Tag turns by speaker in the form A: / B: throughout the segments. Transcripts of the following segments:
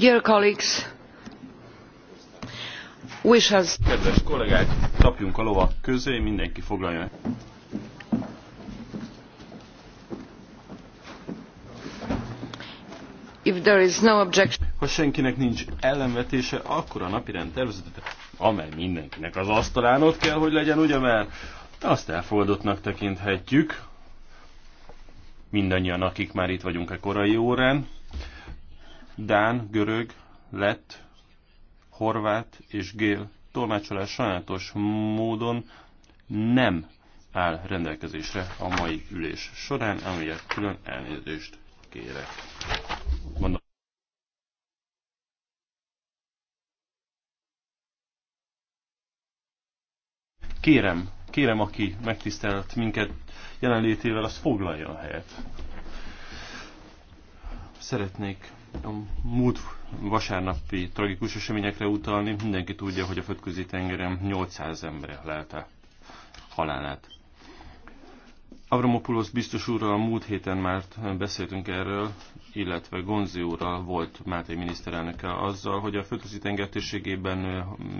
A: Kedves
B: kollégák, tapjunk a lovak közé, mindenki foglalja.
A: helyet! Ha senkinek
B: nincs ellenvetése, akkor a napirend tervezetet, amely mindenkinek az asztalán ott kell, hogy legyen, ugye, mert azt elfogadottnak tekinthetjük, mindannyian, akik már itt vagyunk a e korai órán. Dán, görög, lett, horvát és gél tolmácsolás sajátos módon nem áll rendelkezésre a mai ülés során, amiért külön elnézést kérek. Mondom. Kérem, kérem, aki megtisztelt minket jelenlétével, az foglaljon a helyet. Szeretnék a múlt vasárnapi tragikus eseményekre utalni, mindenki tudja, hogy a földközi tengeren 800 ember lelte halálát. Avramopoulos biztos úrral múlt héten már beszéltünk erről, illetve Gonzi úrral volt Máté miniszterelnöke azzal, hogy a földközi tenger térségében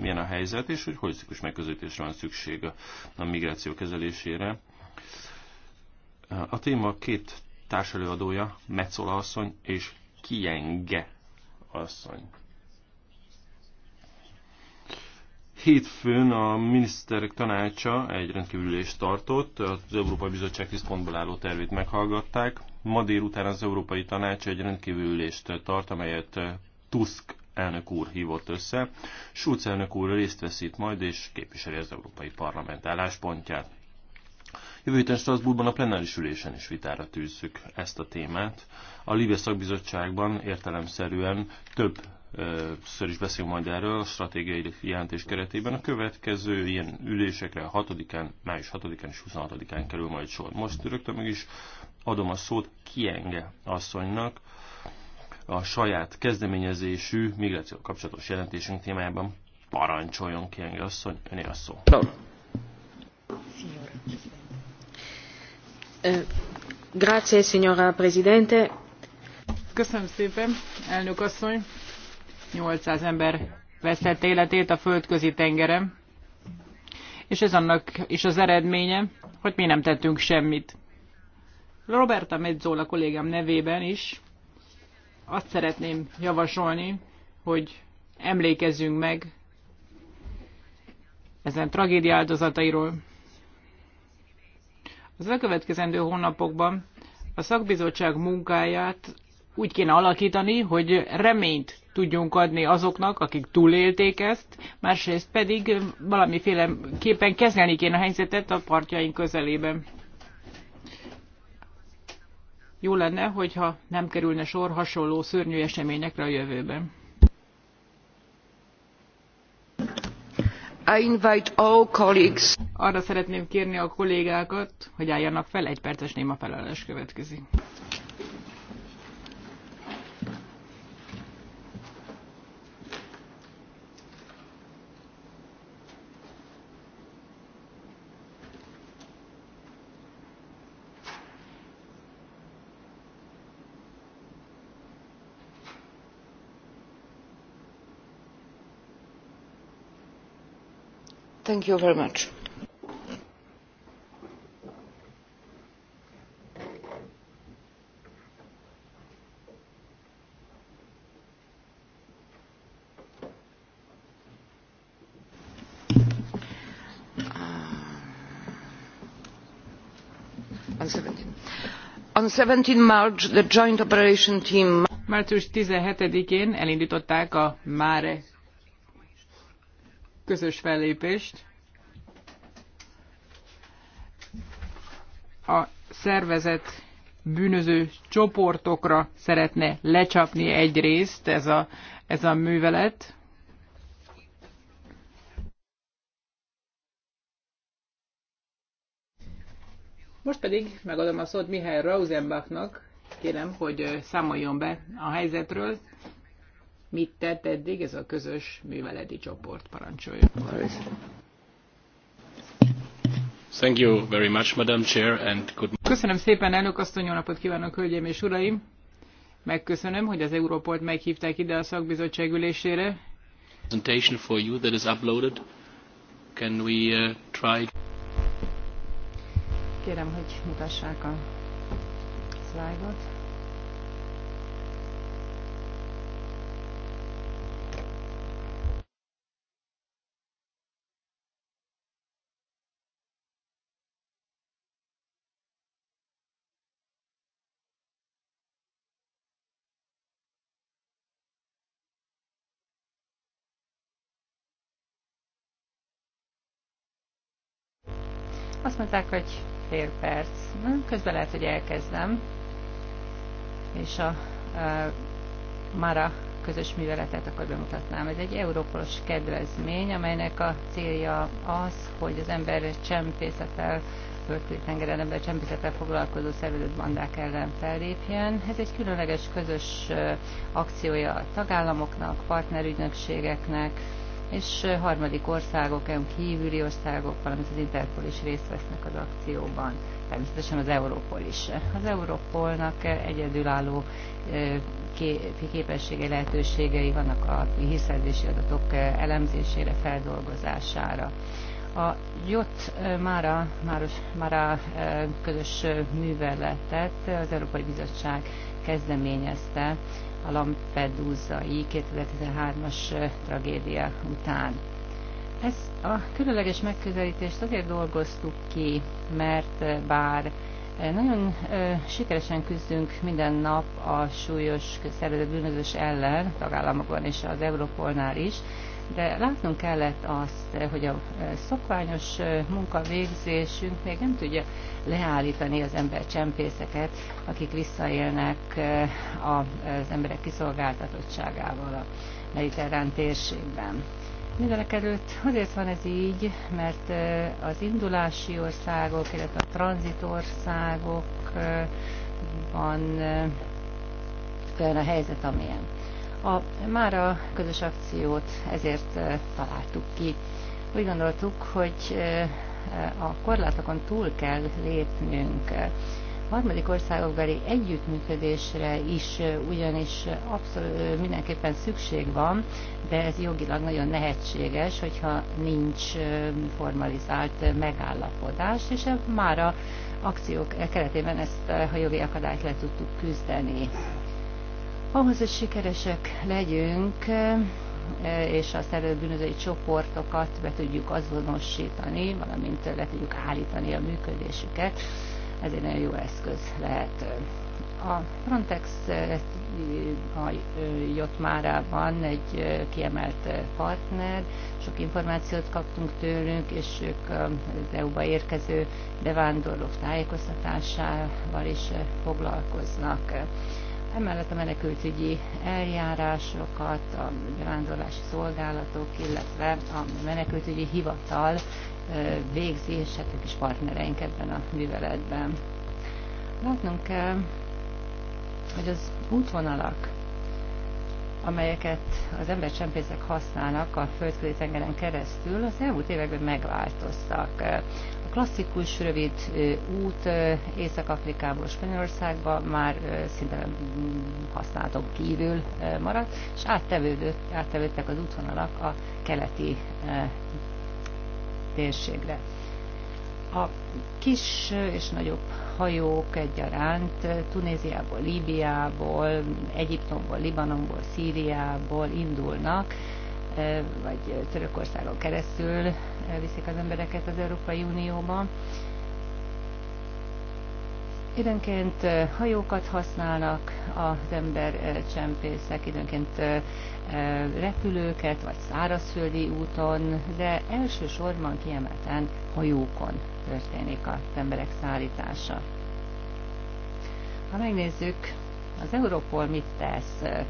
B: milyen a helyzet, és hogy holisztikus megközelítésre van szükség a migráció kezelésére. A téma két társelőadója, Metzola asszony és Kienge asszony. Hétfőn a miniszterek tanácsa egy rendkívülést tartott, az Európai Bizottság tisztpontból álló tervét meghallgatták. Ma délután az Európai Tanács egy rendkívülést tart, amelyet Tusk elnök úr hívott össze. Schulz elnök úr részt veszít majd, és képviseli az Európai Parlament álláspontját. Jövő héten Strasbourgban a plenáris ülésen is vitára tűzzük ezt a témát. A Libia szakbizottságban értelemszerűen több ször is beszélünk majd erről a stratégiai jelentés keretében. A következő ilyen ülésekre 6-án, május 6-án és 26-án kerül majd sor. Most rögtön meg is adom a szót Kienge asszonynak a saját kezdeményezésű migráció kapcsolatos jelentésünk témájában. Parancsoljon Kienge asszony, öné a szó. Köszönöm.
C: Eh, Köszönöm szépen, elnök asszony. 800 ember vesztett életét a földközi tengeren, és ez annak is az eredménye, hogy mi nem tettünk semmit. Roberta Mezzola kollégám nevében is azt szeretném javasolni, hogy emlékezzünk meg ezen tragédia áldozatairól. Az elkövetkezendő hónapokban a szakbizottság munkáját úgy kéne alakítani, hogy reményt tudjunk adni azoknak, akik túlélték ezt, másrészt pedig valamiféleképpen kezelni kéne a helyzetet a partjaink közelében. Jó lenne, hogyha nem kerülne sor hasonló szörnyű eseményekre a jövőben. Arra szeretném kérni a kollégákat, hogy álljanak fel, egy perces néma következik.
A: Thank you very much.
C: Uh, on seventeen joint operation team március 17-én elindították a mare közös fellépést. A szervezet bűnöző csoportokra szeretne lecsapni egy részt ez a, ez a művelet. Most pedig megadom a szót Mihály Rausenbachnak, kérem, hogy számoljon be a helyzetről, mit tett eddig ez a közös műveleti csoport parancsolja.
D: Thank you very much, Madam Chair, and good
C: Köszönöm szépen, elnök asszony, jó napot kívánok, hölgyeim és uraim! Megköszönöm, hogy az Európolt meghívták ide a szakbizottság ülésére.
D: Presentation for you that is uploaded. Can we uh, try...
C: Kérem, hogy mutassák a
A: szlájdot. Azt mondták, hogy fél perc. Közben lehet, hogy elkezdem. És a, a e, Mara közös műveletet akkor bemutatnám. Ez egy európolos kedvezmény, amelynek a célja az, hogy az ember csempészettel földközi tengeren ember csempészettel foglalkozó szervezett bandák ellen fellépjen. Ez egy különleges közös e, akciója a tagállamoknak, partnerügynökségeknek, és harmadik országok, EU kívüli országok, valamint az Interpol is részt vesznek az akcióban. Természetesen az Európol is. Az Európolnak egyedülálló képességei, lehetőségei vannak a hírszerzési adatok elemzésére, feldolgozására. A JOT Mára, Máros, Mára közös műveletet az Európai Bizottság kezdeményezte a Lampedusa-i 2013-as tragédia után. Ezt a különleges megközelítést azért dolgoztuk ki, mert bár nagyon sikeresen küzdünk minden nap a súlyos szervezett bűnözés ellen, tagállamokban és az Európolnál is, de látnunk kellett azt, hogy a szokványos munkavégzésünk még nem tudja leállítani az ember csempészeket, akik visszaélnek az emberek kiszolgáltatottságával a mediterrán térségben. Mindenek előtt azért van ez így, mert az indulási országok, illetve a tranzitországokban olyan a helyzet, amilyen. A, már a közös akciót ezért találtuk ki. Úgy gondoltuk, hogy a korlátokon túl kell lépnünk. A harmadik országokbeli együttműködésre is ugyanis abszolút mindenképpen szükség van, de ez jogilag nagyon nehetséges, hogyha nincs formalizált megállapodás, és már a akciók keretében ezt a jogi akadályt le tudtuk küzdeni. Ahhoz, hogy sikeresek legyünk, e, és a szervezetbűnözői csoportokat be tudjuk azonosítani, valamint le tudjuk állítani a működésüket, ez egy nagyon jó eszköz lehet. A Frontex e, a e, Jotmárában egy kiemelt partner, sok információt kaptunk tőlünk, és ők az EU-ba érkező bevándorlók tájékoztatásával is foglalkoznak. Emellett a menekültügyi eljárásokat, a bevándorlási szolgálatok, illetve a menekültügyi hivatal végzi, és hát ők is partnereink ebben a műveletben. Látnunk kell, hogy az útvonalak, amelyeket az embercsempészek használnak a földközi tengeren keresztül, az elmúlt években megváltoztak klasszikus rövid út Észak-Afrikából Spanyolországba már szinte mm, használaton kívül maradt, és áttevődtek az útvonalak a keleti térségre. A kis és nagyobb hajók egyaránt Tunéziából, Líbiából, Egyiptomból, Libanonból, Szíriából indulnak, vagy Törökországon keresztül elviszik az embereket az Európai Unióba. Időnként hajókat használnak az ember csempészek, időnként repülőket, vagy szárazföldi úton, de elsősorban kiemelten hajókon történik az emberek szállítása. Ha megnézzük, az Európol mit tesz?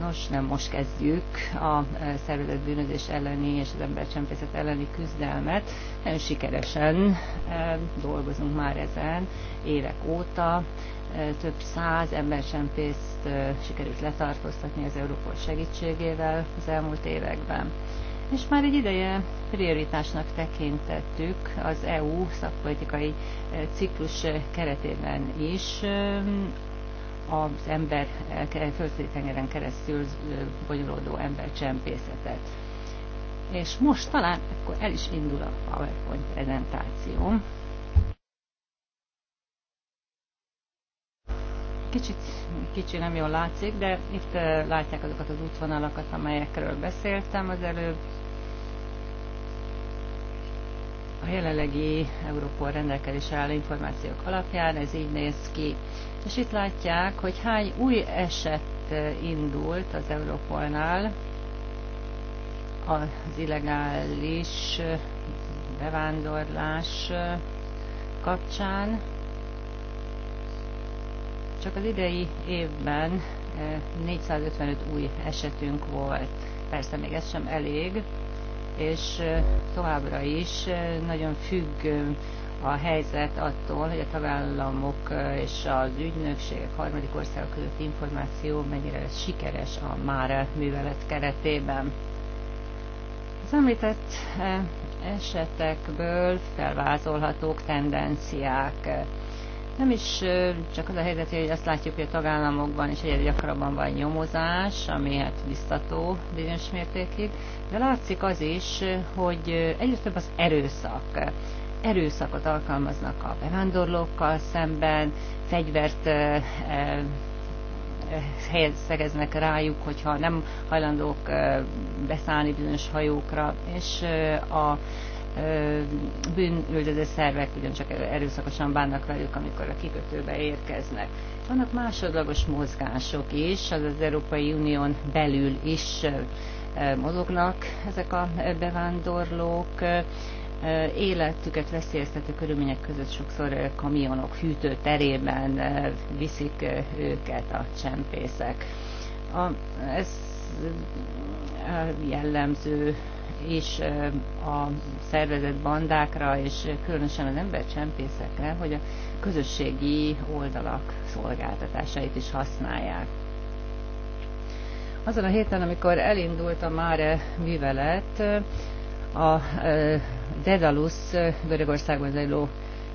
A: Nos, nem most kezdjük a e, szervezett bűnözés elleni és az embercsempészet elleni küzdelmet. Nagyon sikeresen e, dolgozunk már ezen évek óta. E, több száz embercsempészt sikerült letartóztatni az Európol segítségével az elmúlt években. És már egy ideje prioritásnak tekintettük az EU szakpolitikai ciklus keretében is az ember eh, földtengeren keresztül eh, bonyolódó embercsempészetet. És most talán akkor el is indul a PowerPoint prezentációm. Kicsit kicsi nem jól látszik, de itt eh, látják azokat az útvonalakat, amelyekről beszéltem az előbb. A jelenlegi Európol rendelkezésre álló információk alapján ez így néz ki. És itt látják, hogy hány új eset indult az Európolnál az illegális bevándorlás kapcsán. Csak az idei évben 455 új esetünk volt. Persze még ez sem elég, és továbbra is nagyon függ a helyzet attól, hogy a tagállamok és az ügynökségek harmadik országok között információ mennyire sikeres a már művelet keretében. Az említett e, esetekből felvázolhatók tendenciák. Nem is e, csak az a helyzet, hogy azt látjuk, hogy a tagállamokban is egyre gyakrabban van nyomozás, ami hát biztató bizonyos mértékig, de látszik az is, hogy egyre több az erőszak erőszakot alkalmaznak a bevándorlókkal szemben, fegyvert szegeznek rájuk, hogyha nem hajlandók beszállni bizonyos hajókra, és a bűnüldöző szervek ugyancsak erőszakosan bánnak velük, amikor a kikötőbe érkeznek. Vannak másodlagos mozgások is, az az Európai Unión belül is mozognak ezek a bevándorlók, életüket veszélyeztető körülmények között sokszor kamionok hűtőterében viszik őket a csempészek. A, ez jellemző és a szervezett bandákra, és különösen az csempészekre, hogy a közösségi oldalak szolgáltatásait is használják. Azon a héten, amikor elindult a Máre művelet, a Dedalus Görögországban zajló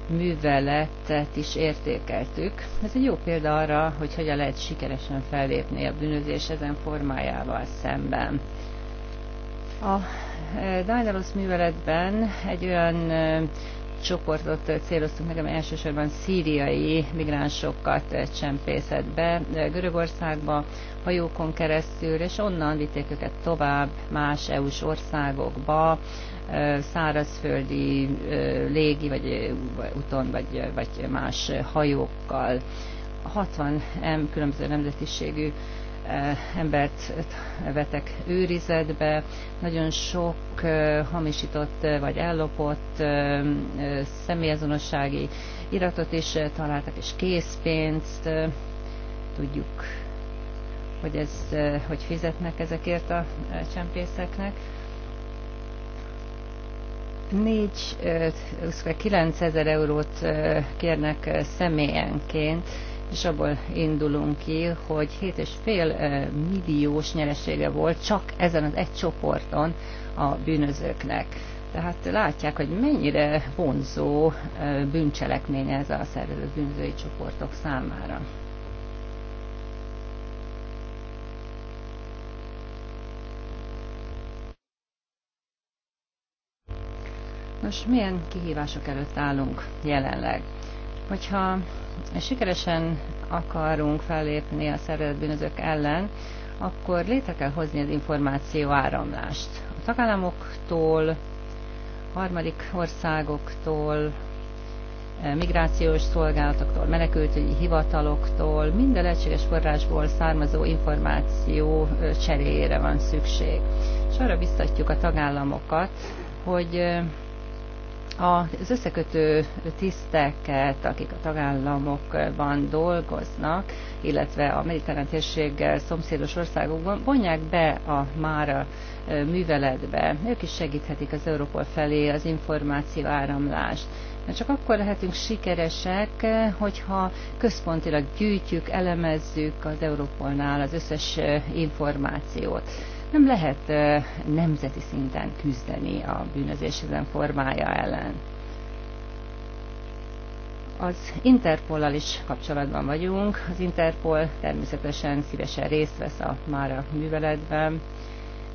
A: műveletet is értékeltük. Ez egy jó példa arra, hogy hogyan lehet sikeresen fellépni a bűnözés ezen formájával szemben. A Dedalus műveletben egy olyan csoportot céloztunk meg, amely elsősorban szíriai migránsokat csempészett be eh, Görögországba, hajókon keresztül, és onnan vitték őket tovább más EU-s országokba, eh, szárazföldi, eh, légi, vagy úton, vagy, vagy más hajókkal. 60 M különböző nemzetiségű Eh, embert vetek őrizetbe, nagyon sok eh, hamisított eh, vagy ellopott személyazonossági iratot is találtak, és készpénzt, tudjuk, hogy, ez, hogy fizetnek ezekért a csempészeknek. 4-9 ezer eurót kérnek személyenként, és abból indulunk ki, hogy 7,5 milliós nyeresége volt csak ezen az egy csoporton a bűnözőknek. Tehát látják, hogy mennyire vonzó bűncselekmény ez a szervezett bűnözői csoportok számára. Nos, milyen kihívások előtt állunk jelenleg? Hogyha sikeresen akarunk fellépni a szervezetbűnözők ellen, akkor létre kell hozni az információ áramlást. A tagállamoktól, harmadik országoktól, eh, migrációs szolgálatoktól, menekültügyi hivataloktól, minden lehetséges forrásból származó információ eh, cseréjére van szükség. És arra biztatjuk a tagállamokat, hogy eh, az összekötő tiszteket, akik a tagállamokban dolgoznak, illetve a mediterrán térséggel szomszédos országokban, vonják be a már műveletbe. Ők is segíthetik az Európol felé az információ áramlást. Mert csak akkor lehetünk sikeresek, hogyha központilag gyűjtjük, elemezzük az Európolnál az összes információt nem lehet nemzeti szinten küzdeni a bűnözés ezen formája ellen. Az Interpollal is kapcsolatban vagyunk. Az Interpol természetesen szívesen részt vesz a mára műveletben,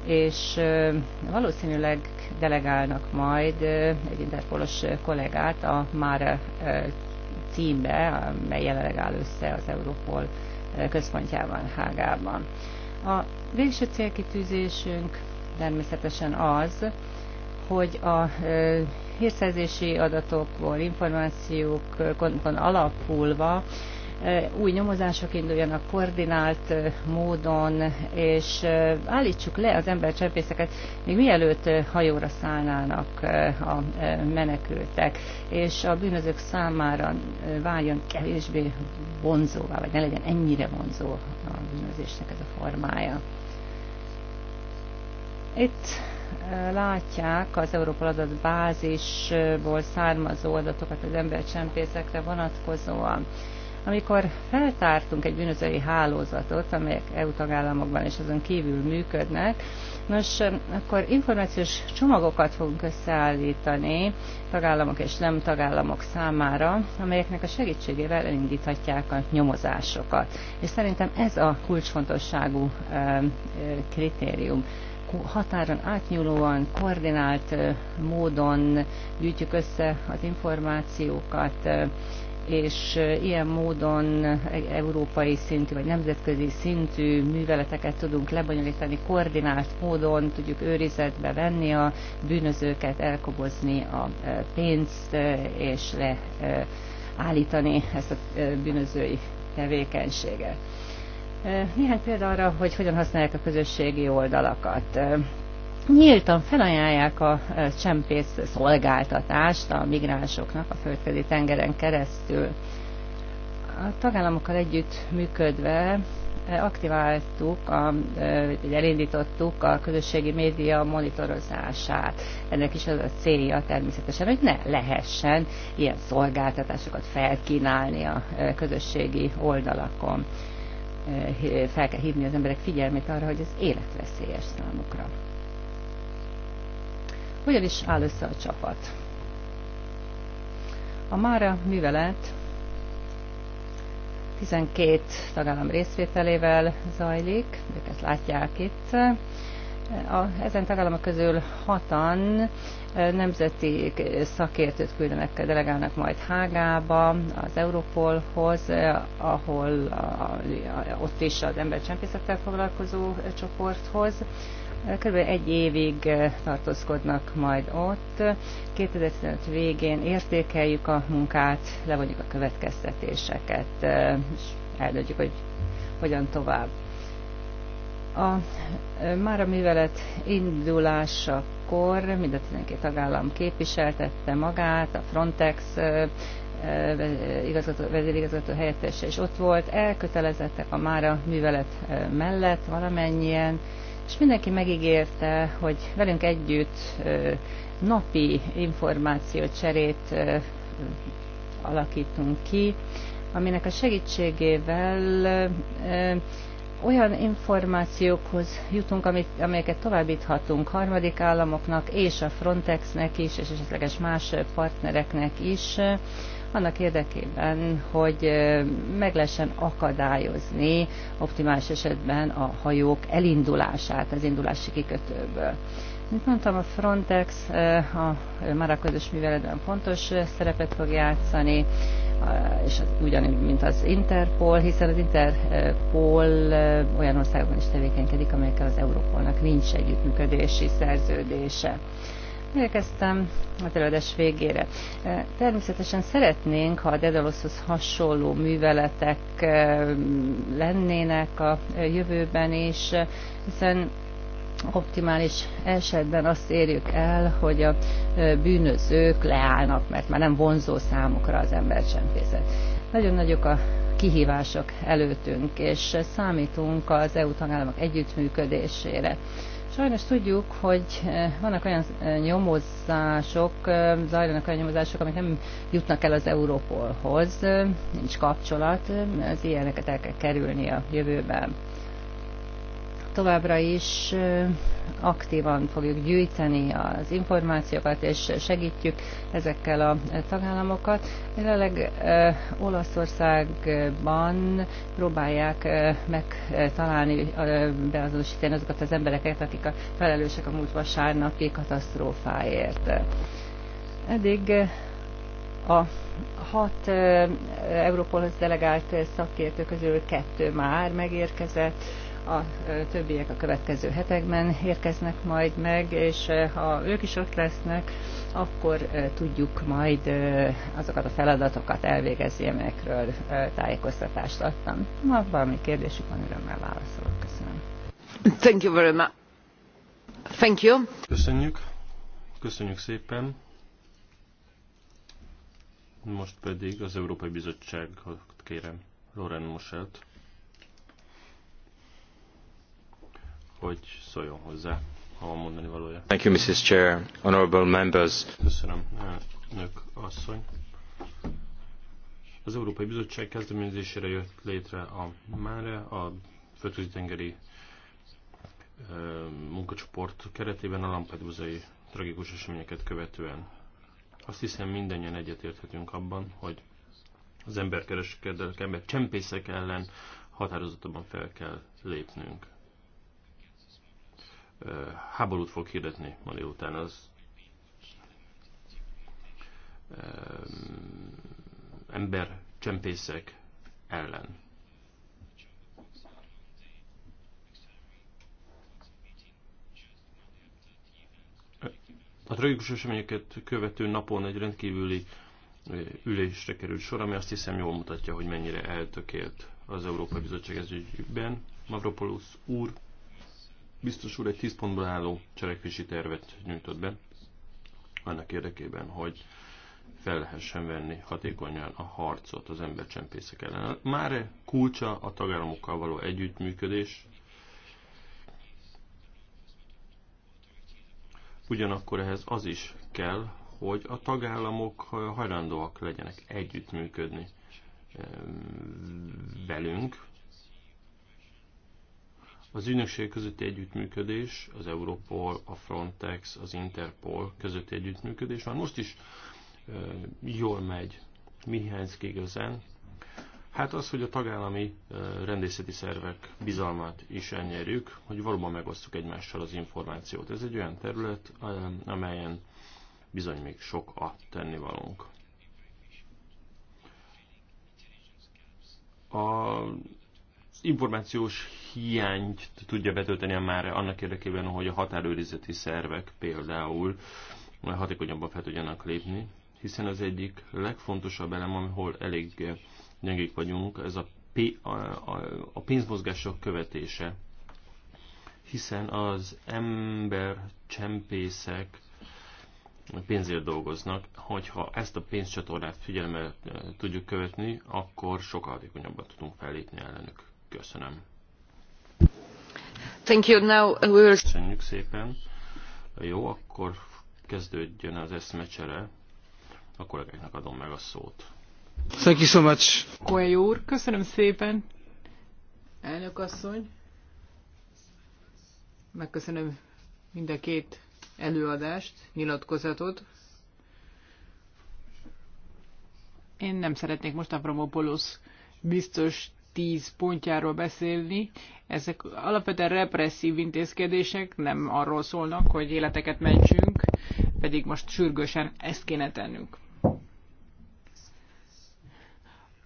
A: és valószínűleg delegálnak majd egy interpolos kollégát a mára címbe, mely jelenleg áll össze az Europol központjában, Hágában. A végső célkitűzésünk természetesen az, hogy a hírszerzési adatokból, információkon alapulva új nyomozások induljanak koordinált módon, és állítsuk le az embercsempészeket, még mielőtt hajóra szállnának a menekültek, és a bűnözők számára váljon kevésbé vonzóvá, vagy ne legyen ennyire vonzó a bűnözésnek ez a formája. Itt látják az Európa adatbázisból származó adatokat az embercsempészekre vonatkozóan. Amikor feltártunk egy bűnözői hálózatot, amelyek EU tagállamokban és azon kívül működnek, Nos, akkor információs csomagokat fogunk összeállítani tagállamok és nem tagállamok számára, amelyeknek a segítségével elindíthatják a nyomozásokat. És szerintem ez a kulcsfontosságú e, e, kritérium határon átnyúlóan, koordinált e, módon gyűjtjük össze az információkat, és ilyen módon e, európai szintű vagy nemzetközi szintű műveleteket tudunk lebonyolítani, koordinált módon tudjuk őrizetbe venni a bűnözőket, elkobozni a e, pénzt, e, és leállítani ezt a bűnözői tevékenységet. Néhány példa arra, hogy hogyan használják a közösségi oldalakat nyíltan felajánlják a csempész szolgáltatást a migránsoknak a földközi tengeren keresztül. A tagállamokkal együtt működve aktiváltuk, a, elindítottuk a közösségi média monitorozását. Ennek is az a célja természetesen, hogy ne lehessen ilyen szolgáltatásokat felkínálni a közösségi oldalakon. Fel kell hívni az emberek figyelmét arra, hogy ez életveszélyes számukra. Hogyan is áll össze a csapat? A Mára művelet 12 tagállam részvételével zajlik, őket látják itt. A, ezen tagállamok közül hatan eh, nemzeti szakértőt küldenek, delegálnak majd Hágába, az Europolhoz, eh, ahol a, a, ott is az embercsempészettel foglalkozó csoporthoz, Kb. egy évig tartózkodnak majd ott. 2015 végén értékeljük a munkát, levonjuk a következtetéseket, és eldöntjük, hogy hogyan tovább. A már a művelet indulásakor mind a 12 tagállam képviseltette magát, a Frontex igazgató, vezérigazgató helyettese is ott volt, elkötelezettek a mára művelet mellett valamennyien, és mindenki megígérte, hogy velünk együtt napi információcserét alakítunk ki, aminek a segítségével olyan információkhoz jutunk, amit, amelyeket továbbíthatunk harmadik államoknak és a Frontexnek is, és esetleges más partnereknek is, annak érdekében, hogy meg lehessen akadályozni optimális esetben a hajók elindulását az indulási kikötőből. Mint mondtam, a Frontex eh, a eh, már közös műveletben fontos eh, szerepet fog játszani, és az, ugyanúgy, mint az Interpol, hiszen az Interpol olyan országokban is tevékenykedik, amelyekkel az Európolnak nincs együttműködési szerződése. Érkeztem a előadás végére. Természetesen szeretnénk, ha a Dedaloshoz hasonló műveletek lennének a jövőben is, hiszen optimális esetben azt érjük el, hogy a bűnözők leállnak, mert már nem vonzó számukra az embercsempészet. Nagyon nagyok a kihívások előttünk, és számítunk az EU tagállamok együttműködésére. Sajnos tudjuk, hogy vannak olyan nyomozások, zajlanak olyan nyomozások, amik nem jutnak el az Európolhoz, nincs kapcsolat, az ilyeneket el kell kerülni a jövőben továbbra is aktívan fogjuk gyűjteni az információkat, és segítjük ezekkel a tagállamokat. Jelenleg Olaszországban próbálják megtalálni, beazonosítani azokat az embereket, akik a felelősek a múlt vasárnapi katasztrófáért. Eddig a hat Európolhoz delegált szakértő közül kettő már megérkezett, a többiek a következő hetekben érkeznek majd meg, és ha ők is ott lesznek, akkor tudjuk majd azokat a feladatokat elvégezni, amelyekről tájékoztatást adtam. Ha valami kérdésük van, örömmel válaszolok. Köszönöm. Thank you very much. Thank you.
B: Köszönjük. Köszönjük szépen. Most pedig az Európai Bizottságot kérem. Loren Moselt. hogy szóljon hozzá, ha van mondani valója. Thank you, Mrs. Chair, honorable members. Köszönöm, nők asszony. Az Európai Bizottság kezdeményezésére jött létre a MÁRE, a Földközi-tengeri munkacsoport keretében a Lampedusai tragikus eseményeket követően. Azt hiszem mindannyian egyetérthetünk abban, hogy az emberkereskedők, ember csempészek ellen határozottabban fel kell lépnünk háborút fog hirdetni ma délután. Az ember csempészek ellen. A tragikus eseményeket követő napon egy rendkívüli ülésre került sor, ami azt hiszem jól mutatja, hogy mennyire eltökélt az Európai Bizottság ez Mavropoulos úr biztos úr egy 10 pontból álló cselekvési tervet nyújtott be, annak érdekében, hogy fel lehessen venni hatékonyan a harcot az embercsempészek ellen. Már kulcsa a tagállamokkal való együttműködés, ugyanakkor ehhez az is kell, hogy a tagállamok hajlandóak legyenek együttműködni velünk, az ügynökség közötti együttműködés, az Europol, a Frontex, az Interpol közötti együttműködés már most is e, jól megy. Mi hiányzik igazán? Hát az, hogy a tagállami rendészeti szervek bizalmát is elnyerjük, hogy valóban megosztjuk egymással az információt. Ez egy olyan terület, amelyen bizony még sok a tennivalónk. A információs hiányt tudja betölteni már annak érdekében, hogy a határőrizeti szervek például hatékonyabban fel tudjanak lépni, hiszen az egyik legfontosabb elem, ahol elég gyengék vagyunk, ez a, a, a pénzmozgások követése. Hiszen az ember csempészek pénzért dolgoznak, hogyha ezt a pénzcsatornát figyelemmel tudjuk követni, akkor sokkal hatékonyabban tudunk fellépni ellenük. Köszönöm.
A: Thank you. Now we'll...
B: Köszönjük szépen. Jó, akkor kezdődjön az eszmecsere. A kollégáknak adom meg a szót.
C: Thank you so much. Coelho úr, köszönöm szépen. Elnök asszony. Megköszönöm mind a két előadást, nyilatkozatot. Én nem szeretnék most a Avramopoulos biztos 10 pontjáról beszélni. Ezek alapvetően represszív intézkedések, nem arról szólnak, hogy életeket mentsünk, pedig most sürgősen ezt kéne tennünk.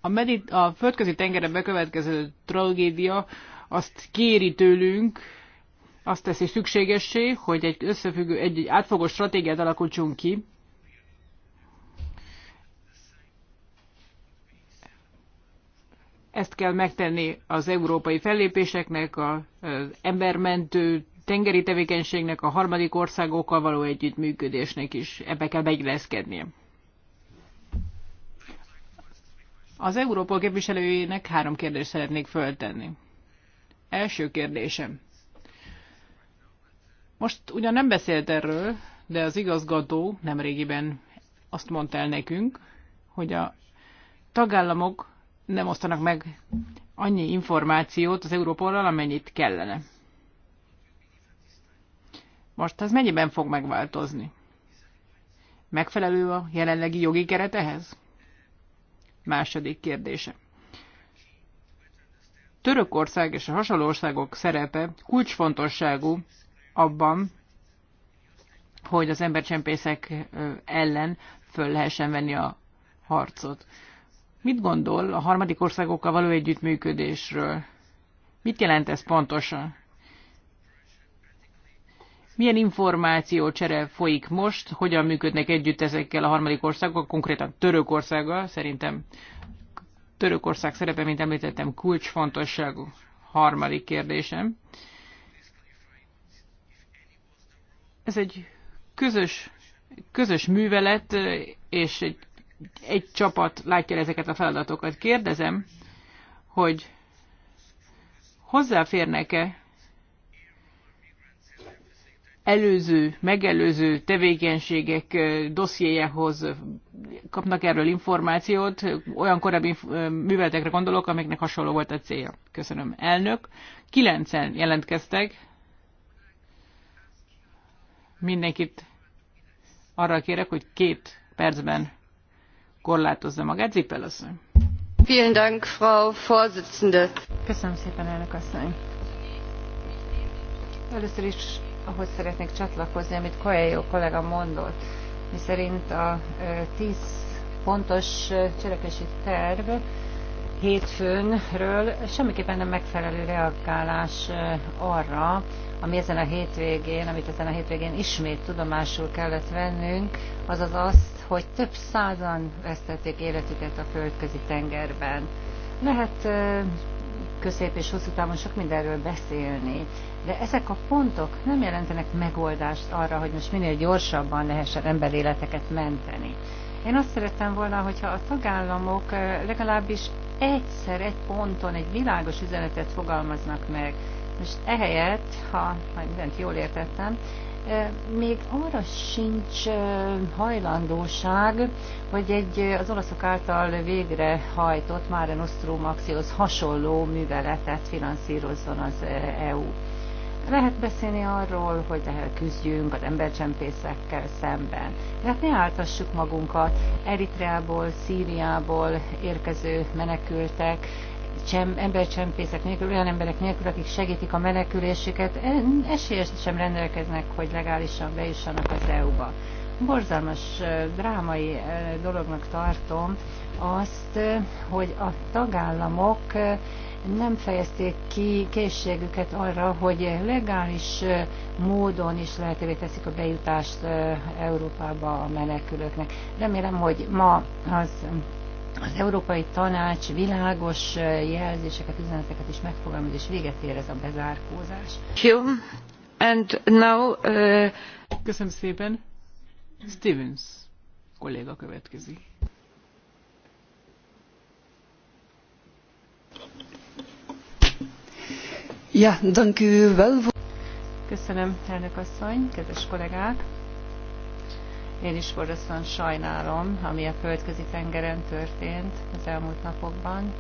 C: A, medit- a földközi tengeren bekövetkező tragédia azt kéri tőlünk, azt teszi szükségessé, hogy egy összefüggő, egy, egy átfogó stratégiát alakítsunk ki, Ezt kell megtenni az európai fellépéseknek, az embermentő tengeri tevékenységnek, a harmadik országokkal való együttműködésnek is ebbe kell beilleszkednie. Az Európa képviselőjének három kérdést szeretnék föltenni. Első kérdésem. Most ugyan nem beszélt erről, de az igazgató nemrégiben azt mondta el nekünk, hogy a tagállamok nem osztanak meg annyi információt az Európorral, amennyit kellene. Most ez mennyiben fog megváltozni? Megfelelő a jelenlegi jogi keret ehhez? Második kérdése. Törökország és a hasonló országok szerepe kulcsfontosságú abban, hogy az embercsempészek ellen föl lehessen venni a harcot. Mit gondol a harmadik országokkal való együttműködésről? Mit jelent ez pontosan? Milyen információcsere folyik most, hogyan működnek együtt ezekkel a harmadik országokkal, konkrétan Törökországgal? Szerintem Törökország szerepe, mint említettem, kulcsfontosságú. Harmadik kérdésem. Ez egy közös, közös művelet és egy egy csapat látja ezeket a feladatokat. Kérdezem, hogy hozzáférnek-e előző, megelőző tevékenységek dossziéjehoz kapnak erről információt, olyan korábbi műveletekre gondolok, amiknek hasonló volt a célja. Köszönöm. Elnök, kilencen jelentkeztek. Mindenkit arra kérek, hogy két percben korlátozza magát. Zippel asszony.
A: Vielen Dank, Frau Vorsitzende. Köszönöm szépen, elnök asszony. Először is ahhoz szeretnék csatlakozni, amit Koelyó kollega mondott, miszerint a 10 pontos cselekvési terv hétfőnről semmiképpen nem megfelelő reagálás eh, arra, ami ezen a hétvégén, amit ezen a hétvégén ismét tudomásul kellett vennünk, azaz azt, hogy több százan vesztették életüket a földközi tengerben. Lehet eh, közép és hosszú távon sok mindenről beszélni, de ezek a pontok nem jelentenek megoldást arra, hogy most minél gyorsabban lehessen emberéleteket menteni. Én azt szerettem volna, hogyha a tagállamok eh, legalábbis egyszer egy ponton egy világos üzenetet fogalmaznak meg. Most ehelyett, ha majd mindent jól értettem, még arra sincs hajlandóság, hogy egy az olaszok által végrehajtott Mare Nostrum Axios hasonló műveletet finanszírozzon az EU. Lehet beszélni arról, hogy küzdjünk az embercsempészekkel szemben. De hát ne áltassuk magunkat Eritreából, Szíriából érkező menekültek, csem, embercsempészek nélkül, olyan emberek nélkül, akik segítik a menekülésüket, e, esélyes sem rendelkeznek, hogy legálisan bejussanak az EU-ba. Borzalmas, drámai dolognak tartom azt, hogy a tagállamok nem fejezték ki készségüket arra, hogy legális módon is lehetővé teszik a bejutást Európába a menekülőknek. Remélem, hogy ma az az Európai Tanács világos jelzéseket, üzeneteket is megfogalmaz, és véget ér ez a bezárkózás.
C: And now, uh... Köszönöm szépen. Stevens kolléga következik.
A: Ja, dank u wel. Köszönöm, elnök asszony, kedves kollégák! Én is borzasztóan sajnálom, ami a földközi tengeren történt az elmúlt napokban.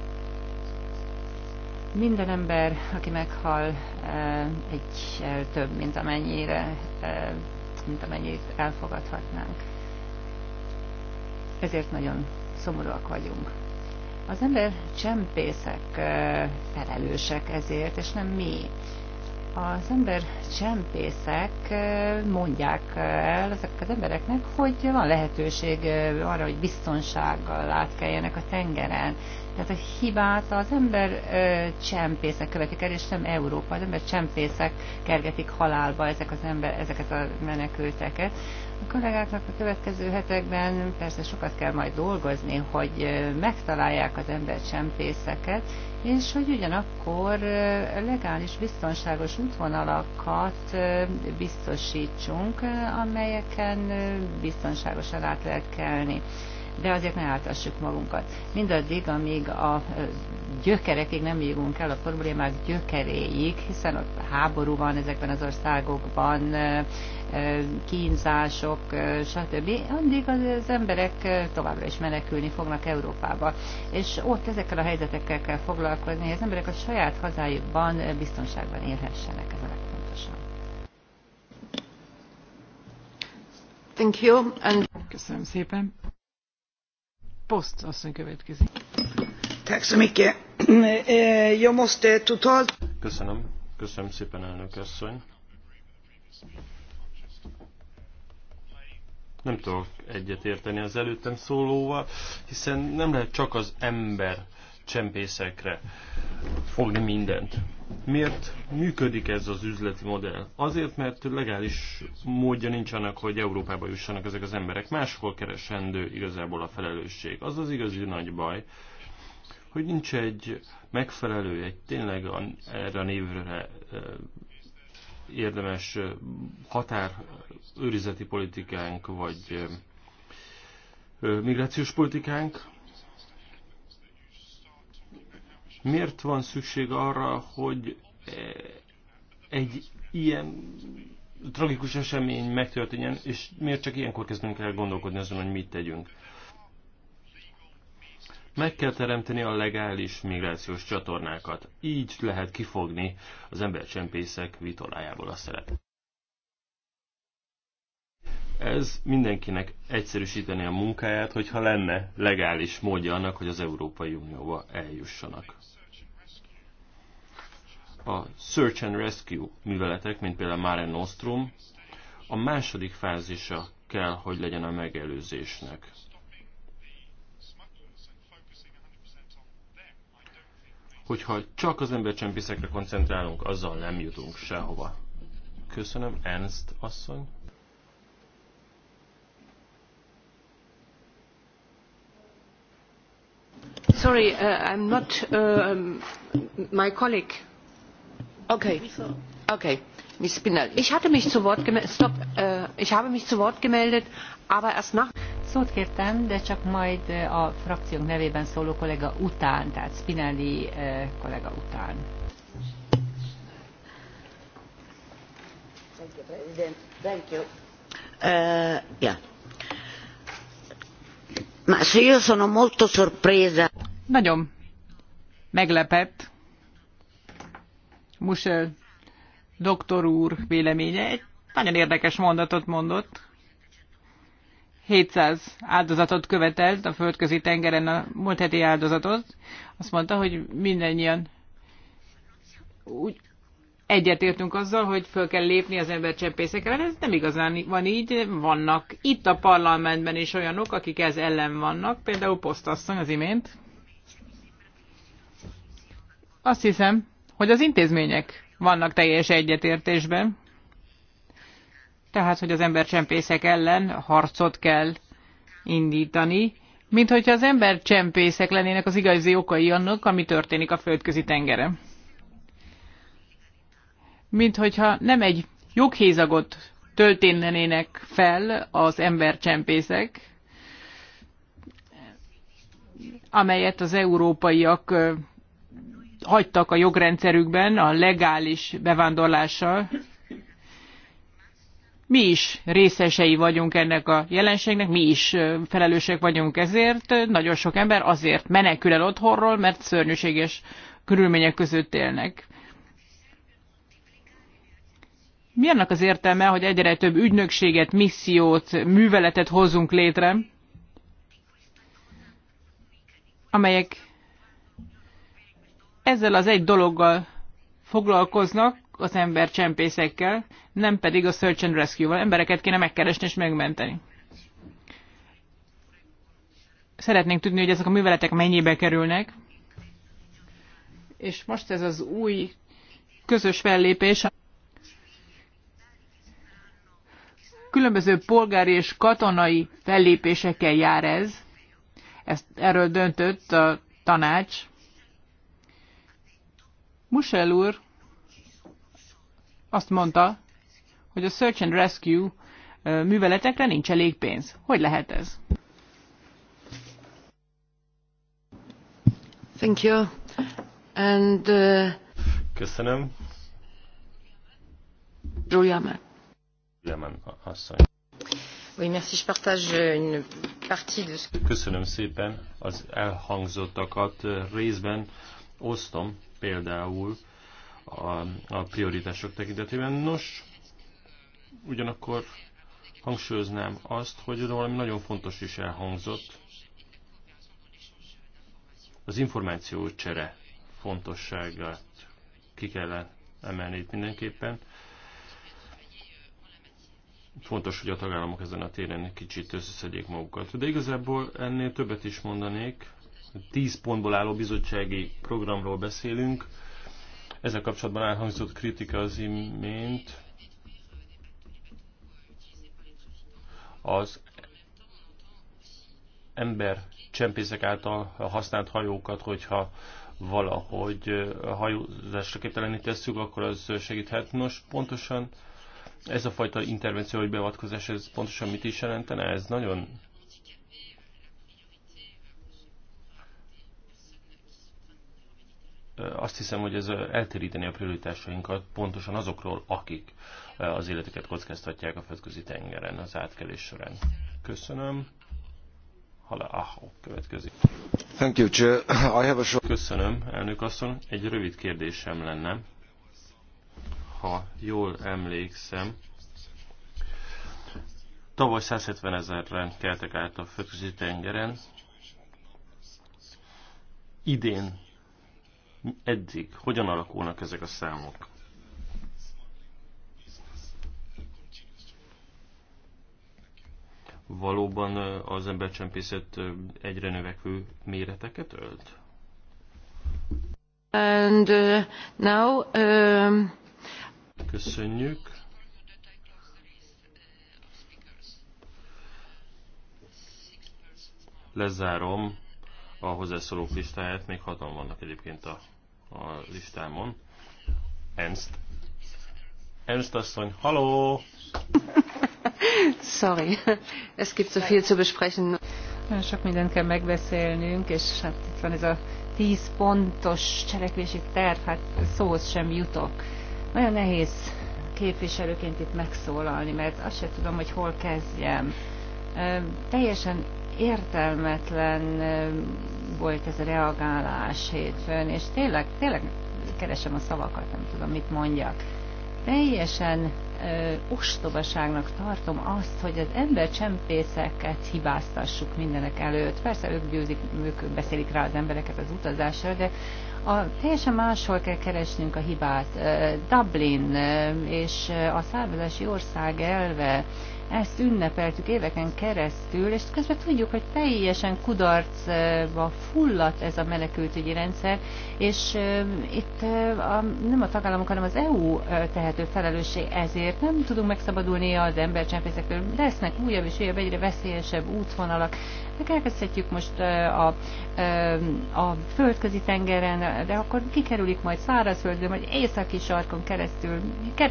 A: Minden ember, aki meghal, eh, egy eh, több, mint amennyire, eh, mint amennyit elfogadhatnánk. Ezért nagyon szomorúak vagyunk. Az ember csempészek felelősek ezért, és nem mi. Az ember csempészek mondják el ezeknek az embereknek, hogy van lehetőség arra, hogy biztonsággal átkeljenek a tengeren. Tehát a hibát az ember csempészek követik el, és nem Európa. Az ember csempészek kergetik halálba ezek az ember, ezeket a menekülteket. A kollégáknak a következő hetekben persze sokat kell majd dolgozni, hogy megtalálják az embercsempészeket, és hogy ugyanakkor legális, biztonságos útvonalakat biztosítsunk, amelyeken biztonságosan át lehet kelni de azért ne áltassuk magunkat. Mindaddig, amíg a gyökerekig nem jövünk el a problémák gyökeréig, hiszen ott háború van ezekben az országokban, kínzások, stb., addig az emberek továbbra is menekülni fognak Európába. És ott ezekkel a helyzetekkel kell foglalkozni, hogy az emberek a saját hazájukban biztonságban élhessenek, ez a legfontosabb.
C: Thank you. And... Köszönöm szépen. Poszt asszony következik. Tack så mycket. Eh, jag måste totalt...
B: Köszönöm. Köszönöm szépen, elnök asszony nem tudok egyetérteni az előttem szólóval, hiszen nem lehet csak az ember csempészekre fogni mindent. Miért működik ez az üzleti modell? Azért, mert legális módja nincs annak, hogy Európába jussanak ezek az emberek. Máshol keresendő igazából a felelősség. Az az igazi nagy baj, hogy nincs egy megfelelő, egy tényleg erre a névre eh, érdemes eh, határ őrizeti politikánk, vagy migrációs politikánk. Miért van szükség arra, hogy e, egy ilyen tragikus esemény megtörténjen, és miért csak ilyenkor kezdünk el gondolkodni azon, hogy mit tegyünk? Meg kell teremteni a legális migrációs csatornákat. Így lehet kifogni az embercsempészek vitolájából a szeretet. Ez mindenkinek egyszerűsíteni a munkáját, hogyha lenne legális módja annak, hogy az Európai Unióba eljussanak. A Search and Rescue műveletek, mint például Mare Nostrum, a második fázisa kell, hogy legyen a megelőzésnek. Hogyha csak az embercsempészekre koncentrálunk, azzal nem jutunk sehova. Köszönöm, Ernst
A: asszony. Sorry, uh, I'm not uh, um, my colleague. Äh, ich habe mich zu Wort gemeldet, aber erst nach. Szót kértem, de csak majd a frakciónk nevében szóló kollega után, tehát Spinelli kollega után.
C: Nagyon meglepett Musel doktor úr véleménye. Egy nagyon érdekes mondatot mondott. 700 áldozatot követelt a földközi tengeren a múlt heti áldozatot. Azt mondta, hogy mindannyian úgy, egyetértünk azzal, hogy föl kell lépni az embercsempészekre. Ez nem igazán van így, vannak itt a parlamentben is olyanok, akik ez ellen vannak, például posztasszony az imént. Azt hiszem, hogy az intézmények vannak teljes egyetértésben, tehát, hogy az embercsempészek ellen harcot kell indítani, mint hogyha az embercsempészek lennének az igazi okai annak, ami történik a földközi tengeren mint hogyha nem egy joghézagot töltenének fel az embercsempészek, amelyet az európaiak hagytak a jogrendszerükben a legális bevándorlással. Mi is részesei vagyunk ennek a jelenségnek, mi is felelősek vagyunk ezért. Nagyon sok ember azért menekül el otthonról, mert szörnyűséges körülmények között élnek. Mi annak az értelme, hogy egyre több ügynökséget, missziót, műveletet hozunk létre, amelyek ezzel az egy dologgal foglalkoznak, az csempészekkel, nem pedig a search and rescue-val. Embereket kéne megkeresni és megmenteni. Szeretnénk tudni, hogy ezek a műveletek mennyibe kerülnek. És most ez az új közös fellépés, Különböző polgári és katonai fellépésekkel jár ez. Ezt, erről döntött a tanács. Musel úr azt mondta, hogy a Search and Rescue műveletekre nincs elég pénz. Hogy lehet ez?
A: Thank you. And, uh... Köszönöm. Julia Matt.
B: Euh, Köszönöm szépen az elhangzottakat részben osztom például a, a prioritások tekintetében. Nos, ugyanakkor hangsúlyoznám azt, hogy valami nagyon fontos is elhangzott. Az információcsere fontosságát ki kell emelni itt mindenképpen. Fontos, hogy a tagállamok ezen a téren kicsit összeszedjék magukat. De igazából ennél többet is mondanék. Tíz pontból álló bizottsági programról beszélünk. Ezzel kapcsolatban elhangzott kritika az imént. Az ember csempészek által használt hajókat, hogyha valahogy hajózásra képtelenítő akkor az segíthet. Nos, pontosan ez a fajta intervenció vagy beavatkozás, ez pontosan mit is jelentene? Ez nagyon azt hiszem, hogy ez eltéríteni a prioritásainkat pontosan azokról, akik az életüket kockáztatják a földközi tengeren az átkelés során. Köszönöm. Hala, ah, következik. Thank you, Chair. I have a short... Köszönöm, elnök asszony. Egy rövid kérdésem lenne ha jól emlékszem, tavaly 170 ezerren keltek át a földközi tengeren, idén eddig hogyan alakulnak ezek a számok? Valóban az embercsempészet egyre növekvő méreteket ölt?
A: And uh,
C: now um,
B: Köszönjük. Lezárom a hozzászólók listáját, még hatan vannak egyébként a, a listámon. Ernst. Ernst asszony, haló!
A: Sorry, es gibt so viel zu besprechen. Nagyon sok mindent kell megbeszélnünk, és hát itt van ez a tíz pontos cselekvési terv, hát szóhoz sem jutok. Nagyon nehéz képviselőként itt megszólalni, mert azt se tudom, hogy hol kezdjem. Teljesen értelmetlen volt ez a reagálás hétfőn, és tényleg, tényleg keresem a szavakat, nem tudom, mit mondjak. Teljesen ostobaságnak tartom azt, hogy az ember csempészeket hibáztassuk mindenek előtt. Persze ők győzik, ők beszélik rá az embereket az utazásra, de a, teljesen máshol kell keresnünk a hibát. Dublin és a származási ország elve ezt ünnepeltük éveken keresztül, és közben tudjuk, hogy teljesen kudarcba fulladt ez a menekültügyi rendszer, és itt a, nem a tagállamok, hanem az EU tehető felelősség ezért. Nem tudunk megszabadulni az embercsempészektől. Lesznek újabb és újabb, egyre veszélyesebb útvonalak. Meg elkezdhetjük most a, a, a földközi tengeren, de akkor kikerülik majd szárazföldre, majd északi sarkon keresztül,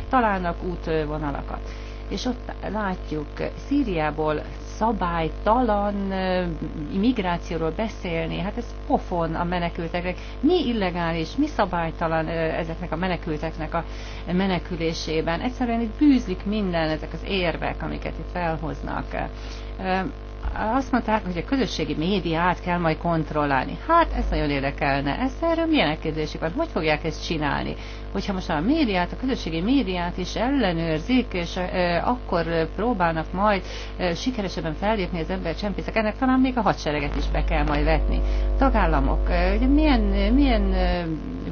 A: találnak útvonalakat és ott látjuk Szíriából szabálytalan migrációról beszélni, hát ez pofon a menekülteknek. Mi illegális, mi szabálytalan ezeknek a menekülteknek a menekülésében? Egyszerűen itt bűzlik minden ezek az érvek, amiket itt felhoznak azt mondták, hát, hogy a közösségi médiát kell majd kontrollálni. Hát ez nagyon érdekelne. Ezt erről milyen elképzelésük van? Hogy fogják ezt csinálni? Hogyha most a médiát, a közösségi médiát is ellenőrzik, és akkor próbálnak majd sikeresebben fellépni az ember csempészek, ennek talán még a hadsereget is be kell majd vetni. Tagállamok, ugye milyen, milyen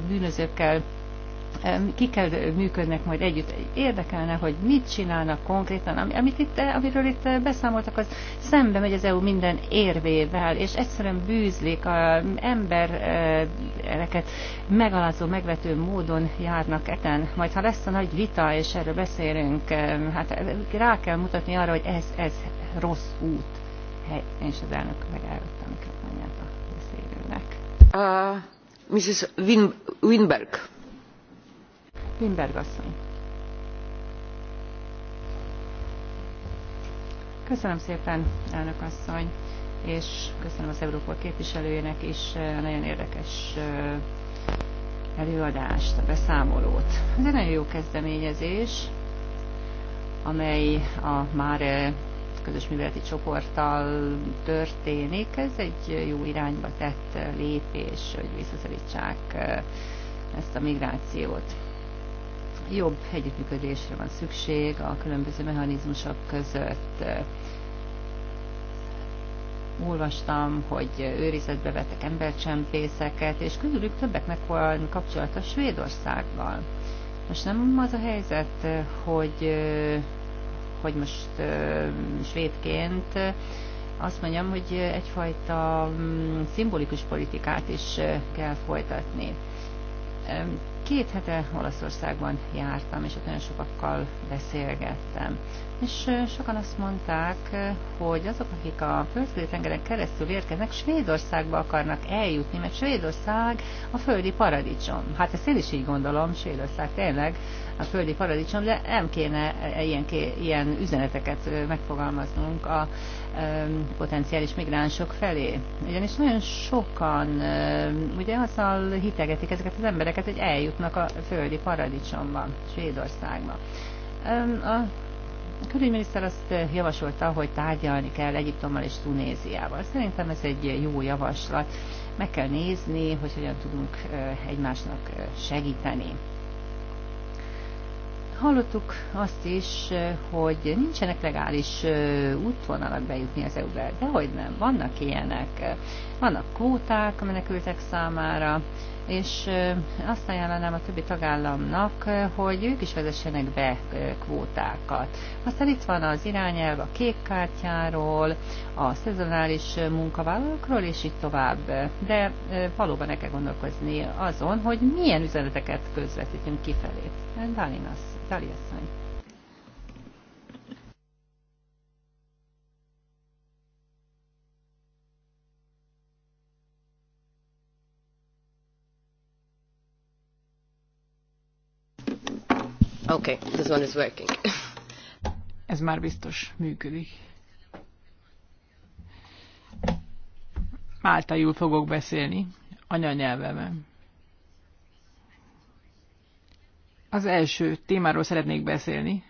A: bűnözőkkel kikkel működnek majd együtt. Érdekelne, hogy mit csinálnak konkrétan, amit itt, eh, amiről itt eh, beszámoltak, az szembe megy az EU minden érvével, és egyszerűen bűzlik, a embereket eh, megalázó, megvető módon járnak eten. Majd ha lesz a nagy vita, és erről beszélünk, hát rá kell mutatni arra, hogy ez, ez rossz út. Hely, és az elnök megállottam, a mikrofonját a beszélőnek. Uh, Mrs. Win Winberg Lindberg asszony. Köszönöm szépen, elnök asszony, és köszönöm az Európa képviselőjének is a eh, nagyon érdekes eh, előadást, a beszámolót. Ez egy nagyon jó kezdeményezés, amely a már eh, közös műveleti csoporttal történik. Ez egy jó irányba tett lépés, hogy visszaszorítsák ezt a migrációt jobb együttműködésre van szükség a különböző mechanizmusok között. Olvastam, hogy őrizetbe vettek embercsempészeket, és közülük többeknek van kapcsolata Svédországgal. Most nem az a helyzet, hogy, hogy most svédként azt mondjam, hogy egyfajta mm, szimbolikus politikát is kell folytatni Két hete Olaszországban jártam, és ott nagyon sokakkal beszélgettem. És sokan azt mondták, hogy azok, akik a földközi tengeren keresztül érkeznek, Svédországba akarnak eljutni, mert Svédország a földi paradicsom. Hát ezt én is így gondolom, Svédország tényleg a földi paradicsom, de nem kéne e, ilyen, ilyen üzeneteket megfogalmaznunk a potenciális migránsok felé. Ugyanis nagyon sokan ugye azzal hitegetik ezeket az embereket, hogy eljutnak a földi paradicsomba, Svédországba. A külügyminiszter azt javasolta, hogy tárgyalni kell Egyiptommal és Tunéziával. Szerintem ez egy jó javaslat. Meg kell nézni, hogy hogyan tudunk eh, egymásnak eh, segíteni. Hallottuk azt is, eh, hogy nincsenek legális eh, útvonalak bejutni az EU-be, de hogy nem, vannak ilyenek. Vannak kvóták a menekültek számára, és eh, azt ajánlanám a többi tagállamnak, hogy ők is vezessenek be kvótákat. Aztán itt van az irányelv a kék kártyáról, a szezonális munkavállalókról, és így tovább. De valóban el kell gondolkozni azon, hogy milyen üzeneteket közvetítünk kifelé. Dálin azt. Dali asszony.
C: Okay, this one is working. Ez már biztos működik. Máltaiul fogok beszélni, anyanyelvemen. Az első témáról szeretnék beszélni.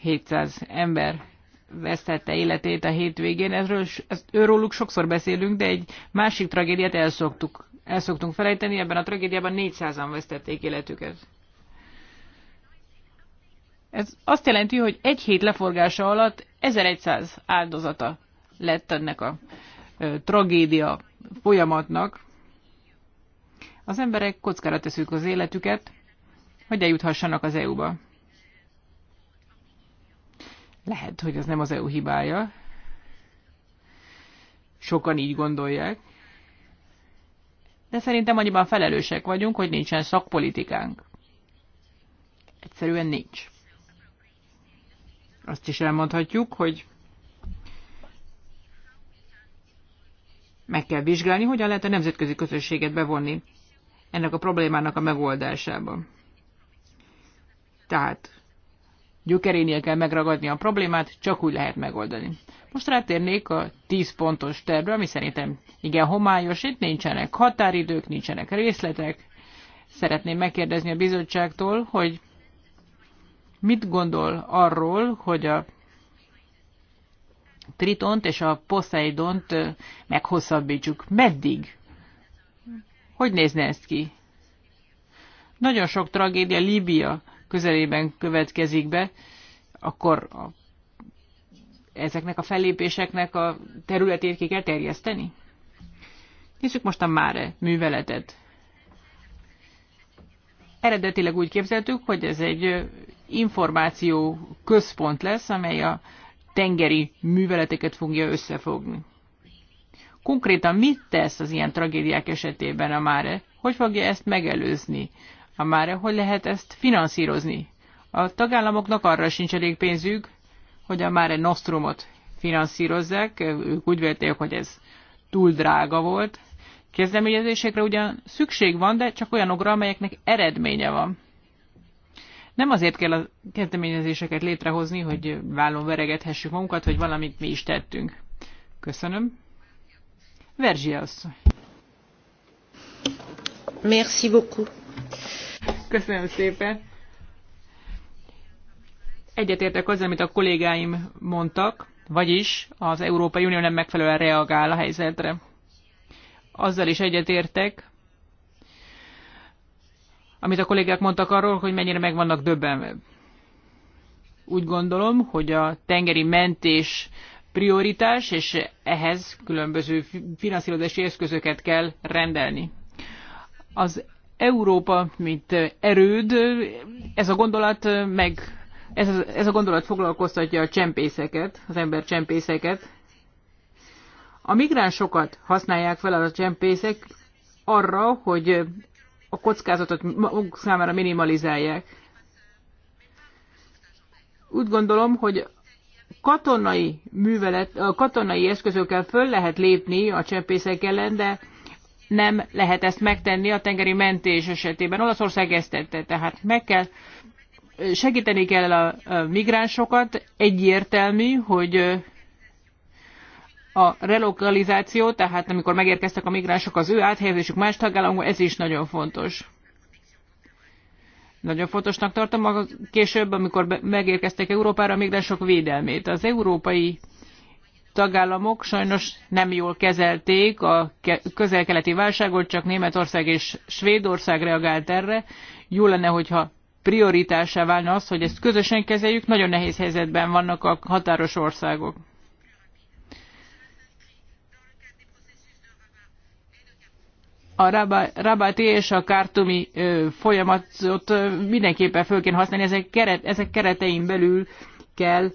C: 700 ember vesztette életét a hétvégén. Erről, őróluk sokszor beszélünk, de egy másik tragédiát elszoktuk, elszoktunk felejteni. Ebben a tragédiában 400-an vesztették életüket. Ez azt jelenti, hogy egy hét leforgása alatt 1100 áldozata lett ennek a ö, tragédia folyamatnak. Az emberek kockára teszük az életüket, hogy eljuthassanak az EU-ba. Lehet, hogy ez nem az EU hibája. Sokan így gondolják. De szerintem annyiban felelősek vagyunk, hogy nincsen szakpolitikánk. Egyszerűen nincs. Azt is elmondhatjuk, hogy meg kell vizsgálni, hogyan lehet a nemzetközi közösséget bevonni ennek a problémának a megoldásában. Tehát gyökerénél kell megragadni a problémát, csak úgy lehet megoldani. Most rátérnék a 10 pontos tervre, ami szerintem igen homályos, itt nincsenek határidők, nincsenek részletek. Szeretném megkérdezni a bizottságtól, hogy mit gondol arról, hogy a Tritont és a Poseidont meghosszabbítsuk. Meddig? Hogy nézne ezt ki? Nagyon sok tragédia Líbia közelében következik be, akkor a, ezeknek a fellépéseknek a területét ki kell terjeszteni? Nézzük most a Máre műveletet. Eredetileg úgy képzeltük, hogy ez egy információ központ lesz, amely a tengeri műveleteket fogja összefogni. Konkrétan mit tesz az ilyen tragédiák esetében a Máre? Hogy fogja ezt megelőzni? Ha már hogy lehet ezt finanszírozni? A tagállamoknak arra sincs elég pénzük, hogy a Mare Nostrumot finanszírozzák, ők úgy vélték, hogy ez túl drága volt. Kezdeményezésekre ugyan szükség van, de csak olyanokra, amelyeknek eredménye van. Nem azért kell a kezdeményezéseket létrehozni, hogy vállon veregethessük magunkat, hogy valamit mi is tettünk. Köszönöm. Verzsia asszony. Merci beaucoup. Köszönöm szépen. Egyetértek azzal, amit a kollégáim mondtak, vagyis az Európai Unió nem megfelelően reagál a helyzetre. Azzal is egyetértek, amit a kollégák mondtak arról, hogy mennyire meg vannak döbbenve. Úgy gondolom, hogy a tengeri mentés prioritás, és ehhez különböző finanszírozási eszközöket kell rendelni. Az Európa, mint erőd, ez a gondolat meg, ez, ez a gondolat foglalkoztatja a csempészeket, az ember csempészeket. A migránsokat használják fel a csempészek arra, hogy a kockázatot maguk számára minimalizálják. Úgy gondolom, hogy katonai művelet, katonai eszközökkel föl lehet lépni a csempészek ellen, de nem lehet ezt megtenni a tengeri mentés esetében. Olaszország ezt tette, tehát meg kell segíteni kell a migránsokat, egyértelmű, hogy a relokalizáció, tehát amikor megérkeztek a migránsok, az ő áthelyezésük más tagállamokba, ez is nagyon fontos. Nagyon fontosnak tartom a később, amikor megérkeztek Európára a migránsok védelmét. Az európai tagállamok sajnos nem jól kezelték a közel-keleti válságot, csak Németország és Svédország reagált erre. Jó lenne, hogyha prioritássá válna az, hogy ezt közösen kezeljük, nagyon nehéz helyzetben vannak a határos országok. a Rabati és a kártumi folyamatot mindenképpen föl kell használni, ezek, keret, ezek keretein belül kell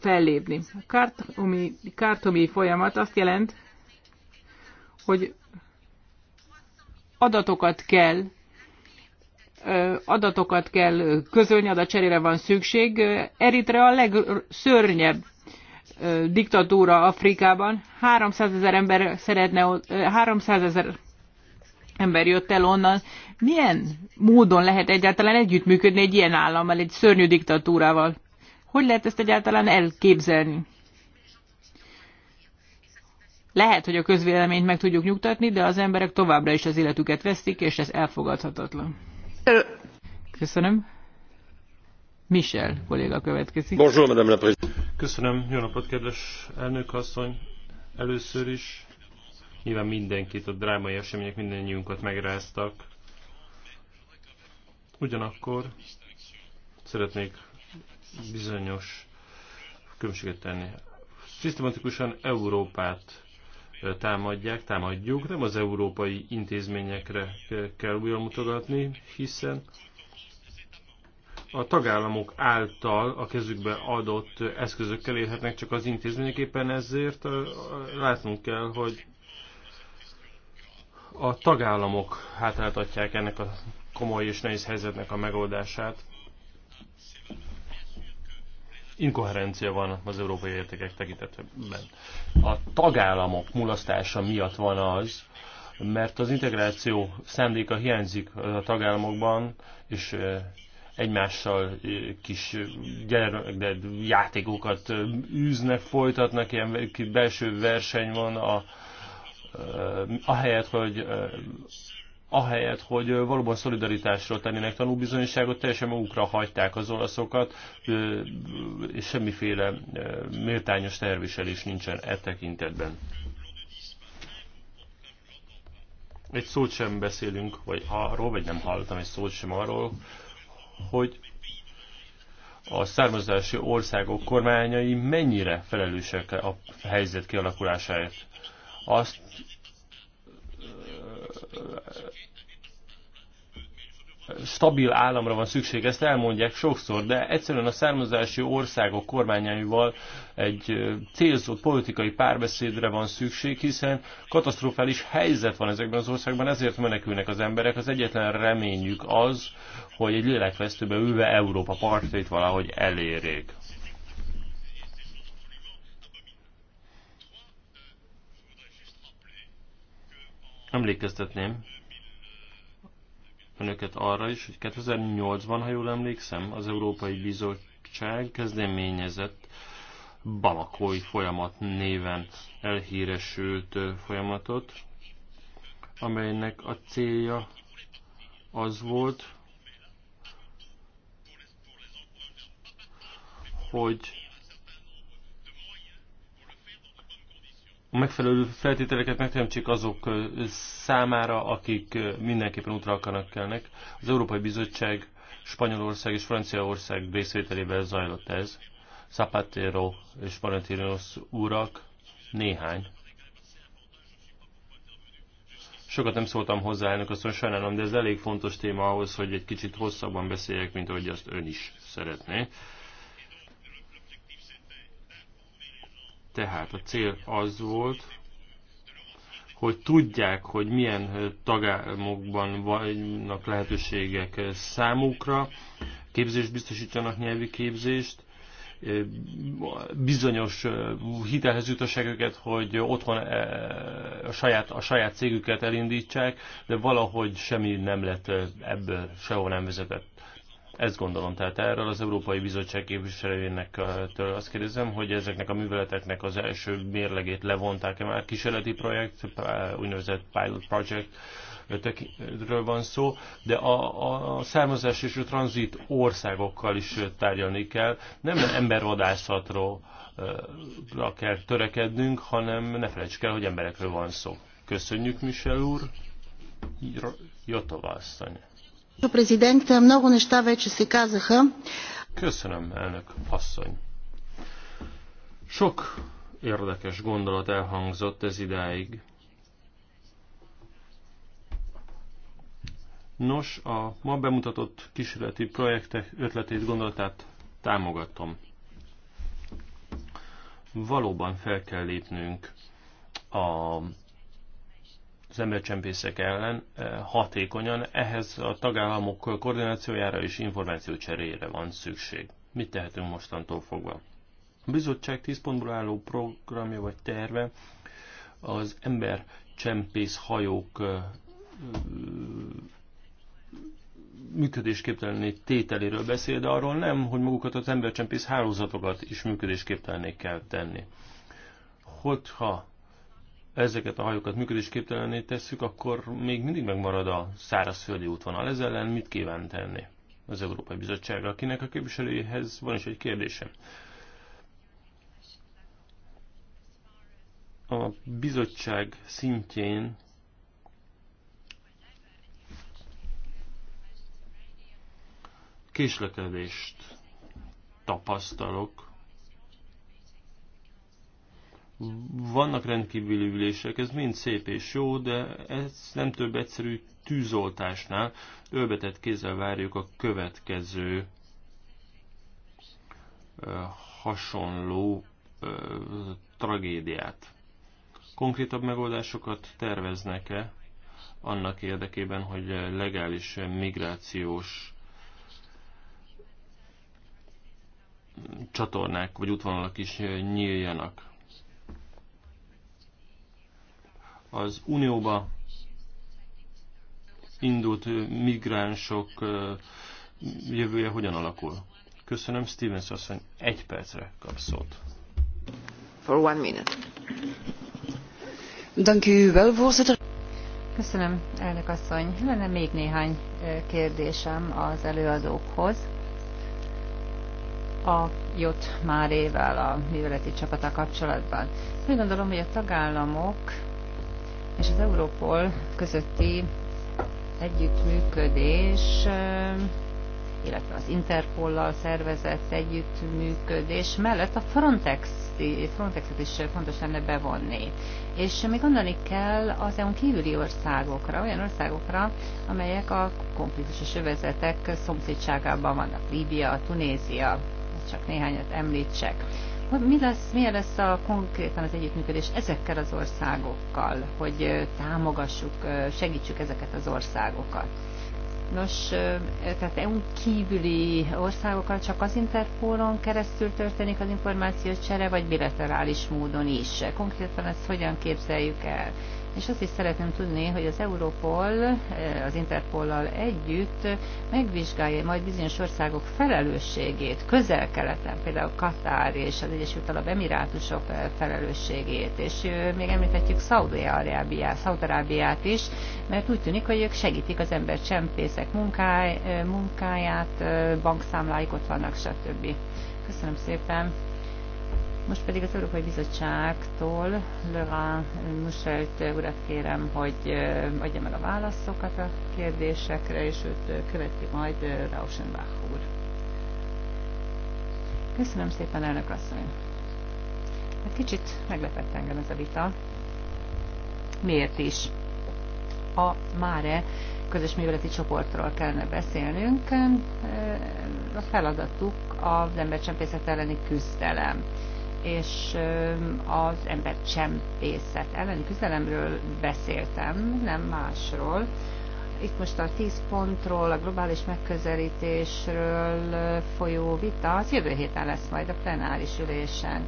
C: fellépni. A kártomi, kártomi folyamat azt jelent, hogy adatokat kell adatokat kell közölni, adatcserére van szükség. Eritrea a legszörnyebb diktatúra Afrikában. 300 ezer ember szeretne, 300 ezer ember jött el onnan. Milyen módon lehet egyáltalán együttműködni egy ilyen állammal, egy szörnyű diktatúrával? Hogy lehet ezt egyáltalán elképzelni? Lehet, hogy a közvéleményt meg tudjuk nyugtatni, de az emberek továbbra is az életüket vesztik, és ez elfogadhatatlan. Köszönöm. Michel kolléga következik. Bonjour,
B: madame la Köszönöm. Jó napot, kedves elnök asszony. Először is nyilván mindenkit, a drámai események mindannyiunkat megráztak. Ugyanakkor szeretnék bizonyos különbséget tenni. Szisztematikusan Európát támadják, támadjuk, nem az európai intézményekre kell újra mutogatni, hiszen a tagállamok által a kezükbe adott eszközökkel élhetnek csak az intézmények, éppen ezért látnunk kell, hogy a tagállamok hátráltatják ennek a komoly és nehéz helyzetnek a megoldását inkoherencia van az európai értékek tekintetében. A tagállamok mulasztása miatt van az, mert az integráció szándéka hiányzik a tagállamokban, és egymással kis gyerek, de játékokat űznek, folytatnak, ilyen belső verseny van a, helyet, hogy ahelyett, hogy valóban szolidaritásról tennének tanúbizonyságot, teljesen magukra hagyták az olaszokat, és semmiféle méltányos terviselés nincsen e tekintetben. Egy szót sem beszélünk, vagy arról, vagy nem hallottam egy szót sem arról, hogy a származási országok kormányai mennyire felelősek a helyzet kialakulásáért. Azt stabil államra van szükség, ezt elmondják sokszor, de egyszerűen a származási országok kormányaival egy célzott politikai párbeszédre van szükség, hiszen katasztrofális helyzet van ezekben az országban, ezért menekülnek az emberek. Az egyetlen reményük az, hogy egy lélekvesztőbe ülve Európa partjait valahogy elérjék. Emlékeztetném önöket arra is, hogy 2008-ban, ha jól emlékszem, az Európai Bizottság kezdeményezett Balakói folyamat néven elhíresült folyamatot, amelynek a célja az volt, hogy a megfelelő feltételeket megteremtsék azok számára, akik mindenképpen útra akarnak kelnek. Az Európai Bizottság Spanyolország és Franciaország részvételével zajlott ez. Zapatero és Valentinos úrak néhány. Sokat nem szóltam hozzá, elnök mondom, sajnálom, de ez elég fontos téma ahhoz, hogy egy kicsit hosszabban beszéljek, mint ahogy azt ön is szeretné. Tehát a cél az volt, hogy tudják, hogy milyen tagállamokban vannak lehetőségek számukra, képzést biztosítsanak, nyelvi képzést, bizonyos hitelhez jutaságokat, hogy otthon eh, a saját, a saját cégüket elindítsák, de valahogy semmi nem lett eh, ebből, sehol nem vezetett. Ezt gondolom, tehát erről az Európai Bizottság képviselőjének től azt kérdezem, hogy ezeknek a műveleteknek az első mérlegét levonták-e már kísérleti projekt, úgynevezett pilot project, ötökről van szó, de a, a származás és a tranzit országokkal is tárgyalni kell. Nem embervadászatról kell törekednünk, hanem ne felejtsük el, hogy emberekről van szó. Köszönjük, Michel úr. Jotova asszony. Köszönöm, elnök asszony. Sok érdekes gondolat elhangzott ez idáig. Nos, a ma bemutatott kísérleti projektek ötletét, gondolatát támogatom. Valóban fel kell lépnünk a az embercsempészek ellen eh, hatékonyan, ehhez a tagállamok koordinációjára és információcseréjére van szükség. Mit tehetünk mostantól fogva? A bizottság 10 pontból álló programja vagy terve az embercsempész hajók eh, működésképtelené tételéről beszél, de arról nem, hogy magukat az embercsempész hálózatokat is működésképtelené kell tenni. Hogyha ezeket a hajókat működésképtelenné tesszük, akkor még mindig megmarad a szárazföldi útvonal. Ez ellen mit kíván tenni az Európai Bizottság, akinek a képviselőjéhez van is egy kérdésem. A bizottság szintjén késlekedést tapasztalok vannak rendkívüli ülések, ez mind szép és jó, de ez nem több egyszerű tűzoltásnál. Ölbetett kézzel várjuk a következő hasonló tragédiát. Konkrétabb megoldásokat terveznek-e annak érdekében, hogy legális migrációs csatornák vagy útvonalak is nyíljanak? Az Unióba indult migránsok jövője hogyan alakul? Köszönöm, Stevens asszony, egy percre
A: kap szót. For one minute. Thank you, well, voorzitter. Köszönöm, elnök asszony. Lenne még néhány kérdésem az előadókhoz. A már Márével a műveleti csapata kapcsolatban. Úgy gondolom, hogy a tagállamok és az Európol közötti együttműködés, ehm, illetve az Interpollal szervezett együttműködés mellett a Frontex Frontexet is fontos lenne bevonni. És még gondolni kell az EU-n kívüli országokra, olyan országokra, amelyek a konfliktusos övezetek szomszédságában vannak, Líbia, Tunézia, csak néhányat említsek hogy mi lesz, milyen lesz a konkrétan az együttműködés ezekkel az országokkal, hogy támogassuk, segítsük ezeket az országokat. Nos, tehát EU kívüli országokkal csak az Interpolon keresztül történik az információcsere, vagy bilaterális módon is? Konkrétan ezt hogyan képzeljük el? és azt is szeretném tudni, hogy az Europol eh, az Interpollal együtt megvizsgálja majd bizonyos országok felelősségét, közel-keleten, például Katár és az Egyesült Arab Emirátusok eh, felelősségét, és eh, még említhetjük Szaudarábiát is, mert úgy tűnik, hogy ők segítik az ember csempészek munkáját, bankszámláik ott vannak, stb. Köszönöm szépen! Most pedig az Európai Bizottságtól Lera Muselt urat kérem, hogy adja meg a válaszokat a kérdésekre, és őt követi majd Rauschenbach úr. Köszönöm szépen, elnök asszony. Hát kicsit meglepett engem ez a vita. Miért is? A Máre közös műveleti csoportról kellene beszélnünk. A feladatuk az embercsempészet elleni küzdelem és az ember csempészet elleni küzdelemről beszéltem, nem másról. Itt most a 10 pontról, a globális megközelítésről folyó vita, az jövő héten lesz majd a plenáris ülésen.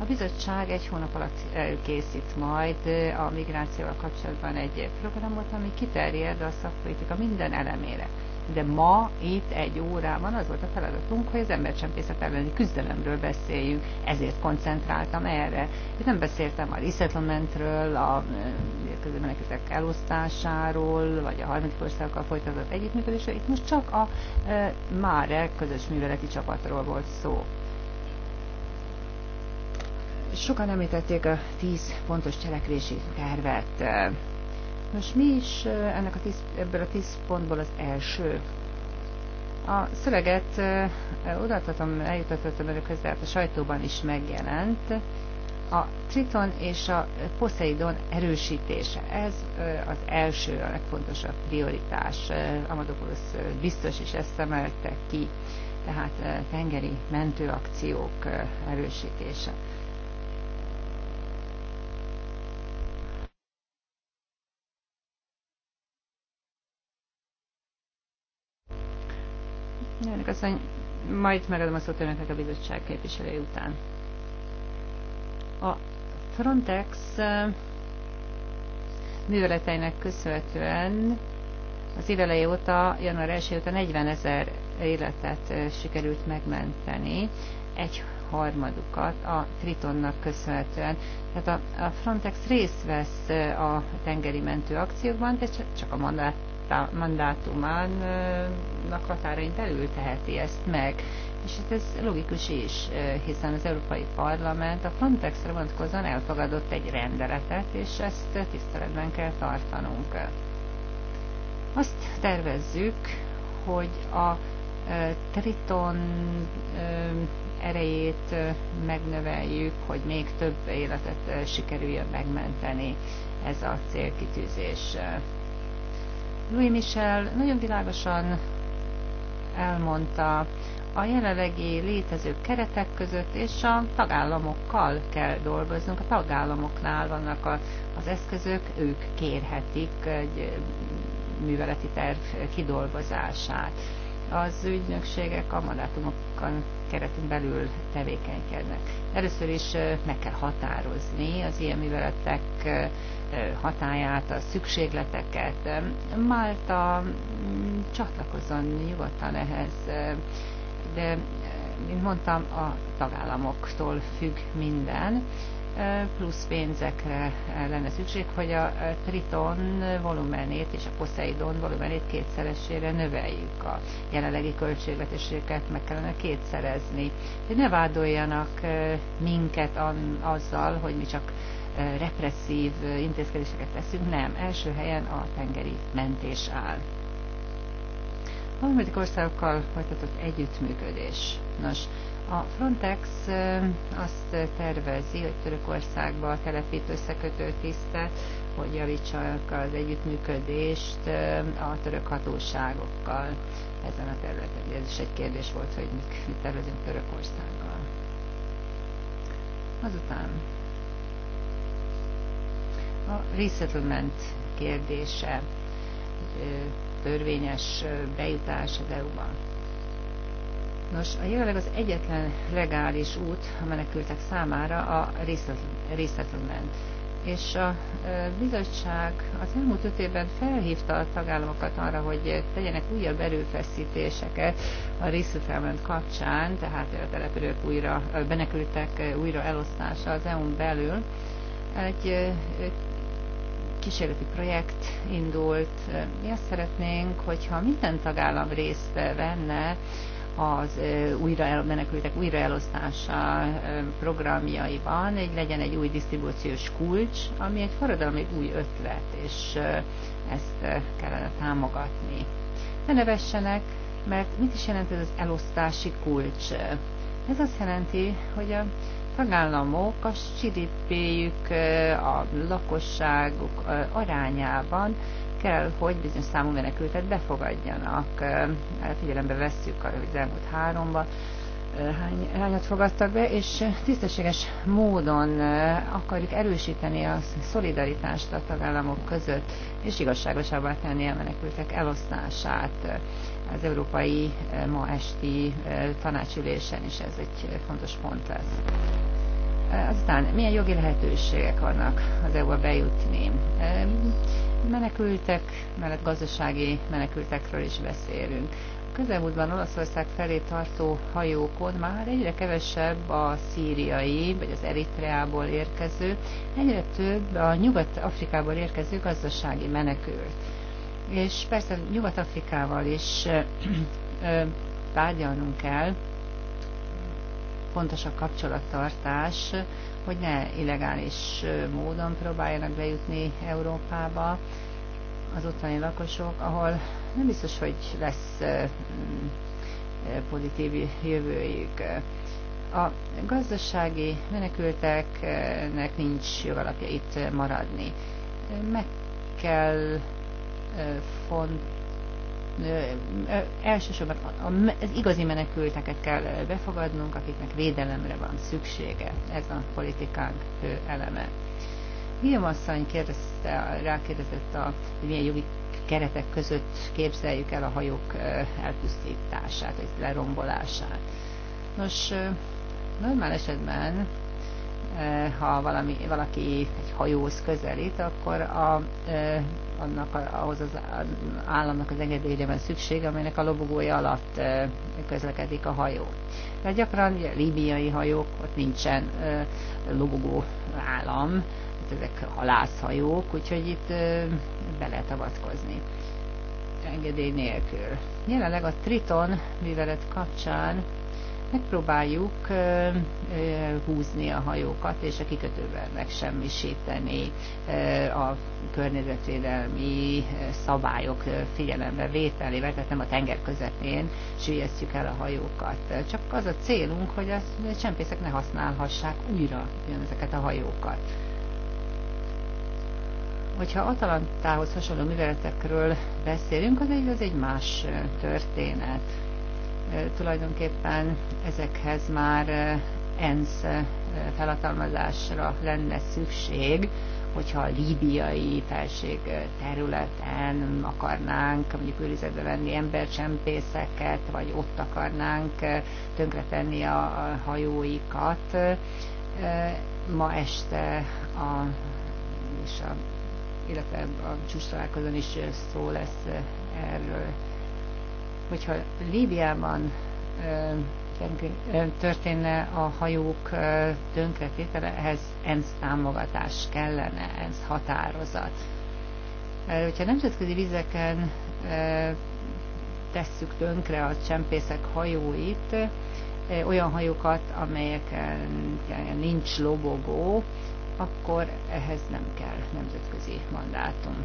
A: A bizottság egy hónap alatt készít majd a migrációval kapcsolatban egy programot, ami kiterjed a szakpolitika minden elemére de ma itt egy órában az volt a feladatunk, hogy az embercsempészet elleni küzdelemről beszéljünk, ezért koncentráltam erre. Itt nem beszéltem a resettlementről, a közömenekültek elosztásáról, vagy a harmadik országokkal folytatott együttműködésről, itt most csak a e, Máre közös műveleti csapatról volt szó. Sokan említették a 10 pontos cselekvési tervet, most mi is ennek a tíz, ebből a tíz pontból az első? A szöveget odaadhatom, eljutatottam önökhöz, de hát a sajtóban is megjelent. A Triton és a Poseidon erősítése. Ez az első, a legfontosabb prioritás. Amadopoulos biztos is ezt emelte ki. Tehát tengeri mentőakciók erősítése. Önök asszony, majd megadom a szót önöknek a bizottság képviselői után. A Frontex műveleteinek köszönhetően az évelei óta, január 1 óta 40 ezer életet sikerült megmenteni, egy harmadukat a Tritonnak köszönhetően. Tehát a, a Frontex részt vesz a tengeri mentő akciókban, de csak a mandát mandátumának határain belül teheti ezt meg. És hát ez logikus is, eh, hiszen az Európai Parlament a Frontexre vonatkozóan elfogadott egy rendeletet, és ezt tiszteletben kell tartanunk. Azt tervezzük, hogy a eh, Triton eh, erejét megnöveljük, hogy még több életet sikerüljön megmenteni ez a célkitűzés. Louis Michel nagyon világosan elmondta, a jelenlegi létező keretek között és a tagállamokkal kell dolgoznunk. A tagállamoknál vannak a, az eszközök, ők kérhetik egy műveleti terv kidolgozását. Az ügynökségek a mandátumokon keretünk belül tevékenykednek. Először is meg kell határozni az ilyen műveletek hatáját, a szükségleteket. Málta mm, csatlakozon nyugodtan ehhez, de mint mondtam, a tagállamoktól függ minden, plusz pénzekre lenne szükség, hogy a Triton volumenét és a Poseidon volumenét kétszeresére növeljük. A jelenlegi költségvetéséket, meg kellene kétszerezni. de ne vádoljanak minket azzal, hogy mi csak represszív intézkedéseket veszünk, nem. Első helyen a tengeri mentés áll. A harmadik országokkal folytatott együttműködés. Nos, a Frontex eh, azt tervezi, hogy Törökországba telepít összekötő tisztet, hogy javítsanak az együttműködést eh, a török hatóságokkal ezen a területen. Ez is egy kérdés volt, hogy mit tervezünk Törökországgal. Azután a resettlement kérdése, törvényes bejutás az EU-ba. Nos, a jelenleg az egyetlen legális út a menekültek számára a resettlement. És a bizottság az elmúlt öt évben felhívta a tagállamokat arra, hogy tegyenek újabb erőfeszítéseket a resettlement kapcsán, tehát a települők újra, a menekültek újra elosztása az EU-n belül. Egy kísérleti projekt indult. Mi azt szeretnénk, hogyha minden tagállam részt venne az újra el, menekültek újraelosztása programjaiban, hogy legyen egy új disztribúciós kulcs, ami egy forradalmi új ötlet, és ezt kellene támogatni. Ne nevessenek, mert mit is jelent ez az elosztási kulcs? Ez azt jelenti, hogy a tagállamok a gdp a lakosságuk arányában kell, hogy bizonyos számú menekültet befogadjanak. Hát figyelembe vesszük, hogy az elmúlt háromban hány, hányat fogadtak be, és tisztességes módon akarjuk erősíteni a szolidaritást a tagállamok között, és igazságosabbá tenni a menekültek elosztását az európai eh, ma esti eh, tanácsülésen is ez egy fontos pont lesz. Eh, aztán milyen jogi lehetőségek vannak az EU-ba bejutni? Menekültek, mellett gazdasági menekültekről is beszélünk. A közelmúltban Olaszország felé tartó hajókon már egyre kevesebb a szíriai, vagy az Eritreából érkező, egyre több a Nyugat-Afrikából érkező gazdasági menekült és persze Nyugat-Afrikával is tárgyalnunk kell, fontos a kapcsolattartás, hogy ne illegális módon próbáljanak bejutni Európába az ottani lakosok, ahol nem biztos, hogy lesz pozitív jövőjük. A gazdasági menekülteknek nincs jogalapja itt maradni. Meg kell font, elsősorban az igazi menekülteket kell befogadnunk, akiknek védelemre van szüksége. Ez a politikánk fő eleme. Guillaume asszony kérdezte, rákérdezett, a, hogy milyen jogi keretek között képzeljük el a hajók elpusztítását, vagy lerombolását. Nos, normál esetben, ha valami, valaki egy hajóhoz közelít, akkor a annak, ahhoz az államnak az engedélyre van szükség, amelynek a lobogója alatt közlekedik a hajó. De gyakran ugye, líbiai hajók, ott nincsen lobogó állam, ezek halászhajók, úgyhogy itt be lehet avatkozni engedély nélkül. Jelenleg a Triton művelet kapcsán megpróbáljuk húzni a hajókat, és a kikötővel megsemmisíteni a környezetvédelmi szabályok figyelembe vételével, tehát nem a tenger közepén süllyesztjük el a hajókat. Csak az a célunk, hogy a csempészek ne használhassák újra ezeket a hajókat hogyha Atalantához hasonló műveletekről beszélünk, az egy, az egy más történet tulajdonképpen ezekhez már ENSZ felhatalmazásra lenne szükség, hogyha a líbiai felség területen akarnánk mondjuk őrizetbe venni embercsempészeket, vagy ott akarnánk tönkretenni a hajóikat. Ma este a, és a, illetve a csúcs találkozón is szó lesz erről hogyha Líbiában történne a hajók tönkretétele, ehhez ENSZ támogatás kellene, ENSZ határozat. Hogyha nemzetközi vizeken tesszük tönkre a csempészek hajóit, olyan hajókat, amelyeken nincs lobogó, akkor ehhez nem kell nemzetközi mandátum.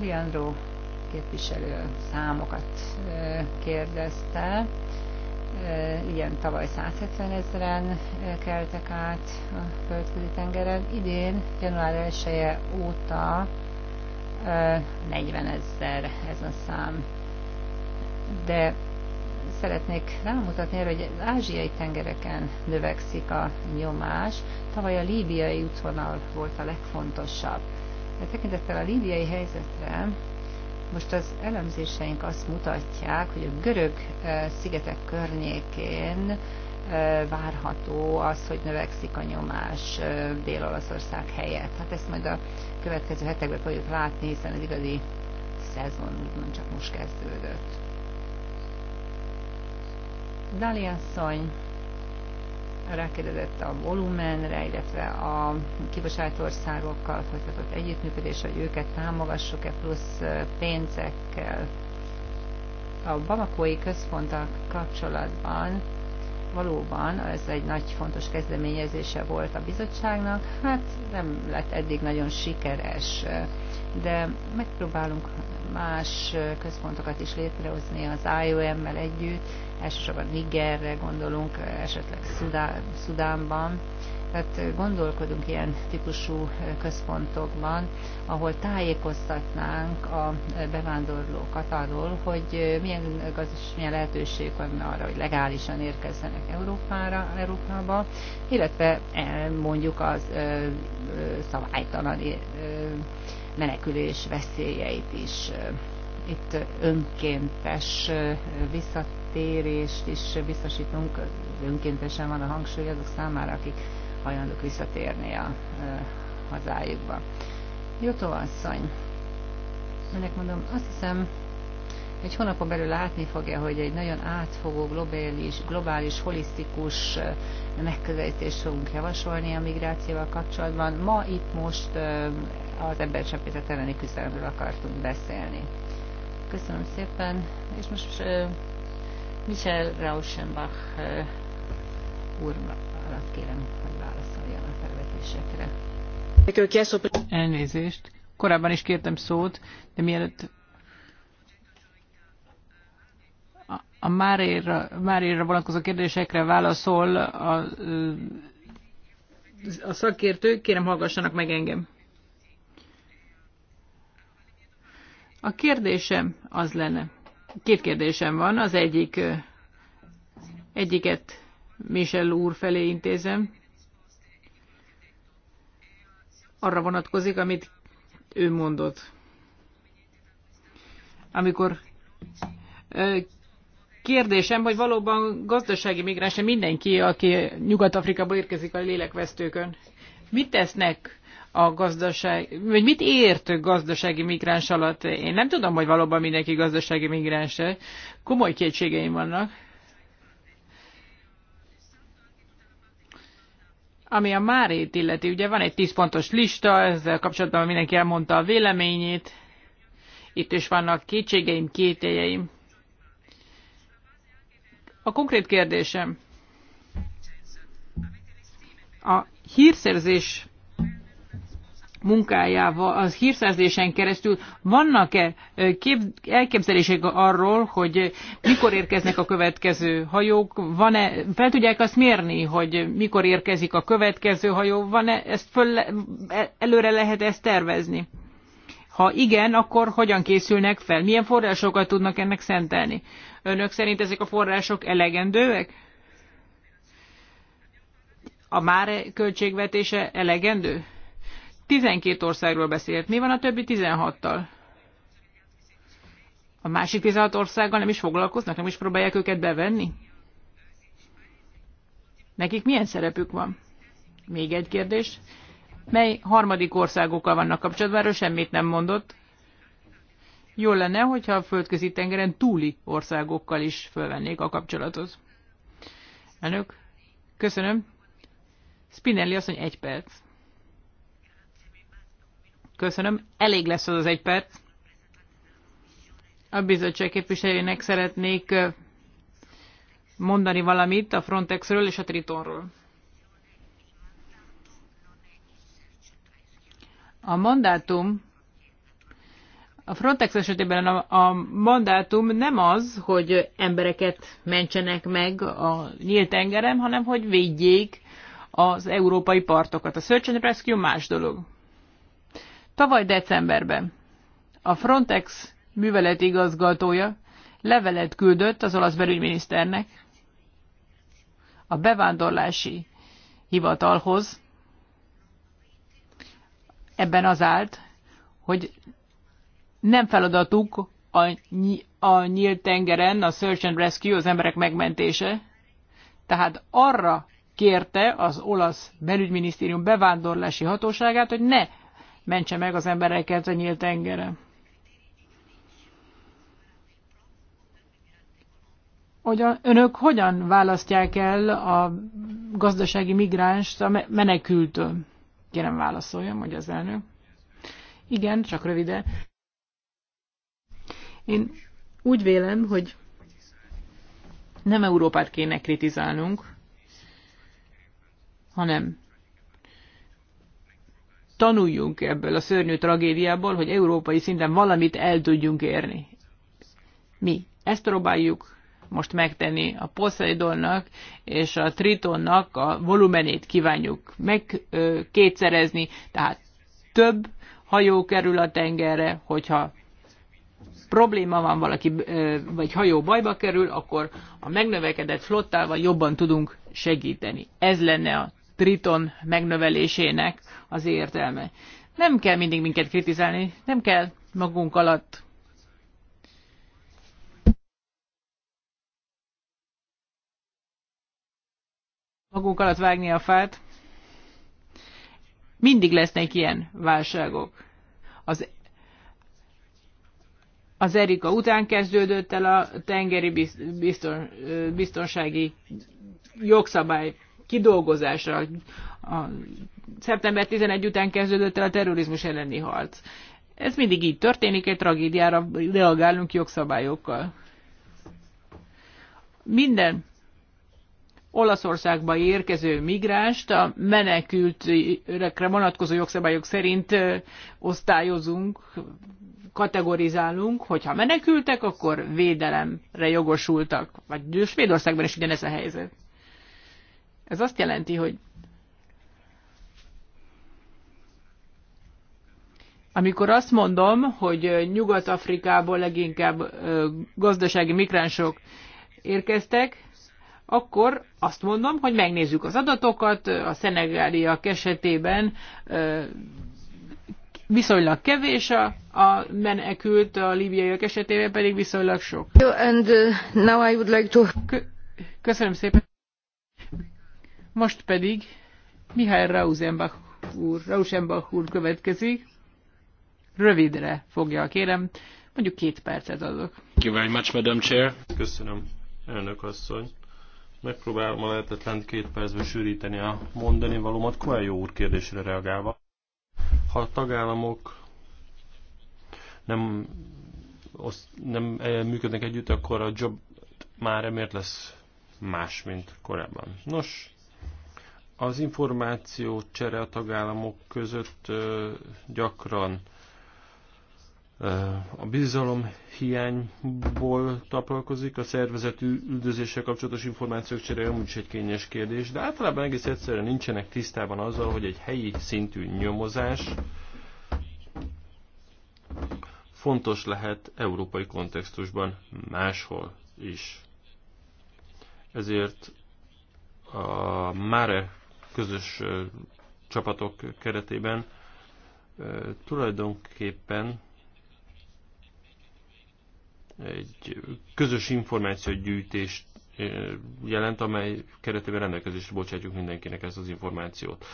A: Leandro képviselő számokat kérdezte. Igen, tavaly 170 ezeren keltek át a földközi tengeren. Idén, január 1 -e óta 40 ezer ez a szám. De szeretnék rámutatni erre, hogy az ázsiai tengereken növekszik a nyomás. Tavaly a líbiai útvonal volt a legfontosabb. De tekintettel a líbiai helyzetre most az elemzéseink azt mutatják, hogy a görög eh, szigetek környékén eh, várható az, hogy növekszik a nyomás eh, Dél-Olaszország helyett. Hát ezt majd a következő hetekben fogjuk látni, hiszen az igazi szezon úgymond csak most kezdődött. Dali asszony, rákérdezett a volumenre, illetve a kibocsátó országokkal folytatott együttműködés, hogy őket támogassuk-e plusz pénzekkel. A Bamakói központtal kapcsolatban valóban ez egy nagy fontos kezdeményezése volt a bizottságnak, hát nem lett eddig nagyon sikeres, de megpróbálunk más központokat is létrehozni az IOM-mel együtt, elsősorban Nigerre gondolunk, esetleg Szudán, Szudánban. Tehát gondolkodunk ilyen típusú központokban, ahol tájékoztatnánk a bevándorlókat arról, hogy milyen, gazdas, milyen lehetőség van arra, hogy legálisan érkezzenek Európára, Európába, illetve e, mondjuk az szabálytalan menekülés veszélyeit is. Itt önkéntes visszat visszatérést is biztosítunk, önkéntesen van a hangsúly azok számára, akik hajlandók visszatérni a hazájukba. Jutó asszony, ennek mondom, azt hiszem, egy hónapon belül látni fogja, hogy egy nagyon átfogó, globális, globális holisztikus megközelítést fogunk javasolni a migrációval kapcsolatban. Ma itt most az embercsempészet elleni küzdelemről akartunk beszélni. Köszönöm szépen, és most Michel Rauschenbach úrnak kérem, hogy válaszoljon a
C: felvetésekre. Elnézést. Korábban is kértem szót, de mielőtt a Máréra, Máréra vonatkozó kérdésekre válaszol a, a szakértő, kérem hallgassanak meg engem. A kérdésem az lenne, Két kérdésem van. Az egyik, egyiket Michel úr felé intézem. Arra vonatkozik, amit ő mondott. Amikor kérdésem, hogy valóban gazdasági migráns mindenki, aki Nyugat-Afrikából érkezik a lélekvesztőkön. Mit tesznek a gazdaság, vagy mit ért gazdasági migráns alatt? Én nem tudom, hogy valóban mindenki gazdasági migráns -e. Komoly kétségeim vannak. Ami a Márét illeti, ugye van egy tíz pontos lista, ezzel kapcsolatban mindenki elmondta a véleményét. Itt is vannak kétségeim, kételjeim. A konkrét kérdésem. A hírszerzés munkájával, az hírszerzésen keresztül vannak-e elképzelések arról, hogy mikor érkeznek a következő hajók, van-e, fel tudják azt mérni, hogy mikor érkezik a következő hajó, van-e, ezt föl, e, előre lehet ezt tervezni? Ha igen, akkor hogyan készülnek fel? Milyen forrásokat tudnak ennek szentelni? Önök szerint ezek a források elegendőek? A már költségvetése elegendő? 12 országról beszélt. Mi van a többi 16-tal? A másik 16 országgal nem is foglalkoznak, nem is próbálják őket bevenni? Nekik milyen szerepük van? Még egy kérdés. Mely harmadik országokkal vannak kapcsolatban? Erről semmit nem mondott. Jó lenne, hogyha a földközi tengeren túli országokkal is fölvennék a kapcsolatot. Elnök, köszönöm. Spinelli mondja, egy perc. Köszönöm. Elég lesz az az egy perc. A bizottság képviselőjének szeretnék mondani valamit a Frontexről és a Tritonról. A mandátum a Frontex esetében a, a mandátum nem az, hogy embereket mentsenek meg a nyílt tengerem, hanem hogy védjék az európai partokat. A Search and Rescue más dolog. Tavaly decemberben a Frontex műveleti igazgatója levelet küldött az olasz belügyminiszternek a bevándorlási hivatalhoz. Ebben az állt, hogy nem feladatuk a, ny- a nyílt tengeren a search and rescue, az emberek megmentése. Tehát arra kérte az olasz belügyminisztérium bevándorlási hatóságát, hogy ne mentse meg az embereket a nyílt tengere. Hogyan, önök hogyan választják el a gazdasági migránst a menekültől? Kérem válaszoljam, hogy az elnök. Igen, csak röviden. Én úgy vélem, hogy nem Európát kéne kritizálnunk, hanem tanuljunk ebből a szörnyű tragédiából, hogy európai szinten valamit el tudjunk érni. Mi ezt próbáljuk most megtenni a Poseidonnak és a Tritonnak a volumenét kívánjuk meg tehát több hajó kerül a tengerre, hogyha probléma van valaki, vagy hajó bajba kerül, akkor a megnövekedett flottával jobban tudunk segíteni. Ez lenne a Triton megnövelésének az értelme. Nem kell mindig minket kritizálni, nem kell magunk alatt magunk alatt vágni a fát. Mindig lesznek ilyen válságok. Az, az Erika után kezdődött el a tengeri bizton, biztonsági jogszabály kidolgozása, a szeptember 11 után kezdődött el a terrorizmus elleni harc. Ez mindig így történik, egy tragédiára reagálunk jogszabályokkal. Minden Olaszországba érkező migránst a menekültekre vonatkozó jogszabályok szerint osztályozunk, kategorizálunk, hogyha menekültek, akkor védelemre jogosultak. Vagy Svédországban is ugyanez a helyzet. Ez azt jelenti, hogy Amikor azt mondom, hogy Nyugat-Afrikából leginkább gazdasági migránsok érkeztek, akkor azt mondom, hogy megnézzük az adatokat, a szenegáliak esetében viszonylag kevés a, a menekült, a libiaiak esetében pedig viszonylag sok. And, now I would like to... Köszönöm szépen. Most pedig Mihály Rausenbach úr, Rausenbach úr következik rövidre fogja, kérem. Mondjuk két percet adok.
B: Thank you very much, Madam Chair. Köszönöm, elnök asszony. Megpróbálom a lehetetlen két percben sűríteni a mondani valómat. jó úr kérdésre reagálva. Ha a tagállamok nem, oszt, nem eh, működnek együtt, akkor a jobb már emért lesz más, mint korábban. Nos, az információ csere a tagállamok között eh, gyakran a bizalom hiányból tapalkozik, a szervezetű üldözéssel kapcsolatos információk csere amúgy is egy kényes kérdés, de általában egész egyszerűen nincsenek tisztában azzal, hogy egy helyi szintű nyomozás fontos lehet európai kontextusban máshol is. Ezért a mare közös csapatok keretében tulajdonképpen egy közös információgyűjtést jelent, amely keretében rendelkezésre bocsátjuk mindenkinek ezt az információt.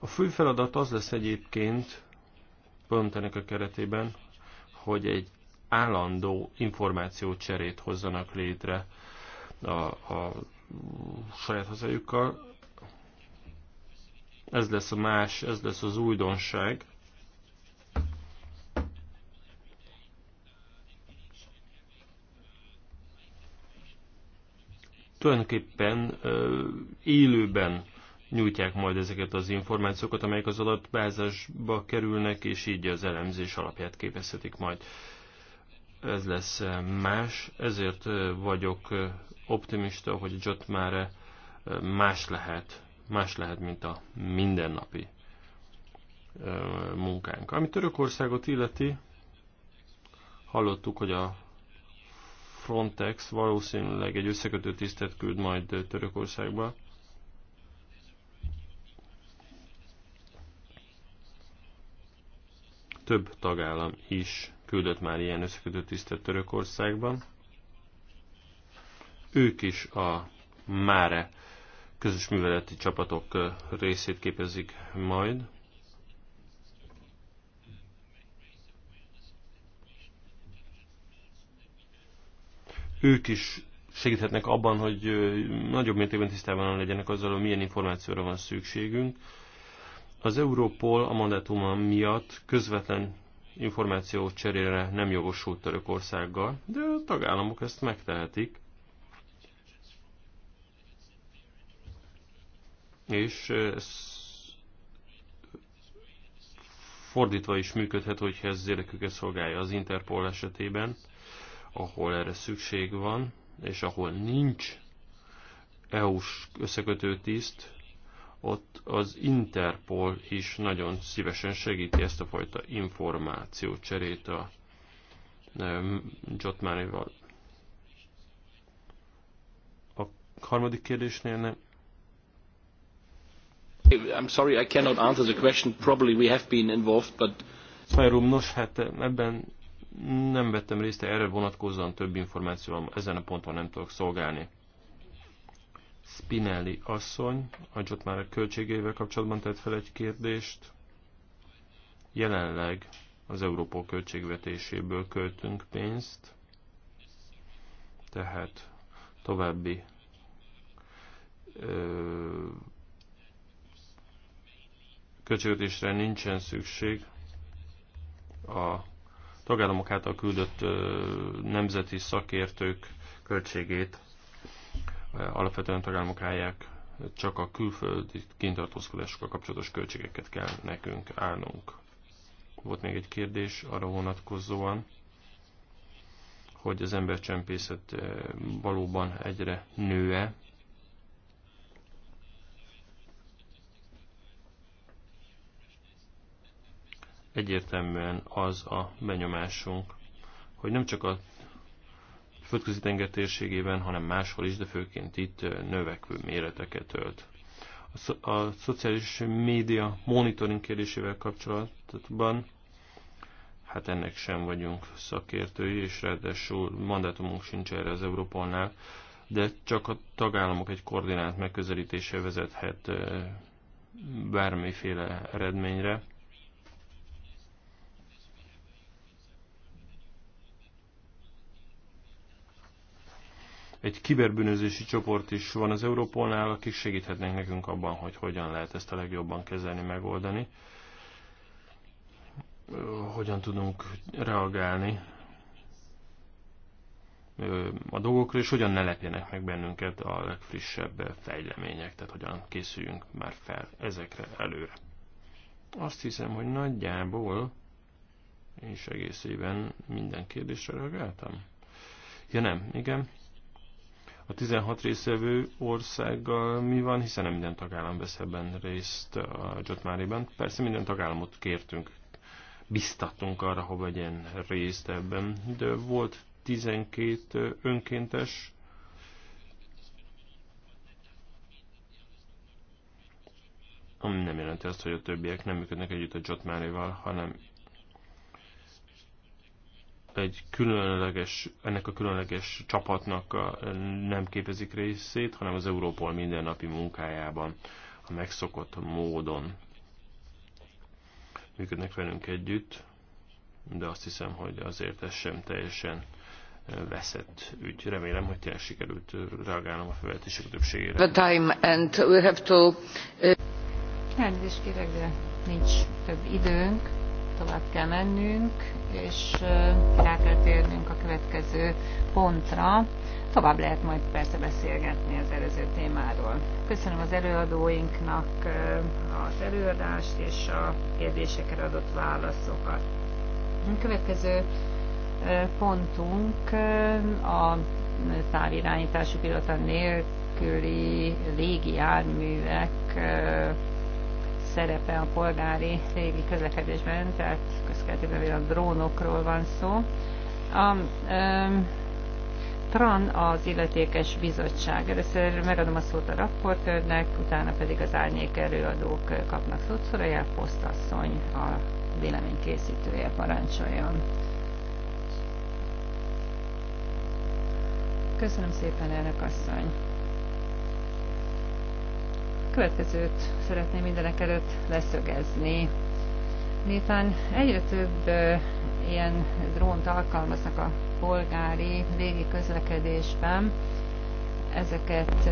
B: A fő feladat az lesz egyébként, pont ennek a keretében, hogy egy állandó információcserét hozzanak létre a, a saját hazájukkal. Ez lesz a más, ez lesz az újdonság, tulajdonképpen élőben nyújtják majd ezeket az információkat, amelyek az adatbázisba kerülnek, és így az elemzés alapját képezhetik majd. Ez lesz más, ezért vagyok optimista, hogy a már más lehet, más lehet, mint a mindennapi munkánk. Ami Törökországot illeti, hallottuk, hogy a Frontex valószínűleg egy összekötő tisztet küld majd Törökországba. Több tagállam is küldött már ilyen összekötő tisztet Törökországban. Ők is a Máre közös műveleti csapatok részét képezik majd. ők is segíthetnek abban, hogy nagyobb mértékben tisztában legyenek azzal, hogy milyen információra van szükségünk. Az Európol a mandátuma miatt közvetlen információ cserére nem jogosult Törökországgal, de a tagállamok ezt megtehetik. És ez fordítva is működhet, hogyha ez érdeküket szolgálja az Interpol esetében ahol erre szükség van, és ahol nincs EU-s összekötő tiszt, ott az Interpol is nagyon szívesen segíti ezt a fajta információcserét a Jotmanival. A harmadik kérdésnél nem. I'm sorry, I cannot answer the question. Probably we have been involved, but... Fajrum, nos, hát ebben nem vettem részt, erre vonatkozóan több információm ezen a ponton nem tudok szolgálni. Spinelli asszony, ott már a költségével kapcsolatban tett fel egy kérdést. Jelenleg az Európol költségvetéséből költünk pénzt, tehát további költségvetésre nincsen szükség a tagállamok által küldött nemzeti szakértők költségét alapvetően tagállamok állják, csak a külföldi kintartózkodásokkal kapcsolatos költségeket kell nekünk állnunk. Volt még egy kérdés arra vonatkozóan, hogy az embercsempészet valóban egyre nő-e. egyértelműen az a benyomásunk, hogy nem csak a földközi tenger térségében, hanem máshol is, de főként itt növekvő méreteket ölt. A, szo a szociális média monitoring kérdésével kapcsolatban hát ennek sem vagyunk szakértői, és ráadásul mandátumunk sincs erre az Európolnál, de csak a tagállamok egy koordinált megközelítése vezethet bármiféle eredményre. egy kiberbűnözési csoport is van az Európolnál, akik segíthetnek nekünk abban, hogy hogyan lehet ezt a legjobban kezelni, megoldani. Hogyan tudunk reagálni a dolgokra, és hogyan ne lepjenek meg bennünket a legfrissebb fejlemények, tehát hogyan készüljünk már fel ezekre előre. Azt hiszem, hogy nagyjából és egészében minden kérdésre reagáltam. Ja nem, igen a 16 részvevő országgal mi van, hiszen nem minden tagállam vesz ebben részt a Jotmáriban. Persze minden tagállamot kértünk, biztattunk arra, hogy vegyen részt ebben, de volt 12 önkéntes ami nem jelenti azt, hogy a többiek nem működnek együtt a Jotmárival, hanem egy különleges, ennek a különleges csapatnak a, nem képezik részét, hanem az Európol mindennapi munkájában a megszokott módon működnek velünk együtt, de azt hiszem, hogy azért ez sem teljesen veszett ügy. Remélem, hogy tényleg sikerült reagálnom a felvetések többségére. The
C: time
A: and we have to... Elnézést kérek, de nincs több időnk tovább kell mennünk, és rá kell térnünk a következő pontra. Tovább lehet majd persze beszélgetni az előző témáról. Köszönöm az előadóinknak az előadást és a kérdésekre adott válaszokat. A következő pontunk a távirányítású pilota nélküli légi járművek szerepe a polgári légi közlekedésben, tehát közkeletében a drónokról van szó. A, um, TRAN az illetékes bizottság. Először megadom a szót a rapportőrnek, utána pedig az árnyék előadók kapnak szót. Szorajel Posztasszony a vélemény készítője parancsoljon. Köszönöm szépen, elnök asszony! Következőt szeretném mindenek előtt leszögezni. Miután egyre több ilyen drónt alkalmaznak a polgári légi közlekedésben, ezeket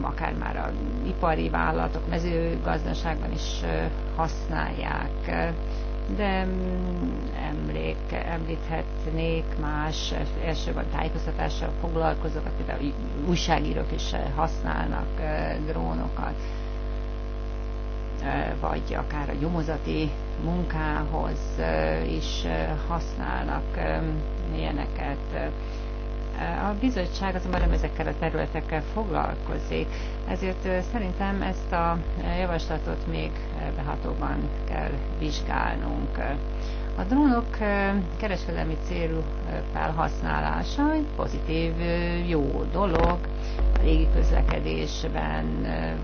A: akár már a ipari vállalatok mezőgazdaságban is használják de mm, emlék, említhetnék más elsőben tájékoztatással foglalkozókat, például újságírók is eh, használnak eh, drónokat, eh, vagy akár a gyomozati munkához is használnak ilyeneket a bizottság azonban nem ezekkel a területekkel foglalkozik, ezért szerintem ezt a javaslatot még behatóban kell vizsgálnunk. A drónok kereskedelmi célú felhasználása egy pozitív, jó dolog, a légi közlekedésben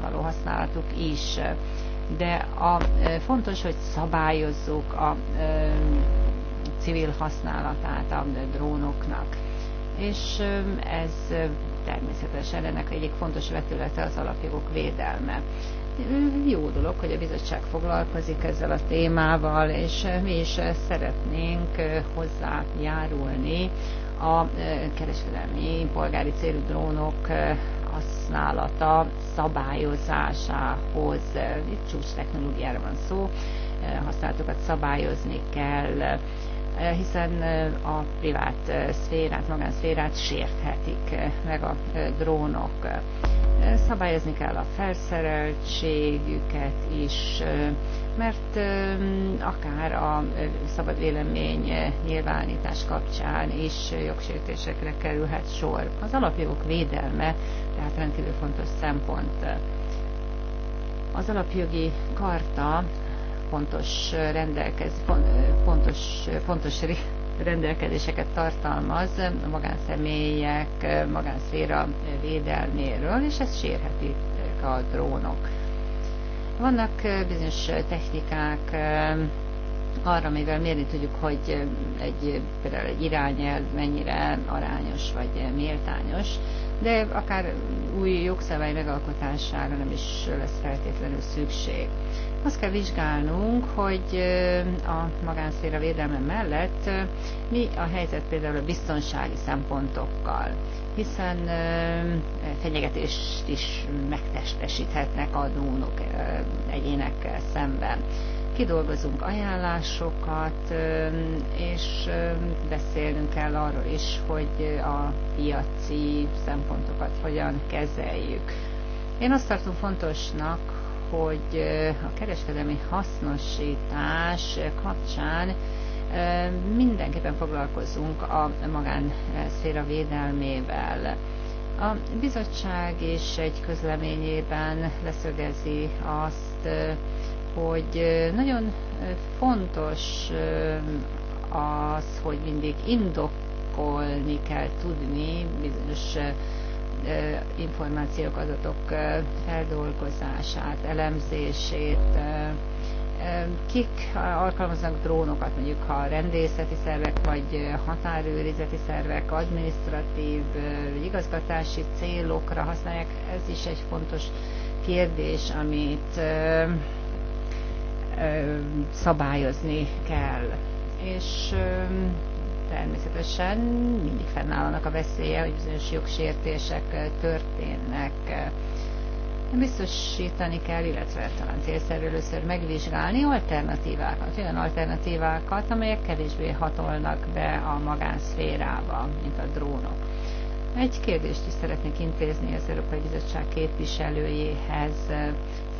A: való használatuk is. De a, fontos, hogy szabályozzuk a civil használatát a drónoknak és ez természetesen ennek egyik fontos vetülete az alapjogok védelme. Jó dolog, hogy a bizottság foglalkozik ezzel a témával, és mi is szeretnénk hozzájárulni a kereskedelmi polgári célú drónok használata szabályozásához. Itt csúcs technológiára van szó, használatokat szabályozni kell, Eh, hiszen eh, a privát eh, szférát, magánszférát sérthetik meg a drónok. Szabályozni kell a felszereltségüket is, mert akár a szabad vélemény nyilvánítás kapcsán is jogsértésekre kerülhet sor. Az alapjogok védelme tehát rendkívül fontos szempont. Az alapjogi karta pontos, rendelkez, pontos, pontos rendelkezéseket tartalmaz a magánszemélyek, magánszféra védelméről, és ez sérheti a drónok. Vannak bizonyos technikák, arra, amivel mérni tudjuk, hogy egy, például egy irányelv mennyire arányos vagy méltányos, de akár új jogszabály megalkotására nem is lesz feltétlenül szükség. Azt kell vizsgálnunk, hogy a magánszféra védelme mellett mi a helyzet például a biztonsági szempontokkal, hiszen fenyegetést is megtestesíthetnek a dónok egyénekkel szemben kidolgozunk ajánlásokat, és beszélnünk kell arról is, hogy a piaci szempontokat hogyan kezeljük. Én azt tartom fontosnak, hogy a kereskedelmi hasznosítás kapcsán mindenképpen foglalkozunk a magánszféra védelmével. A bizottság is egy közleményében leszögezi azt, hogy nagyon fontos az, hogy mindig indokolni kell tudni bizonyos információk, adatok feldolgozását, elemzését, kik alkalmaznak drónokat, mondjuk ha rendészeti szervek, vagy határőrizeti szervek, administratív, igazgatási célokra használják, ez is egy fontos kérdés, amit szabályozni kell. És természetesen mindig fennállnak a veszélye, hogy bizonyos jogsértések eh, történnek. Eh, biztosítani kell, illetve talán célszerű először megvizsgálni alternatívákat, olyan alternatívákat, amelyek kevésbé hatolnak be a magánszférába, mint a drónok. Egy kérdést is szeretnék intézni az Európai Bizottság képviselőjéhez.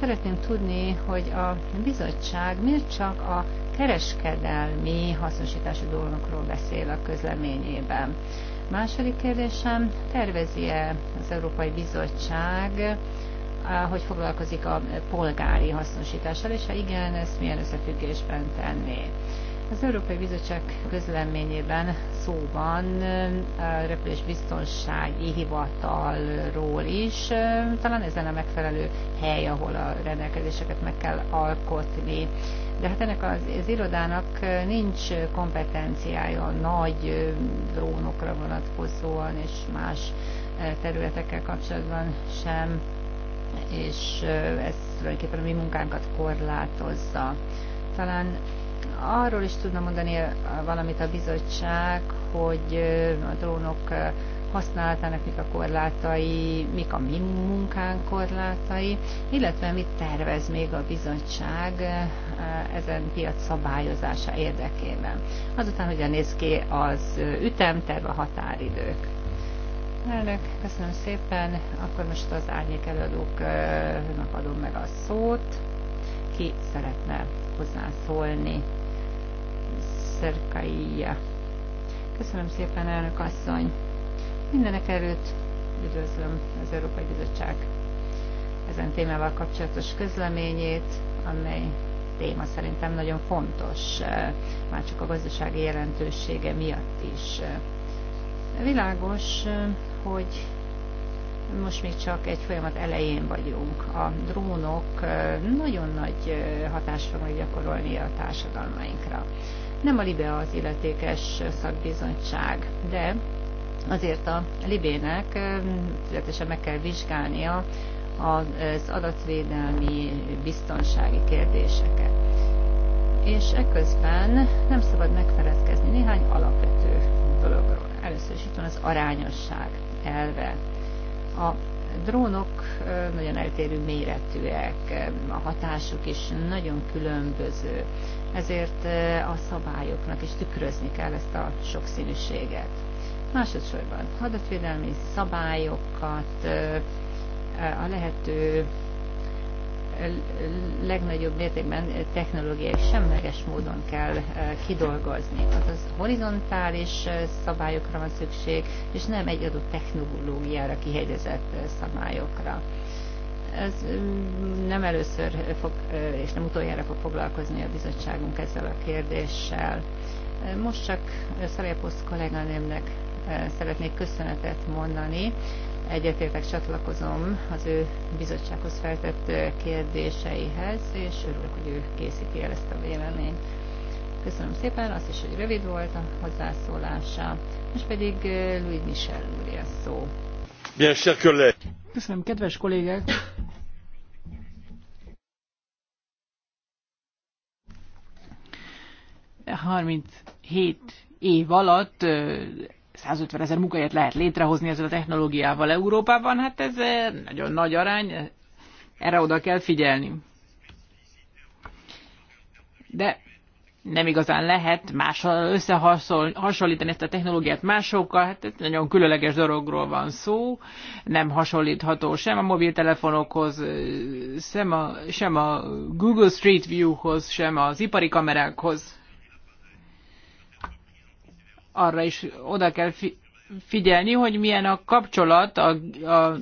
A: Szeretném tudni, hogy a bizottság miért csak a kereskedelmi hasznosítású dolgokról beszél a közleményében. Második kérdésem, tervezi-e az Európai Bizottság, hogy foglalkozik a polgári hasznosítással, és ha igen, ezt milyen összefüggésben tenné? Az Európai Bizottság közleményében szó van a repülésbiztonsági hivatalról is. Talán ez lenne a megfelelő hely, ahol a rendelkezéseket meg kell alkotni. De hát ennek az, az irodának nincs kompetenciája nagy drónokra vonatkozóan és más területekkel kapcsolatban sem, és ez tulajdonképpen a mi munkánkat korlátozza. Talán Arról is tudna mondani eh, valamit a bizottság, hogy eh, a drónok eh, használatának mik a korlátai, mik a mi munkánk korlátai, illetve mit tervez még a bizottság ezen piac szabályozása érdekében. Azután hogyan néz ki az ütemterv, a határidők. Elnök, köszönöm szépen. Akkor most az árnyék előadóknak adom meg a szót. Ki szeretne hozzászólni? Szerkaia. Köszönöm szépen, elnök asszony. Mindenek előtt üdvözlöm az Európai Bizottság ezen témával kapcsolatos közleményét, amely téma szerintem nagyon fontos, eh, már csak a gazdasági jelentősége miatt is. Világos, eh, hogy most még csak egy folyamat elején vagyunk. A drónok eh, nagyon nagy hatást fognak gyakorolni a társadalmainkra. Nem a LIBE az illetékes szakbizottság, de azért a libének tüzetesen meg kell vizsgálnia az adatvédelmi biztonsági kérdéseket. És ekközben nem szabad megfeledkezni néhány alapvető dologról. Először is itt van az arányosság elve. A drónok nagyon eltérő méretűek, a hatásuk is nagyon különböző, ezért a szabályoknak is tükrözni kell ezt a sokszínűséget. Másodszorban adatvédelmi szabályokat a lehető legnagyobb mértékben technológiai semleges módon kell eh, kidolgozni. Azaz horizontális eh, szabályokra van szükség, és nem egy adott technológiára kihegyezett eh, szabályokra ez mm, nem először fog, és nem utoljára fog foglalkozni a bizottságunk ezzel a kérdéssel. Most csak Szarja Poszt kolléganőmnek szeretnék köszönetet mondani, egyetértek, csatlakozom az ő bizottsághoz feltett kérdéseihez, és örülök, hogy ő készíti el ezt a véleményt. Köszönöm szépen, azt is, hogy rövid volt a hozzászólása. Most pedig Louis Michel úr a szó.
B: Bien, cher
C: Köszönöm, kedves kollégák! Harminc 37 év alatt 150 ezer munkahelyet lehet létrehozni ezzel a technológiával Európában, hát ez eh, nagyon nagy arány, eh, erre oda kell figyelni. De nem igazán lehet mással eh, összehasonlítani ezt a technológiát másokkal, hát ez nagyon különleges dologról van szó, nem hasonlítható sem a mobiltelefonokhoz, sem a, sem a Google Street View-hoz, sem az ipari kamerákhoz arra is oda kell figyelni, hogy milyen a kapcsolat a, a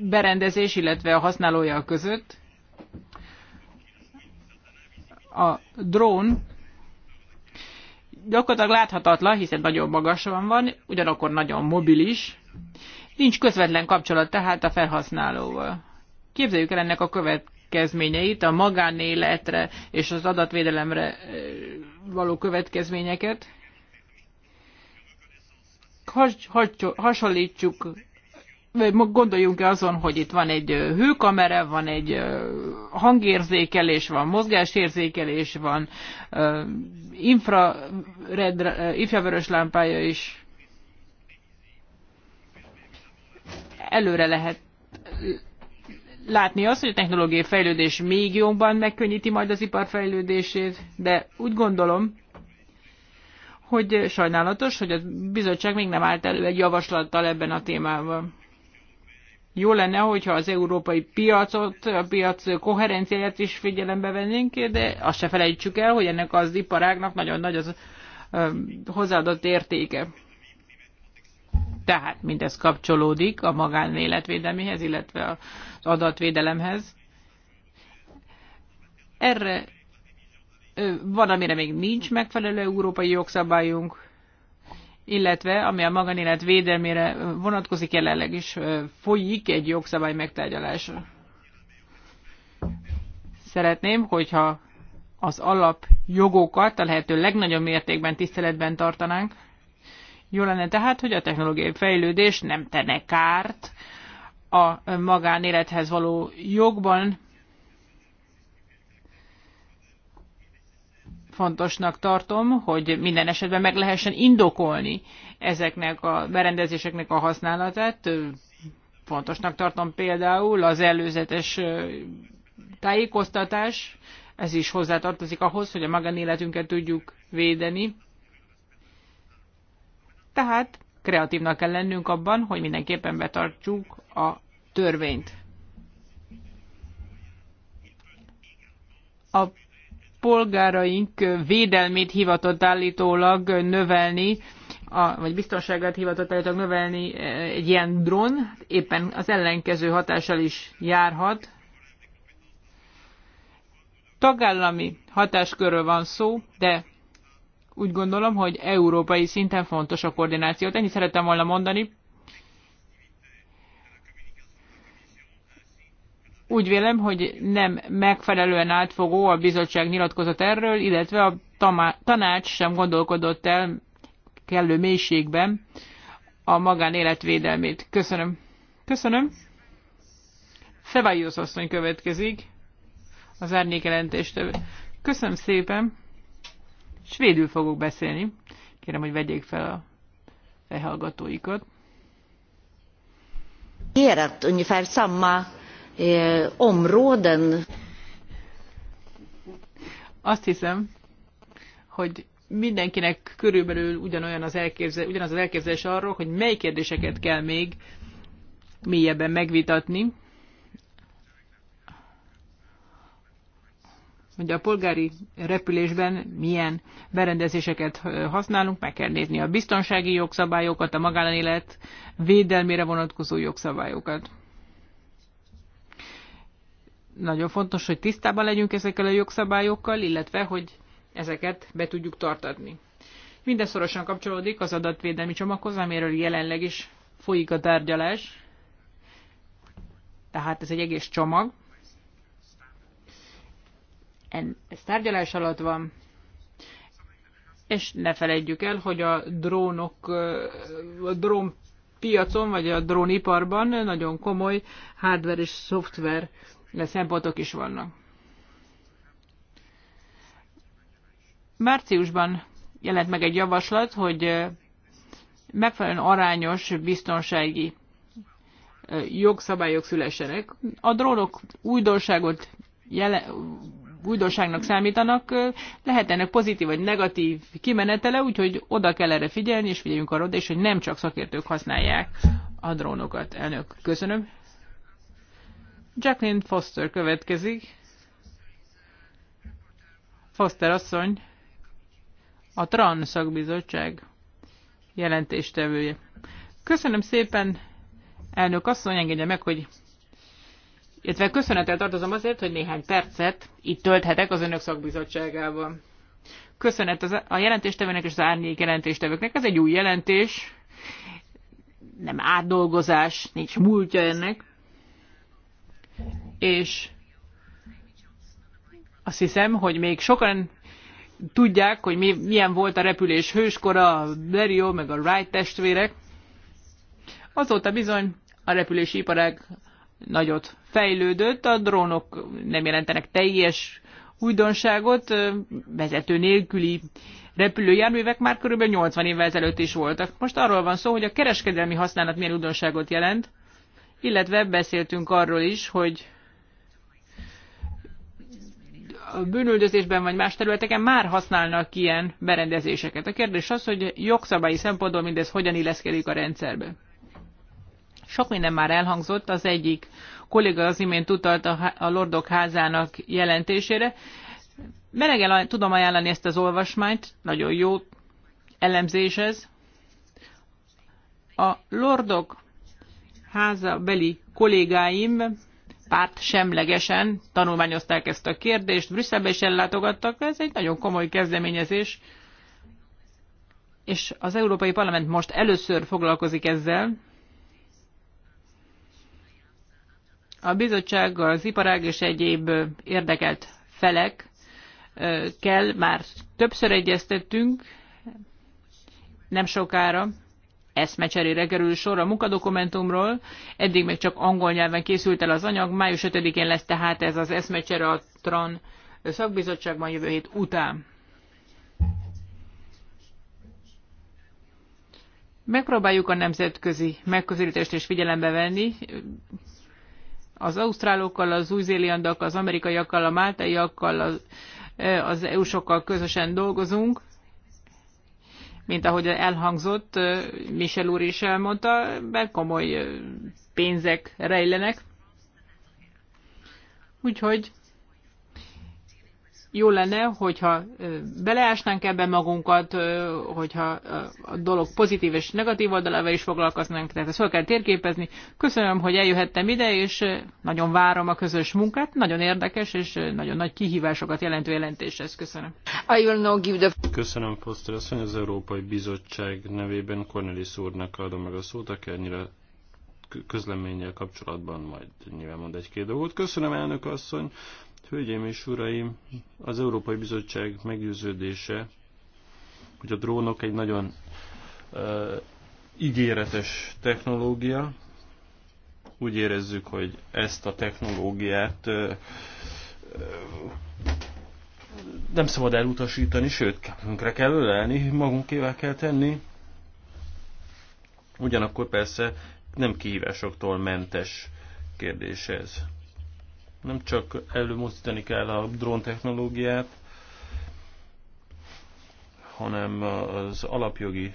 C: berendezés, illetve a használója között. A drón gyakorlatilag láthatatlan, hiszen nagyon magasan van, ugyanakkor nagyon mobilis. Nincs közvetlen kapcsolat tehát a felhasználóval. Képzeljük el ennek a következményeit, a magánéletre és az adatvédelemre eh, való következményeket hasonlítsuk, vagy gondoljunk -e azon, hogy itt van egy hőkamera, van egy hangérzékelés, van mozgásérzékelés, van infrared, infravörös lámpája is. Előre lehet látni azt, hogy a technológiai fejlődés még jobban megkönnyíti majd az ipar fejlődését, de úgy gondolom, hogy sajnálatos, hogy a bizottság még nem állt elő egy javaslattal ebben a témában. Jó lenne, hogyha az európai piacot, a piac koherenciáját is figyelembe vennénk, de azt se felejtsük el, hogy ennek az iparágnak nagyon nagy az hozzáadott értéke. Tehát mindez kapcsolódik a magánéletvédelmihez, illetve az adatvédelemhez. Erre van, amire még nincs megfelelő európai jogszabályunk, illetve ami a magánélet védelmére vonatkozik, jelenleg is folyik egy jogszabály megtárgyalása. Szeretném, hogyha az alapjogokat a lehető legnagyobb mértékben tiszteletben tartanánk. Jó lenne tehát, hogy a technológiai fejlődés nem tenne kárt a magánélethez való jogban, fontosnak tartom, hogy minden esetben meg lehessen indokolni ezeknek a berendezéseknek a használatát. Fontosnak tartom például az előzetes tájékoztatás, ez is hozzátartozik ahhoz, hogy a magánéletünket tudjuk védeni. Tehát kreatívnak kell lennünk abban, hogy mindenképpen betartsuk a törvényt. A polgáraink védelmét hivatott állítólag növelni, a, vagy biztonságát hivatott állítólag növelni eh, egy ilyen drón, éppen az ellenkező hatással is járhat. Tagállami hatáskörről van szó, de úgy gondolom, hogy európai szinten fontos a koordinációt. Ennyit szerettem volna mondani. Úgy vélem, hogy nem megfelelően átfogó a bizottság nyilatkozat erről, illetve a tanács sem gondolkodott el kellő mélységben a magánélet védelmét. Köszönöm. Köszönöm. Szevályos asszony következik az árnyékelentéstevő. Köszönöm szépen. Svédül fogok beszélni. Kérem, hogy vegyék fel a felhallgatóikat. Kérem, hogy samma eh, områden. Azt hiszem, hogy mindenkinek körülbelül ugyanolyan az elképzel, ugyanaz az elképzelés arról, hogy mely kérdéseket kell még mélyebben megvitatni. Hogy a polgári repülésben milyen berendezéseket eh, használunk, meg kell nézni a biztonsági jogszabályokat, a magánélet védelmére vonatkozó jogszabályokat nagyon fontos, hogy tisztában legyünk ezekkel a jogszabályokkal, illetve hogy ezeket be tudjuk tartatni. Minden szorosan kapcsolódik az adatvédelmi csomaghoz, amiről jelenleg is folyik a tárgyalás. Tehát ez egy egész csomag. Ez tárgyalás alatt van, és ne felejtjük el, hogy a drónok, a drón piacon, vagy a dróniparban nagyon komoly hardware és szoftver szempontok is vannak. Márciusban jelent meg egy javaslat, hogy megfelelően arányos biztonsági jogszabályok szülessenek. A drónok újdonságot jele, újdonságnak számítanak, lehet ennek pozitív vagy negatív kimenetele, úgyhogy oda kell erre figyelni, és figyeljünk arra oda, és hogy nem csak szakértők használják a drónokat. Elnök, köszönöm. Jacqueline Foster következik. Foster asszony, a TRAN szakbizottság jelentéstevője. Köszönöm szépen, elnök asszony, engedje meg, hogy illetve köszönettel tartozom azért, hogy néhány percet itt tölthetek az önök szakbizottságában. Köszönet az, a jelentéstevőnek és az árnyék jelentéstevőknek. Ez egy új jelentés, nem átdolgozás, nincs múltja ennek és azt hiszem, hogy még sokan tudják, hogy mi, milyen volt a repülés hőskora, a Berio meg a Wright testvérek. Azóta bizony a repülési iparág nagyot fejlődött, a drónok nem jelentenek teljes újdonságot, vezető nélküli repülőjárművek már kb. 80 évvel ezelőtt is voltak. Most arról van szó, hogy a kereskedelmi használat milyen újdonságot jelent, illetve beszéltünk arról is, hogy bűnüldözésben vagy más területeken már használnak ilyen berendezéseket. A kérdés az, hogy jogszabályi szempontból mindez hogyan illeszkedik a rendszerbe. Sok minden már elhangzott, az egyik kolléga az imént utalt a Lordok házának jelentésére. Melegen tudom ajánlani ezt az olvasmányt, nagyon jó elemzés ez. A Lordok háza beli kollégáim párt semlegesen tanulmányozták ezt a kérdést, Brüsszelbe is ellátogattak, ez egy nagyon komoly kezdeményezés, és az Európai Parlament most először foglalkozik ezzel. A bizottság, az iparág és egyéb érdekelt felek kell, már többször egyeztettünk, nem sokára eszmecserére kerül sor a munkadokumentumról. Eddig még csak angol nyelven készült el az anyag, május 5-én lesz tehát ez az eszmecsere a TRAN szakbizottságban jövő hét után. Megpróbáljuk a nemzetközi megközelítést és figyelembe venni. Az ausztrálokkal, az új az amerikaiakkal, a máltaiakkal, az, az EU-sokkal közösen dolgozunk mint ahogy elhangzott, Michel úr is elmondta, mert komoly pénzek rejlenek. Úgyhogy jó lenne, hogyha beleásnánk ebbe magunkat, hogyha a dolog pozitív és negatív oldalával is foglalkoznánk, tehát ezt fel kell térképezni. Köszönöm, hogy eljöhettem ide, és nagyon várom a közös munkát, nagyon érdekes és nagyon nagy kihívásokat jelentő jelentéshez. Köszönöm. I will not give the...
B: Köszönöm, Foster asszony, az Európai Bizottság nevében Cornelis úrnak adom meg a szót, aki ennyire közleménnyel kapcsolatban majd nyilván mond egy-két dolgot. Köszönöm, elnök asszony. Hölgyeim és Uraim, az Európai Bizottság meggyőződése, hogy a drónok egy nagyon uh, ígéretes technológia. Úgy érezzük, hogy ezt a technológiát uh, nem szabad elutasítani, sőt, kellünkre kell ölelni, magunkével kell tenni. Ugyanakkor persze nem kihívásoktól mentes kérdés ez. Nem csak előmozdítani kell a drón technológiát, hanem az alapjogi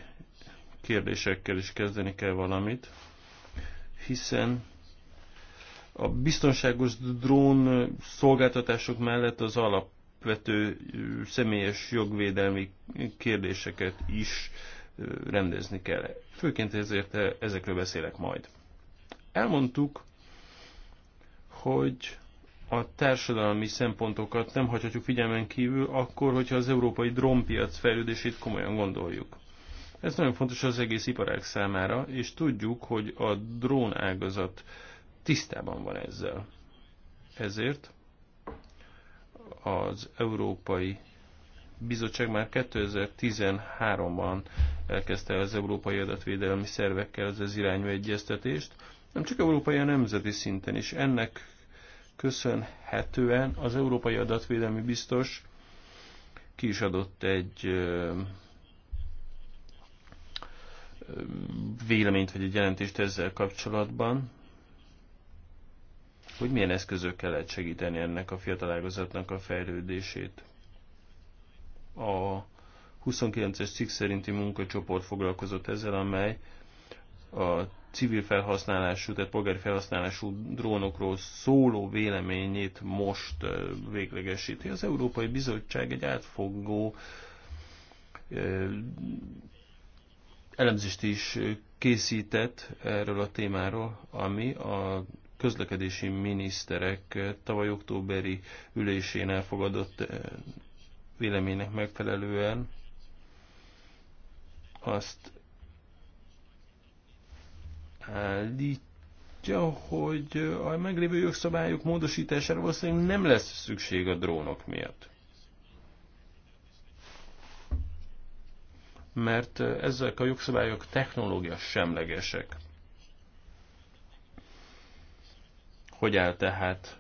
B: kérdésekkel is kezdeni kell valamit, hiszen a biztonságos drón szolgáltatások mellett az alapvető személyes jogvédelmi kérdéseket is rendezni kell. Főként ezért ezekről beszélek majd. Elmondtuk, hogy a társadalmi szempontokat nem hagyhatjuk figyelmen kívül, akkor, hogyha az európai drónpiac fejlődését komolyan gondoljuk. Ez nagyon fontos az egész iparág számára, és tudjuk, hogy a drón ágazat tisztában van ezzel. Ezért az Európai Bizottság már 2013-ban elkezdte az Európai Adatvédelmi Szervekkel az ez irányú egyeztetést, nem csak európai, a nemzeti szinten is. Ennek köszönhetően az Európai Adatvédelmi Biztos ki is adott egy véleményt vagy egy jelentést ezzel kapcsolatban, hogy milyen eszközökkel lehet segíteni ennek a fiatal ágazatnak a fejlődését. A 29-es cikk szerinti munkacsoport foglalkozott ezzel, amely a civil felhasználású, tehát polgári felhasználású drónokról szóló véleményét most véglegesíti. Az Európai Bizottság egy átfogó elemzést is készített erről a témáról, ami a közlekedési miniszterek tavaly októberi ülésén elfogadott véleménynek megfelelően azt állítja, hogy a meglévő jogszabályok módosítására valószínűleg nem lesz szükség a drónok miatt. Mert ezek a jogszabályok technológia semlegesek. Hogy áll tehát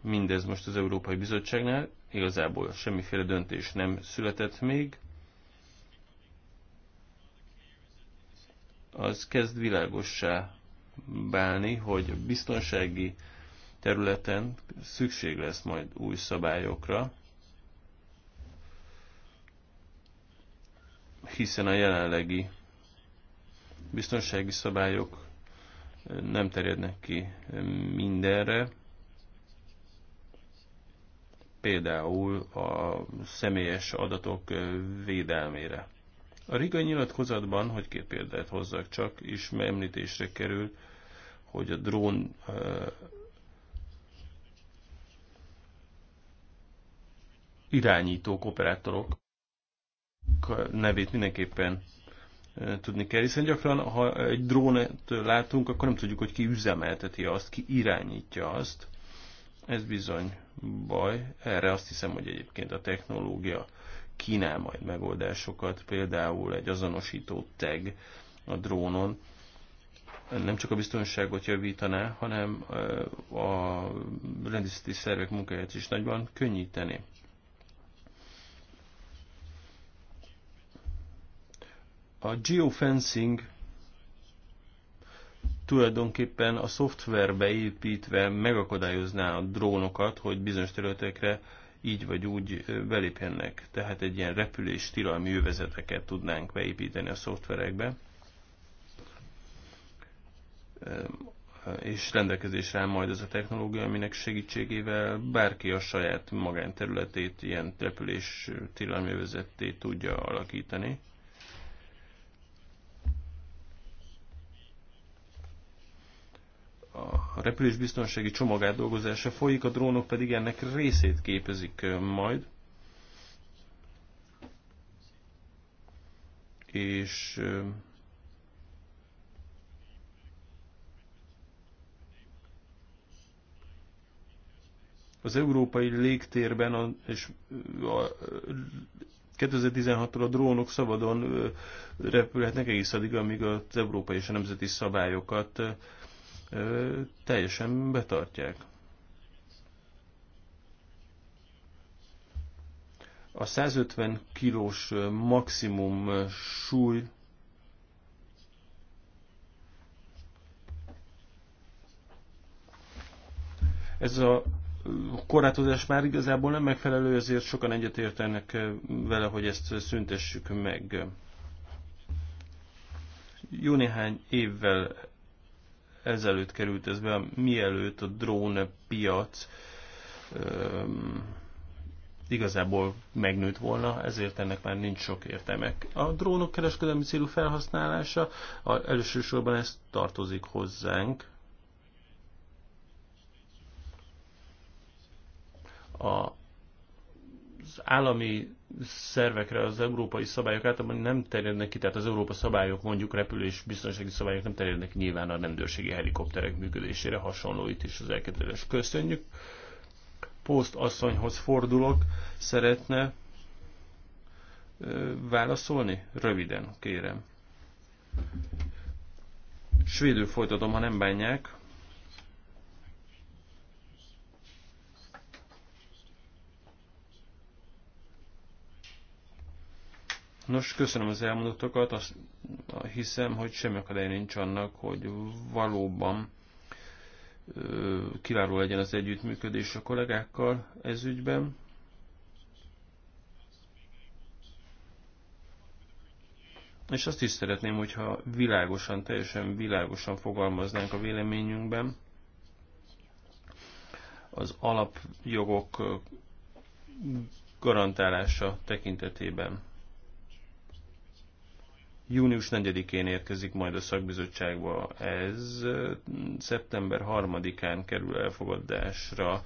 B: mindez most az Európai Bizottságnál? Igazából semmiféle döntés nem született még az kezd világossá válni, hogy biztonsági területen szükség lesz majd új szabályokra, hiszen a jelenlegi biztonsági szabályok nem terjednek ki mindenre. Például a személyes adatok védelmére. A Riga nyilatkozatban, hogy két példát hozzak csak, is említésre kerül, hogy a drón irányítók, operátorok nevét mindenképpen tudni kell, hiszen gyakran, ha egy drónet látunk, akkor nem tudjuk, hogy ki üzemelteti azt, ki irányítja azt. Ez bizony baj. Erre azt hiszem, hogy egyébként a technológia kínál majd megoldásokat, például egy azonosító tag a drónon, nem csak a biztonságot javítaná, hanem a rendészeti szervek munkáját is nagyban könnyíteni. A geofencing tulajdonképpen a szoftverbe építve megakadályozná a drónokat, hogy bizonyos területekre így vagy úgy belépjenek. Tehát egy ilyen repülés tilalmi jövezeteket tudnánk beépíteni a szoftverekbe, és rendelkezésre áll majd ez a technológia, aminek segítségével bárki a saját magánterületét ilyen repülés tilalmi jövezetté tudja alakítani a repülés biztonsági csomag átdolgozása folyik, a drónok pedig ennek részét képezik majd. És az európai légtérben a, és a, 2016-tól a drónok szabadon repülhetnek egész addig, amíg az európai és a nemzeti szabályokat teljesen betartják. A 150 kilós maximum súly ez a korlátozás már igazából nem megfelelő, ezért sokan egyetértenek vele, hogy ezt szüntessük meg. Jó néhány évvel ezelőtt került ez be, mielőtt a drón piac um, igazából megnőtt volna, ezért ennek már nincs sok értelme. A drónok kereskedelmi célú felhasználása, a, elsősorban ez tartozik hozzánk. A állami szervekre az európai szabályok általában nem terjednek ki, tehát az Európa szabályok, mondjuk repülés biztonsági szabályok nem terjednek nyilván a rendőrségi helikopterek működésére, hasonló itt is az elképzelés. Köszönjük. post asszonyhoz fordulok, szeretne válaszolni? Röviden, kérem. Svédül folytatom, ha nem bánják. Nos, köszönöm az elmondottakat, azt hiszem, hogy semmi akadály nincs annak, hogy valóban kiváló legyen az együttműködés a kollégákkal ez ügyben. És azt is szeretném, hogyha világosan, teljesen világosan fogalmaznánk a véleményünkben az alapjogok garantálása tekintetében. Június 4-én érkezik majd a szakbizottságba ez, szeptember 3-án kerül elfogadásra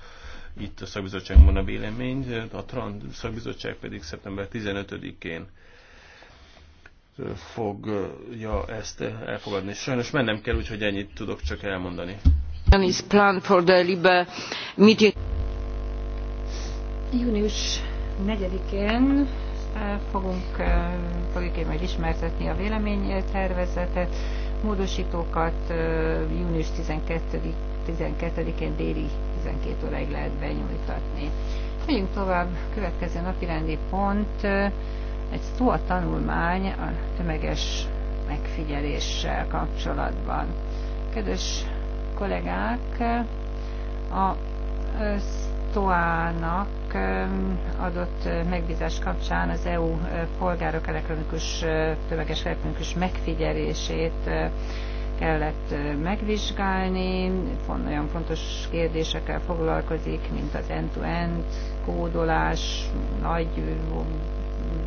B: itt a szakbizottságban a vélemény, a Trans szakbizottság pedig szeptember 15-én fogja ezt elfogadni. Sajnos mennem kell, úgyhogy ennyit tudok csak elmondani.
A: Június 4-én fogunk, fogjuk én majd ismertetni a véleménytervezetet, módosítókat június 12 12-én déli 12 óráig lehet benyújtatni. Megyünk tovább, következő napirendi pont, egy szó a tanulmány a tömeges megfigyeléssel kapcsolatban. Kedves kollégák, a Stoának adott megbízás kapcsán az EU polgárok elektronikus, tömeges elektronikus megfigyelését kellett megvizsgálni, olyan fontos kérdésekkel foglalkozik, mint az end-to-end -end kódolás, nagy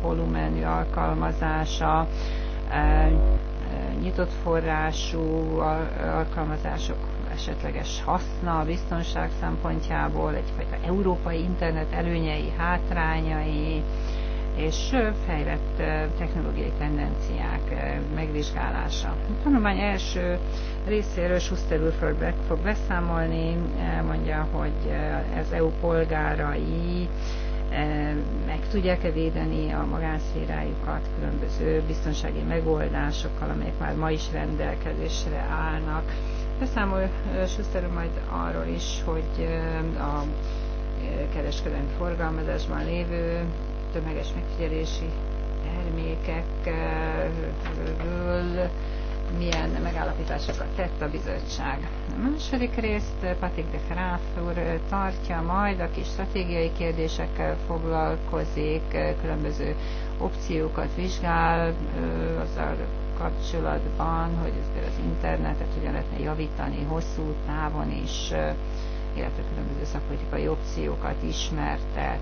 A: volumenű alkalmazása, nyitott forrású alkalmazások esetleges haszna biztonság szempontjából, egyfajta európai internet előnyei, hátrányai, és fejlett technológiai tendenciák megvizsgálása. A tanulmány első részéről Schuster úr fog beszámolni, mondja, hogy az EU polgárai meg tudják-e védeni a magánszférájukat különböző biztonsági megoldásokkal, amelyek már ma is rendelkezésre állnak Beszámol Suszterő majd arról is, hogy a kereskedelmi forgalmazásban lévő tömeges megfigyelési termékekről milyen megállapításokat tett a bizottság. A második részt Patik de Gráf úr tartja majd, aki stratégiai kérdésekkel foglalkozik, különböző opciókat vizsgál, azzal kapcsolatban, hogy ez például az internetet hogyan lehetne javítani hosszú távon is, illetve különböző szakpolitikai opciókat ismertet,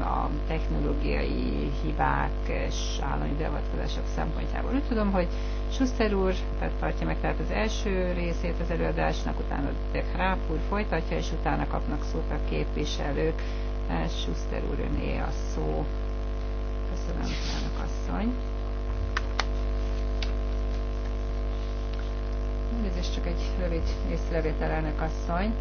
A: a technológiai hibák és állami beavatkozások szempontjából. Úgy tudom, hogy Schuster úr tartja meg tehát az első részét az előadásnak, utána de Kráp úr folytatja, és utána kapnak szót a képviselők. Schuster úr öné a szó. Köszönöm, elnök asszony. Ez is csak egy rövid észrevétel, elnök asszony.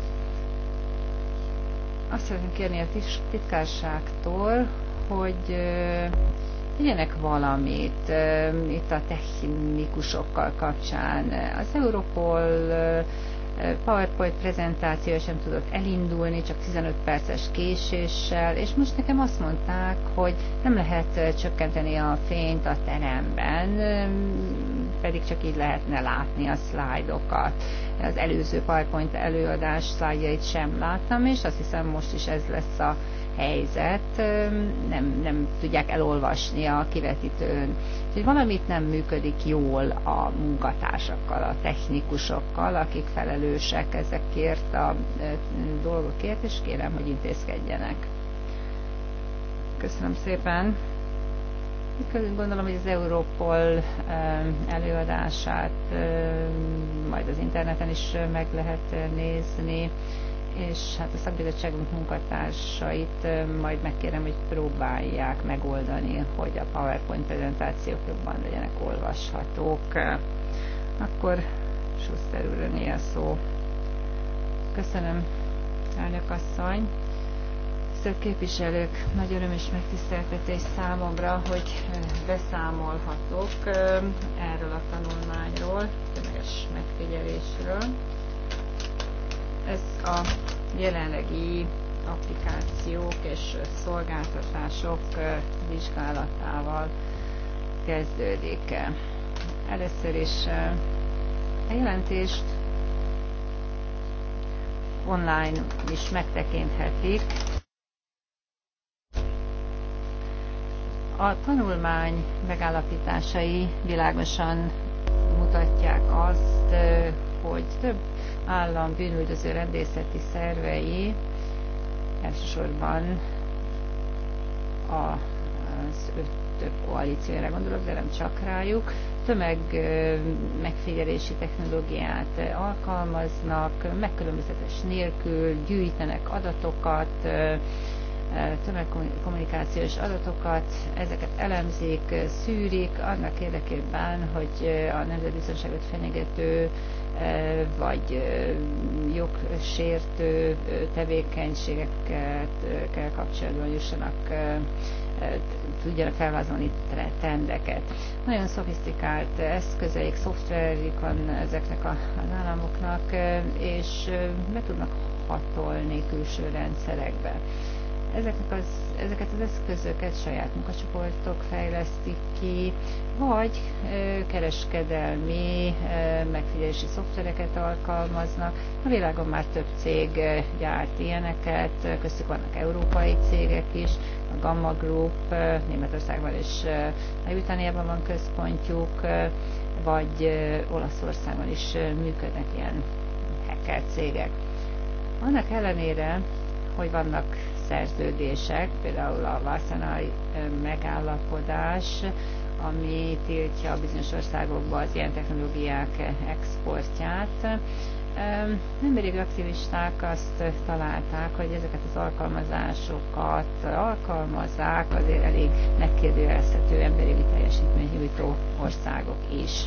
A: Azt szeretném kérni a titkárságtól, hogy tegyenek valamit itt a technikusokkal kapcsán. Az Europol PowerPoint prezentáció sem tudott elindulni, csak 15 perces késéssel, és most nekem azt mondták, hogy nem lehet csökkenteni a fényt a teremben, pedig csak így lehetne látni a szlájdokat. Az előző PowerPoint előadás szlájdjait sem láttam, és azt hiszem most is ez lesz a helyzet, nem, nem tudják elolvasni a kivetítőn. Úgyhogy valamit nem működik jól a munkatársakkal, a technikusokkal, akik felelősek ezekért a dolgokért, és kérem, hogy intézkedjenek. Köszönöm szépen! Gondolom, hogy az Európol előadását majd az interneten is meg lehet nézni és hát a szakbizottságunk munkatársait majd megkérem, hogy próbálják megoldani, hogy a PowerPoint prezentációk jobban legyenek olvashatók. Akkor Schuster úr, a szó. Köszönöm, elnök asszony. Tisztelt képviselők, nagy öröm és megtiszteltetés számomra, hogy beszámolhatok erről a tanulmányról, tömeges megfigyelésről. Ez a jelenlegi applikációk és szolgáltatások vizsgálatával kezdődik. Először is a jelentést online is megtekinthetik. A tanulmány megállapításai világosan mutatják azt, hogy több állam bűnüldöző rendészeti szervei elsősorban az öt több koalícióra gondolok, de nem csak rájuk, tömeg megfigyelési technológiát alkalmaznak, megkülönböztetés nélkül gyűjtenek adatokat, tömegkommunikációs adatokat, ezeket elemzik, szűrik, annak érdekében, hogy a nemzetbiztonságot fenyegető vagy jogsértő tevékenységekkel kapcsolatban jussanak tudjanak felvázolni trendeket. Nagyon szofisztikált eszközeik, szoftverik van ezeknek az államoknak, és be tudnak hatolni külső rendszerekbe ezeknek az, ezeket az eszközöket saját munkacsoportok fejlesztik ki, vagy kereskedelmi megfigyelési szoftvereket alkalmaznak. A világon már több cég gyárt ilyeneket, köztük vannak európai cégek is, a Gamma Group Németországban és Nagy-Britanniában van központjuk, vagy Olaszországban is működnek ilyen hacker cégek. Annak ellenére, hogy vannak szerződések, például a Vassanai megállapodás, ami tiltja bizonyos országokba az ilyen technológiák exportját. Nemrég aktivisták azt találták, hogy ezeket az alkalmazásokat alkalmazzák azért elég megkérdőjelezhető emberi teljesítménynyújtó országok is.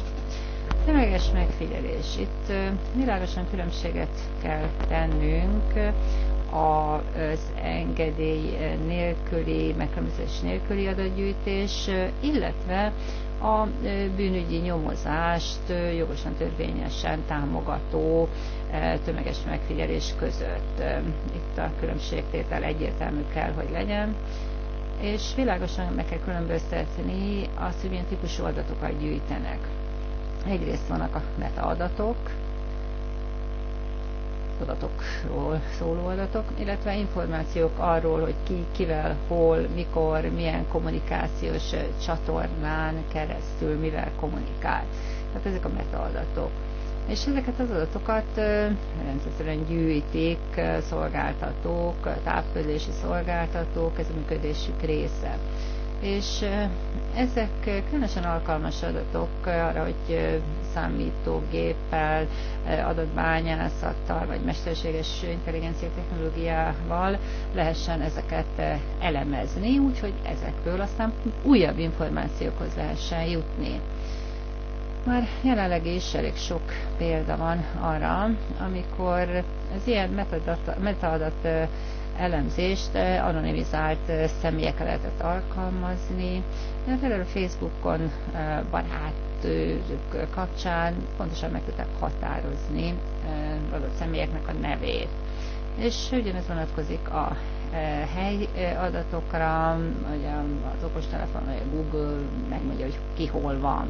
A: Tömeges megfigyelés. Itt világosan különbséget kell tennünk az engedély nélküli, megkülönbözés nélküli adatgyűjtés, illetve a bűnügyi nyomozást jogosan törvényesen támogató eh, tömeges megfigyelés között. Itt a különbségtétel egyértelmű kell, hogy legyen és világosan meg kell különböztetni azt, hogy milyen típusú adatokat gyűjtenek. Egyrészt vannak a metaadatok, adatokról szóló adatok, illetve információk arról, hogy ki, kivel, hol, mikor, milyen kommunikációs csatornán keresztül, mivel kommunikál. Tehát ezek a metaadatok. És ezeket az adatokat rendszerűen gyűjtik szolgáltatók, távközlési szolgáltatók, ez a működésük része. És ezek különösen alkalmas adatok arra, hogy számítógéppel, eh, adatbányászattal, vagy mesterséges intelligencia technológiával lehessen ezeket eh, elemezni, úgyhogy ezekből aztán újabb információkhoz lehessen jutni. Már jelenleg is elég sok példa van arra, amikor az ilyen metaadat, eh, elemzést anonimizált személyekre lehetett alkalmazni. Például a Facebookon barát kapcsán pontosan meg tudták határozni adott személyeknek a nevét. És ugyanez vonatkozik a hely adatokra, ugye az okostelefon, vagy a Google megmondja, hogy ki hol van.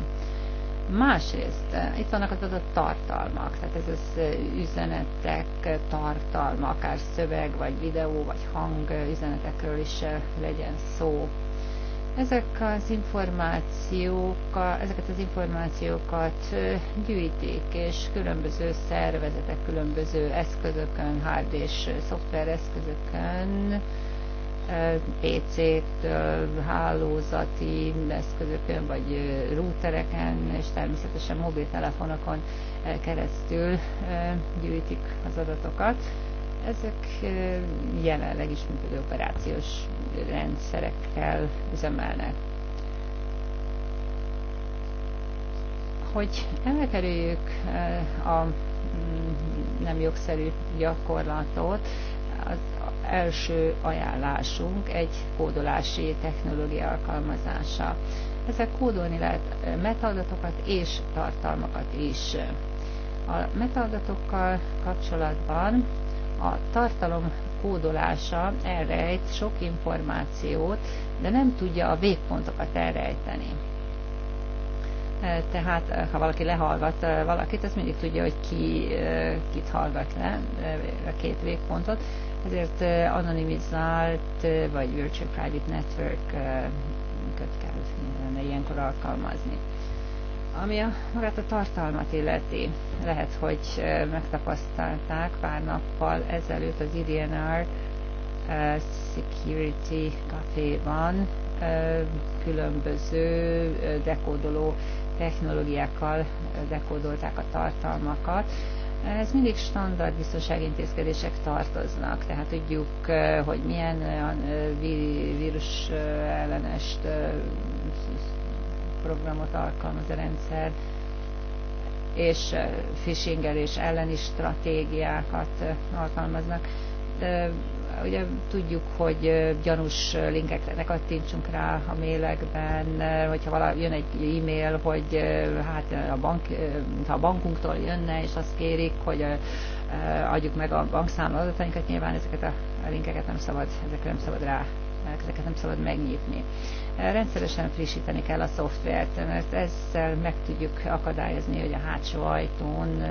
A: Másrészt itt vannak az adott tartalmak, tehát ez az üzenetek tartalma, akár szöveg, vagy videó, vagy hang üzenetekről is legyen szó. Ezek az információk, ezeket az információkat gyűjtik, és különböző szervezetek, különböző eszközökön, hard és szoftver eszközökön, PC-től, hálózati eszközökön, vagy routereken, és természetesen mobiltelefonokon keresztül gyűjtik az adatokat ezek jelenleg is működő operációs rendszerekkel üzemelnek. Hogy elkerüljük a mm, nem jogszerű gyakorlatot, az első ajánlásunk egy kódolási technológia alkalmazása. Ezek kódolni lehet metadatokat és tartalmakat is. A metadatokkal kapcsolatban a tartalom kódolása elrejt sok információt, de nem tudja a végpontokat elrejteni. E, tehát, e, ha valaki lehallgat e, valakit, az mindig tudja, hogy ki, kit hallgat le, a két végpontot. Ezért anonimizált vagy virtual private network kell ilyenkor alkalmazni. Ami a, magát a tartalmat illeti, lehet, hogy megtapasztalták pár nappal ezelőtt az IDNR Security Café-ban különböző dekódoló technológiákkal dekódolták a tartalmakat. Ez mindig standard biztonságintézkedések tartoznak, tehát tudjuk, hogy milyen olyan vírus ellenest programot alkalmaz a rendszer, és phishingelés elleni stratégiákat alkalmaznak. De ugye tudjuk, hogy gyanús linkekre ne kattintsunk rá a mélekben, hogyha vala jön egy e-mail, hogy hát a bank, ha a bankunktól jönne, és azt kérik, hogy adjuk meg a bankszámla adatainkat, nyilván ezeket a linkeket nem szabad, ezekre nem szabad rá, ezeket nem szabad megnyitni rendszeresen frissíteni kell a szoftvert, mert ezzel meg tudjuk akadályozni, hogy a hátsó ajtón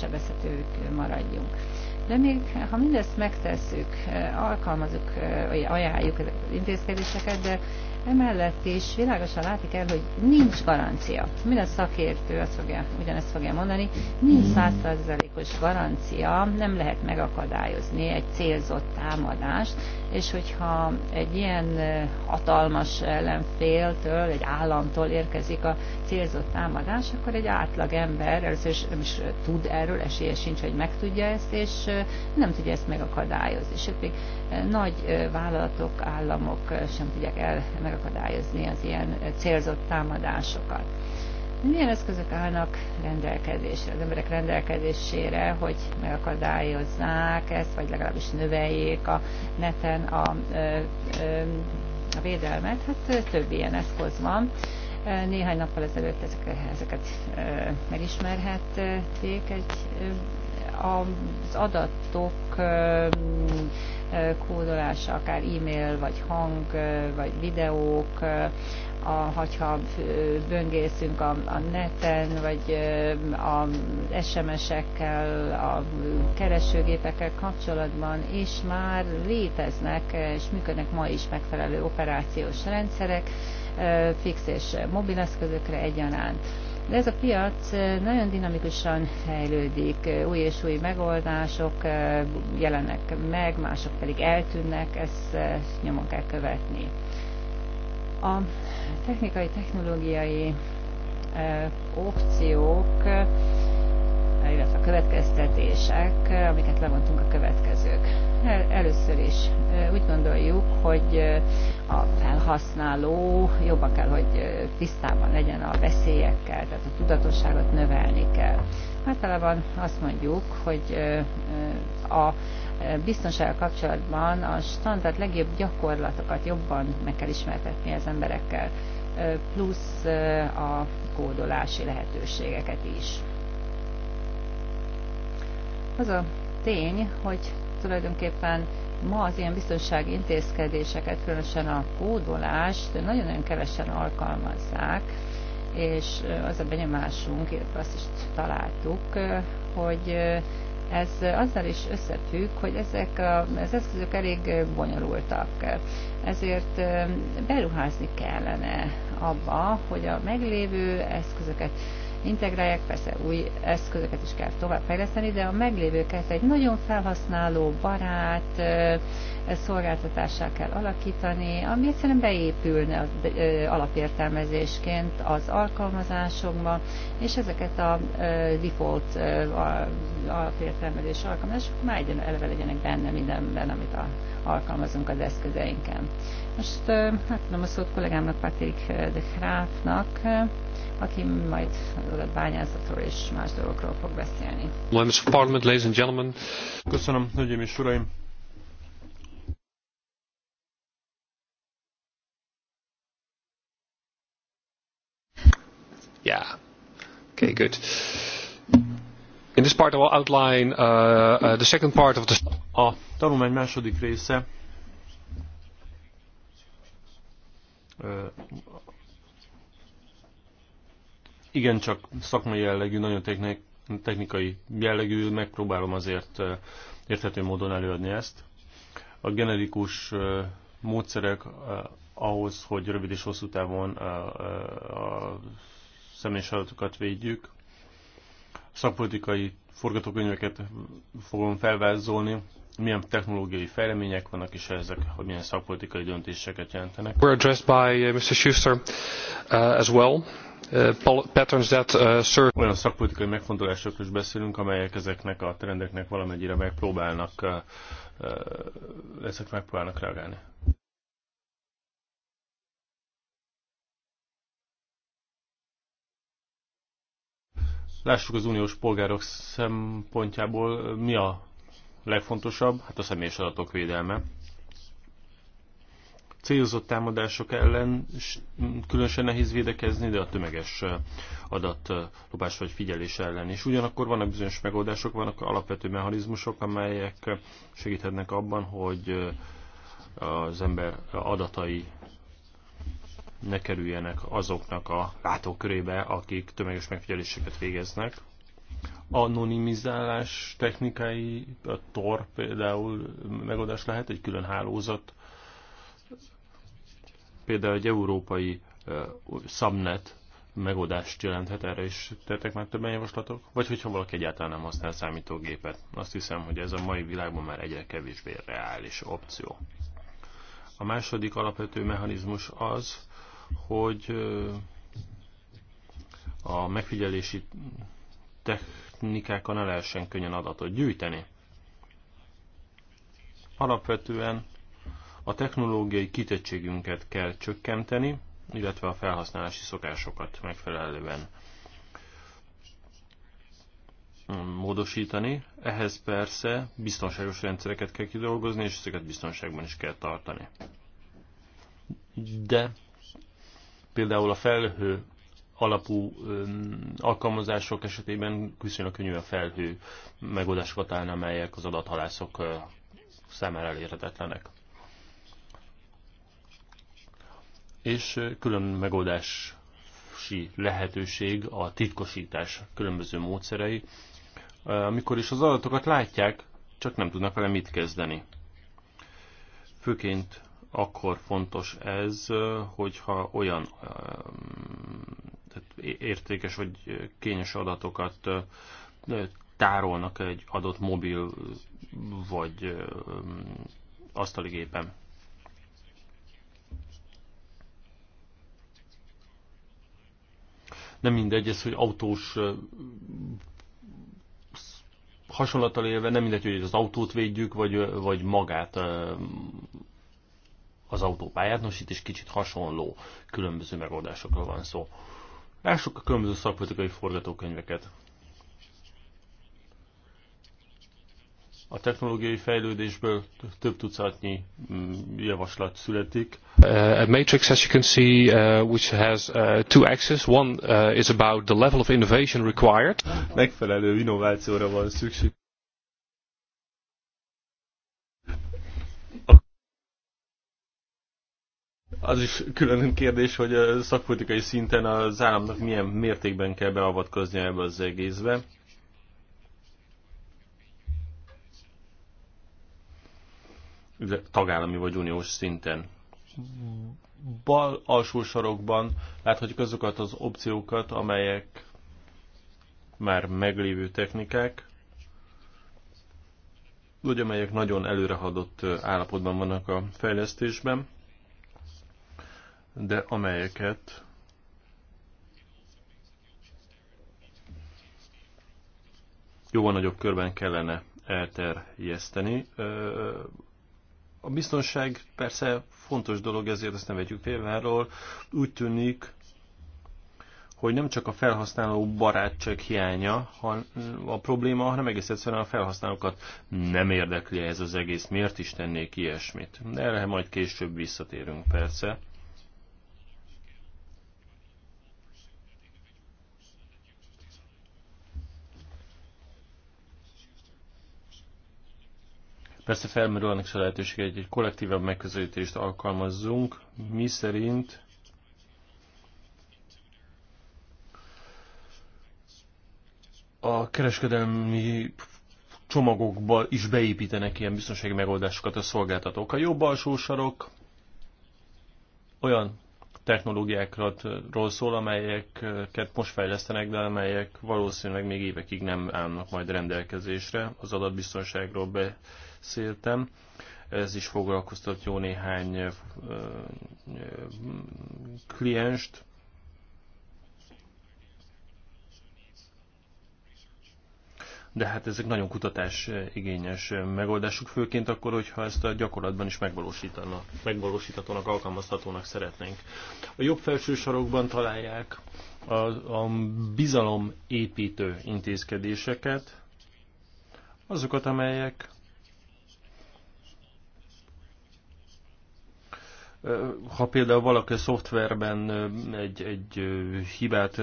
A: sebezhetők maradjunk. De még ha mindezt megtesszük, alkalmazunk, ajánljuk ezeket az intézkedéseket, de emellett is világosan látni kell, hogy nincs garancia. Minden szakértő azt fogja, ugyanezt fogja mondani, nincs százszerzelékos garancia, nem lehet megakadályozni egy célzott támadást, és hogyha egy ilyen hatalmas ellenféltől, egy államtól érkezik a célzott támadás, akkor egy átlag ember először is nem is tud erről, esélye sincs, hogy megtudja ezt, és nem tudja ezt megakadályozni. Sőt, még nagy vállalatok, államok sem tudják el megakadályozni az ilyen célzott támadásokat milyen eszközök állnak rendelkezésre, az emberek rendelkezésére, hogy megakadályozzák ezt, vagy legalábbis növeljék a neten a, a védelmet? Hát több ilyen eszköz van. Néhány nappal ezelőtt ezek, ezeket megismerhették egy az adatok kódolása, akár e-mail, vagy hang, vagy videók, a, hogyha böngészünk a, a neten, vagy a SMS-ekkel, a keresőgépekkel kapcsolatban és már léteznek, és működnek ma is megfelelő operációs rendszerek, fix és mobil eszközökre egyaránt. De ez a piac nagyon dinamikusan fejlődik, új és új megoldások jelennek meg, mások pedig eltűnnek, ezt nyomon kell követni. A technikai, technológiai opciók, illetve a következtetések, amiket levontunk a következők. Először is úgy gondoljuk, hogy a felhasználó jobban kell, hogy tisztában legyen a veszélyekkel, tehát a tudatosságot növelni kell. Általában azt mondjuk, hogy a biztonsággal kapcsolatban a standard legjobb gyakorlatokat jobban meg kell ismertetni az emberekkel, plusz a kódolási lehetőségeket is. Az a tény, hogy tulajdonképpen ma az ilyen biztonsági intézkedéseket, különösen a kódolást nagyon-nagyon kevesen alkalmazzák, és az a benyomásunk, illetve azt is találtuk, hogy ez azzal is összefügg, hogy ezek a, az eszközök elég bonyolultak. Ezért beruházni kellene abba, hogy a meglévő eszközöket integrálják, persze új eszközöket is kell továbbfejleszteni, de a meglévőket egy nagyon felhasználó barát szolgáltatással kell alakítani, ami egyszerűen beépülne az alapértelmezésként az alkalmazásokba, és ezeket a default alapértelmezés alkalmazások már egy eleve legyenek benne mindenben, amit a, alkalmazunk az eszközeinken. Most hát nem a szót kollégámnak, Patrik de Gráfnak, aki majd az adatbányászatról és más dolgokról fog beszélni.
D: Members of Parliament, ladies and gentlemen. Köszönöm, hölgyeim és uraim. Yeah. Okay, good. In this part I will outline uh, uh, the second part of the... A
B: tanulmány második része uh, igen, csak szakmai jellegű, nagyon technikai jellegű, megpróbálom azért eh, érthető módon előadni ezt. A generikus eh, módszerek eh, ahhoz, hogy rövid és hosszú távon a, a személyes adatokat védjük. Szakpolitikai forgatókönyveket fogom felvázolni, milyen technológiai fejlemények vannak, és ezek hogy milyen szakpolitikai döntéseket jelentenek.
D: We're addressed by Mr. Schuster uh, as well. Uh, patterns that uh, serve... Olyan
B: szakpolitikai megfontolásokról is beszélünk, amelyek ezeknek a trendeknek valamennyire megpróbálnak, uh, ezek megpróbálnak reagálni. Lássuk az uniós polgárok szempontjából mi a legfontosabb, hát a személyes adatok védelme célzott támadások ellen mm, különösen nehéz védekezni, de a tömeges adatlopás vagy figyelés ellen is. Ugyanakkor vannak bizonyos megoldások, vannak alapvető mechanizmusok, amelyek segíthetnek abban, hogy az ember adatai ne kerüljenek azoknak a látókörébe, akik tömeges megfigyeléseket végeznek. Anonimizálás technikai a TOR például megoldás lehet, egy külön hálózat Például egy európai subnet megoldást jelenthet, erre is tettek már többen javaslatok, vagy hogyha valaki egyáltalán nem használ számítógépet. Azt hiszem, hogy ez a mai világban már egyre kevésbé reális opció. A második alapvető mechanizmus az, hogy a megfigyelési technikákon ne lehessen könnyen adatot gyűjteni. Alapvetően a technológiai kitettségünket kell csökkenteni, illetve a felhasználási szokásokat megfelelően módosítani. Ehhez persze biztonságos rendszereket kell kidolgozni, és ezeket biztonságban is kell tartani. De például a felhő alapú alkalmazások esetében viszonylag könnyű a felhő megoldásokat állni, amelyek az adathalászok számára elérhetetlenek. és külön megoldási lehetőség a titkosítás különböző módszerei, amikor is az adatokat látják, csak nem tudnak vele mit kezdeni. Főként akkor fontos ez, hogyha olyan értékes vagy kényes adatokat tárolnak egy adott mobil vagy asztaligépen. Nem mindegy ez, hogy autós hasonlattal élve, nem mindegy, hogy az autót védjük, vagy, vagy magát az autópályát. Nos, itt is kicsit hasonló különböző megoldásokról van szó. Lássuk a különböző szakpolitikai forgatókönyveket. A technológiai fejlődésből több tucatnyi mm, javaslat születik.
D: Uh, a matrix, as you can see, uh, which has uh, two axes. One uh, is about the level of innovation required.
B: Megfelelő innovációra van szükség. Az is külön kérdés, hogy a uh, szakpolitikai szinten az államnak milyen mértékben kell beavatkoznia ebbe az egészbe. tagállami vagy uniós szinten. Bal alsó sarokban láthatjuk azokat az opciókat, amelyek már meglévő technikák, vagy amelyek nagyon előrehadott állapotban vannak a fejlesztésben, de amelyeket jóval nagyobb körben kellene elterjeszteni a biztonság persze fontos dolog, ezért ezt ne vegyük félváról. Úgy tűnik, hogy nem csak a felhasználó barátság hiánya a probléma, hanem egész egyszerűen a felhasználókat nem érdekli ez az egész, miért is tennék ilyesmit. Erre majd később visszatérünk persze. Persze felmerül annak is a lehetőség, hogy egy kollektívabb megközelítést alkalmazzunk, mi szerint a kereskedelmi csomagokba is beépítenek ilyen biztonsági megoldásokat a szolgáltatók. A jobb alsó sarok olyan technológiákról szól, amelyeket most fejlesztenek, de amelyek valószínűleg még évekig nem állnak majd rendelkezésre. Az adatbiztonságról be beszéltem. Ez is foglalkoztat jó néhány klienst. De hát ezek nagyon kutatás igényes megoldásuk, főként akkor, hogyha ezt a gyakorlatban is megvalósítanak, megvalósítatónak, alkalmazhatónak szeretnénk. A jobb felső sarokban találják a, a bizalomépítő intézkedéseket, azokat, amelyek ha például valaki a szoftverben egy, egy hibát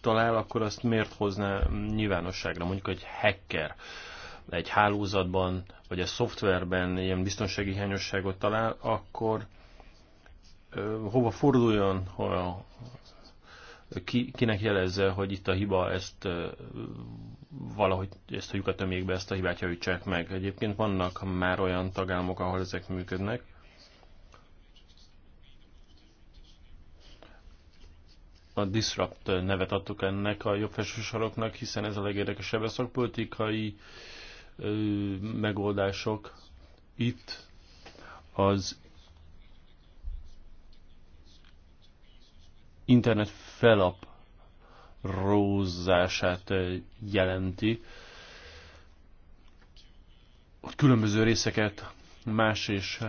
B: talál, akkor azt miért hozná nyilvánosságra? Mondjuk egy hacker egy hálózatban, vagy a szoftverben ilyen biztonsági hiányosságot talál, akkor hova forduljon, ha ki, kinek jelezze, hogy itt a hiba, ezt valahogy, ezt a lyukat be, ezt a hibát javítsák meg. Egyébként vannak már olyan tagállamok, ahol ezek működnek, a Disrupt nevet adtuk ennek a jobb saroknak, hiszen ez a legérdekesebb a szakpolitikai ö, megoldások. Itt az internet felap rózását jelenti, hogy különböző részeket más és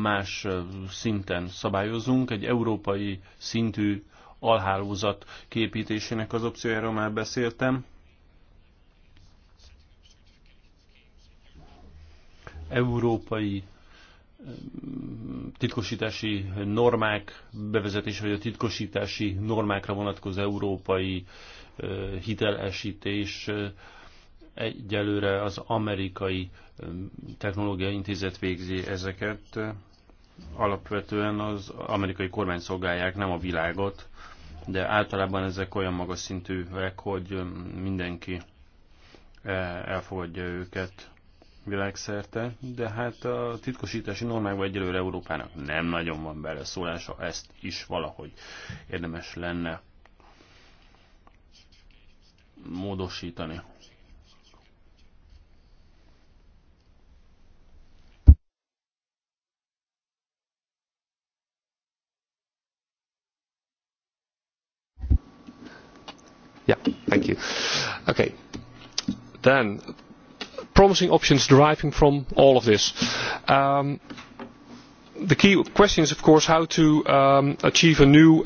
B: más szinten szabályozunk. Egy európai szintű alhálózat képítésének az opciójáról már beszéltem. Európai mm, titkosítási normák bevezetés, vagy a titkosítási normákra vonatkozó európai hitelesítés egyelőre az amerikai technológiai intézet végzi ezeket. Alapvetően az amerikai kormány szolgálják, nem a világot de általában ezek olyan magas szintűek, hogy mindenki e, elfogadja őket világszerte, de hát a titkosítási normákban egyelőre Európának nem nagyon van beleszólása, ezt is valahogy érdemes lenne módosítani.
D: Yeah, thank you. Okay. Then, promising options deriving from all of this. Um, the key question is of course how to um,
B: achieve a new...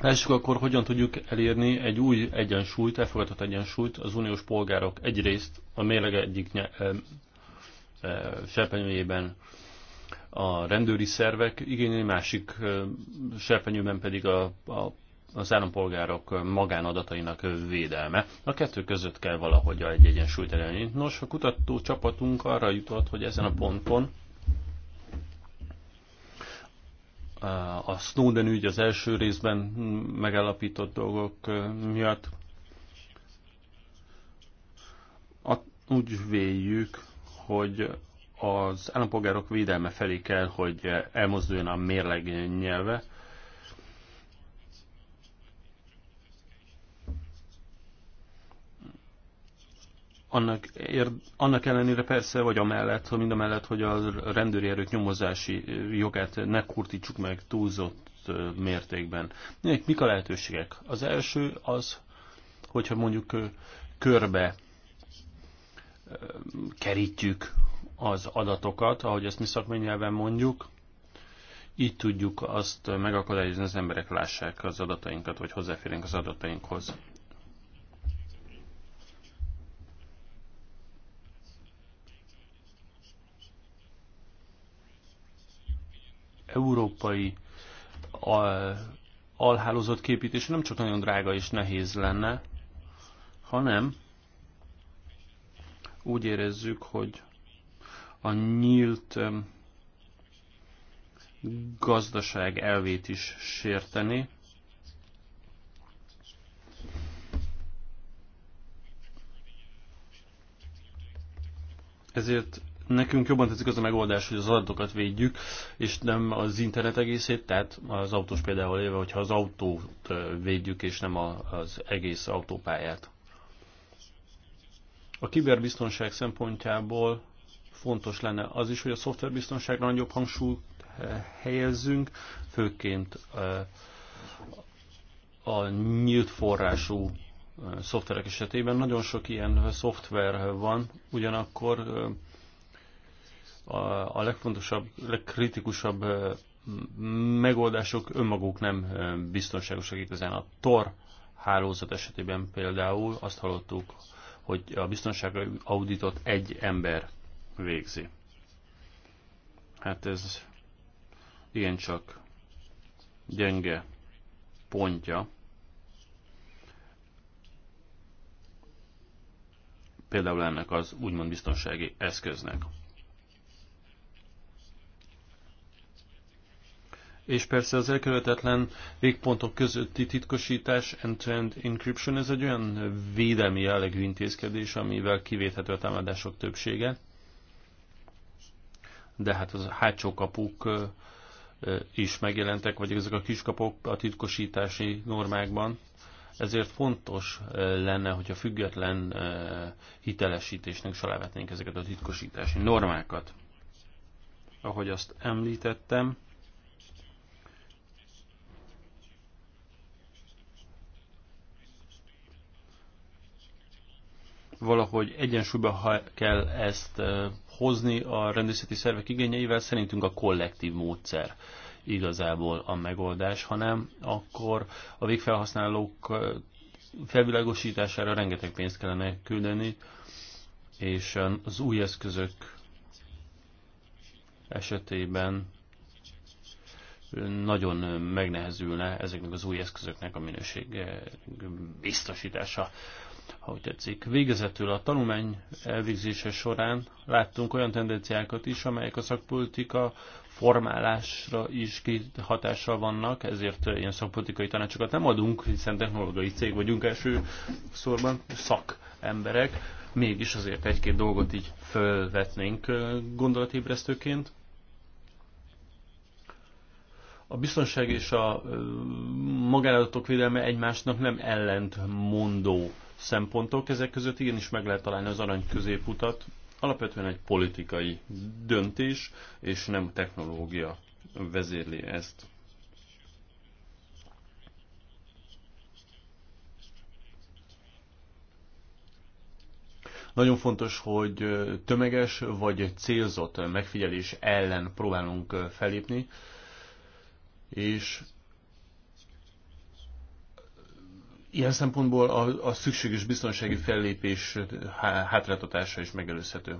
B: Lássuk akkor, hogyan tudjuk elérni egy új egyensúlyt, elfogadott egyensúlyt az uniós polgárok egyrészt a mérleg egyik e, e, serpenyőjében a rendőri szervek igényei, másik e, serpenyőben pedig a, a az állampolgárok magánadatainak védelme. A kettő között kell valahogy egy egyensúlyt elérni. Nos, a kutató csapatunk arra jutott, hogy ezen a ponton a Snowden ügy az első részben megállapított dolgok miatt úgy véljük, hogy az állampolgárok védelme felé kell, hogy elmozduljon a mérleg nyelve, annak, ér, annak ellenére persze, vagy amellett, mind a mellett, hogy a rendőri erők nyomozási jogát ne kurtítsuk meg túlzott mértékben. Mik a lehetőségek? Az első az, hogyha mondjuk körbe kerítjük az adatokat, ahogy ezt mi szakmai nyelven mondjuk, így tudjuk azt megakadályozni, az emberek lássák az adatainkat, vagy hozzáférjenek az adatainkhoz. európai alhálózat képítése nem csak nagyon drága és nehéz lenne, hanem úgy érezzük, hogy a nyílt gazdaság elvét is sérteni. Ezért Nekünk jobban tetszik az a megoldás, hogy az adatokat védjük, és nem az internet egészét, tehát az autós például éve, hogyha az autót védjük, és nem az egész autópályát. A kiberbiztonság szempontjából fontos lenne az is, hogy a szoftverbiztonságra nagyobb hangsúlyt eh, helyezzünk, főként a nyílt forrású szoftverek esetében. Nagyon sok ilyen szoftver van, ugyanakkor a legfontosabb, legkritikusabb megoldások önmaguk nem biztonságosak igazán. A TOR hálózat esetében például azt hallottuk, hogy a biztonsági auditot egy ember végzi. Hát ez igencsak gyenge pontja. Például ennek az úgymond biztonsági eszköznek. és persze az elkövetetlen végpontok közötti titkosítás, end-to-end -end encryption, ez egy olyan védelmi jellegű intézkedés, amivel kivéthető a támadások többsége. De hát az hátsó kapuk is megjelentek, vagy ezek a kiskapok a titkosítási normákban. Ezért fontos lenne, hogyha független hitelesítésnek is ezeket a titkosítási normákat. Ahogy azt említettem, valahogy egyensúlyba kell ezt hozni a rendészeti szervek igényeivel, szerintünk a kollektív módszer igazából a megoldás, hanem akkor a végfelhasználók felvilágosítására rengeteg pénzt kellene küldeni, és az új eszközök esetében nagyon megnehezülne ezeknek az új eszközöknek a minőség biztosítása ha úgy tetszik. Végezetül a tanulmány elvégzése során láttunk olyan tendenciákat is, amelyek a szakpolitika formálásra is hatással vannak, ezért ilyen szakpolitikai tanácsokat nem adunk, hiszen technológiai cég vagyunk első szorban, szakemberek, mégis azért egy-két dolgot így felvetnénk gondolatébresztőként. A biztonság és a magánadatok védelme egymásnak nem ellentmondó szempontok, ezek között igenis meg lehet találni az arany középutat. Alapvetően egy politikai döntés, és nem technológia vezérli ezt. Nagyon fontos, hogy tömeges vagy célzott megfigyelés ellen próbálunk felépni, és Ilyen szempontból a, a szükséges biztonsági fellépés hátráltatása is megelőzhető.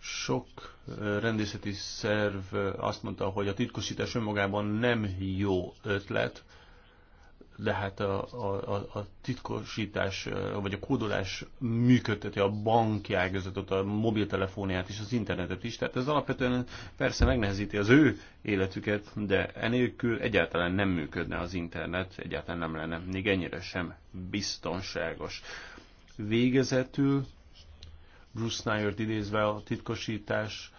B: Sok rendészeti szerv azt mondta, hogy a titkosítás önmagában nem jó ötlet, lehet a, a, a, a titkosítás vagy a kódolás működteti a banki ágazatot, a mobiltelefóniát és az internetet is. Tehát ez alapvetően persze megnehezíti az ő életüket, de enélkül egyáltalán nem működne az internet, egyáltalán nem lenne még ennyire sem biztonságos. Végezetül Bruce Snyder idézve a titkosítás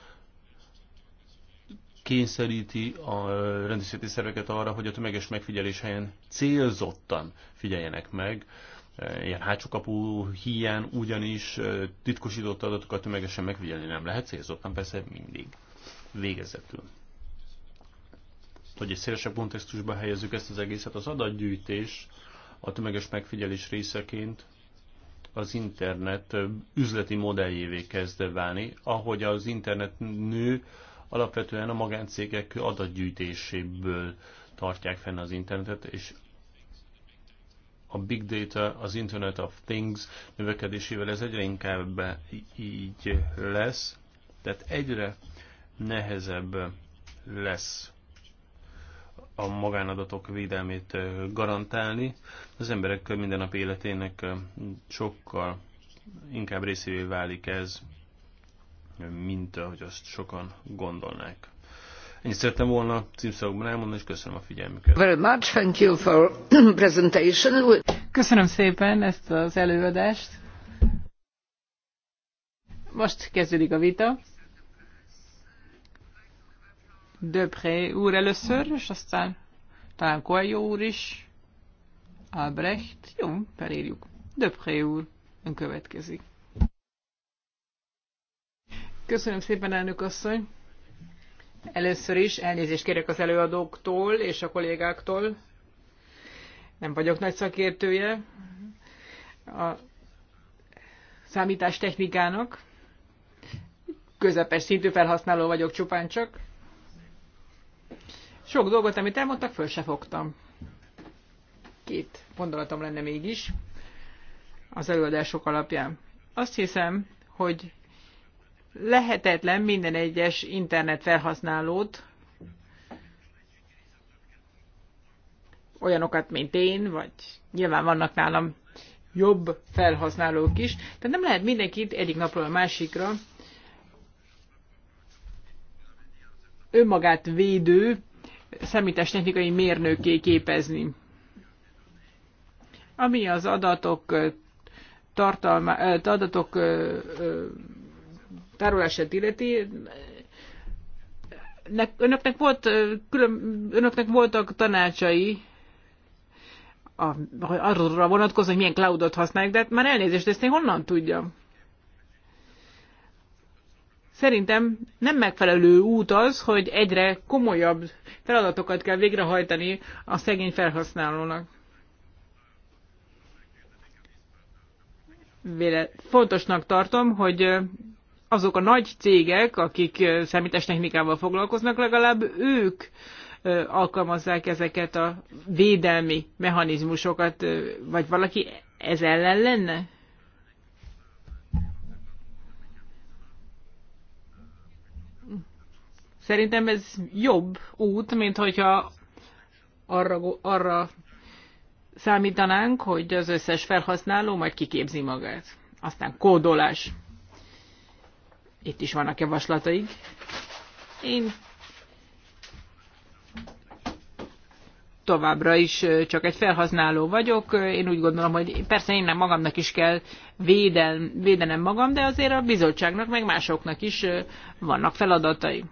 B: kényszeríti a rendészeti szerveket arra, hogy a tömeges megfigyelés helyen célzottan figyeljenek meg, ilyen hátsókapú hiány, ugyanis titkosított adatokat tömegesen megfigyelni nem lehet, célzottan persze mindig végezetül. Hogy egy szélesebb kontextusba helyezzük ezt az egészet, az adatgyűjtés a tömeges megfigyelés részeként az internet üzleti modelljévé kezd válni. Ahogy az internet nő, alapvetően a magáncégek adatgyűjtéséből tartják fenn az internetet, és a big data, az Internet of Things növekedésével ez egyre inkább így lesz, tehát egyre nehezebb lesz a magánadatok védelmét garantálni. Az emberek mindennapi életének sokkal inkább részévé válik ez, mint ahogy azt sokan gondolnák. Ennyit szerettem volna címszavakban elmondani, és köszönöm a figyelmüket.
C: Very much, thank you for presentation. Köszönöm szépen ezt az előadást. Most kezdődik a vita. Döpré úr először, és aztán talán Coelho úr is. Albrecht, jó, felírjuk. Döpré úr, ön következik. Köszönöm szépen, elnök asszony. Először is elnézést kérek az előadóktól és a kollégáktól. Nem vagyok nagy szakértője a számítástechnikának. Közepes szintű felhasználó vagyok csupán csak. Sok dolgot, amit elmondtak, föl se fogtam. Két gondolatom lenne mégis az előadások alapján. Azt hiszem, hogy lehetetlen minden egyes internet felhasználót, olyanokat, mint én, vagy nyilván vannak nálam jobb felhasználók is, tehát nem lehet mindenkit egyik napról a másikra önmagát védő technikai mérnökké képezni. Ami az adatok tartalma, adatok tárolását illeti, önöknek, volt, külön, önöknek voltak tanácsai a, arra vonatkozó, hogy milyen cloudot használják, de hát már elnézést, ezt én honnan tudjam? Szerintem nem megfelelő út az, hogy egyre komolyabb feladatokat kell végrehajtani a szegény felhasználónak. Véle, fontosnak tartom, hogy azok a nagy cégek, akik technikával foglalkoznak, legalább ők alkalmazzák ezeket a védelmi mechanizmusokat, vagy valaki ez ellen lenne? Szerintem ez jobb út, mint hogyha arra, arra számítanánk, hogy az összes felhasználó majd kiképzi magát. Aztán kódolás. Itt is vannak javaslataik. Én továbbra is csak egy felhasználó vagyok. Én úgy gondolom, hogy persze én nem magamnak is kell védel, védenem magam, de azért a bizottságnak, meg másoknak is vannak feladatai.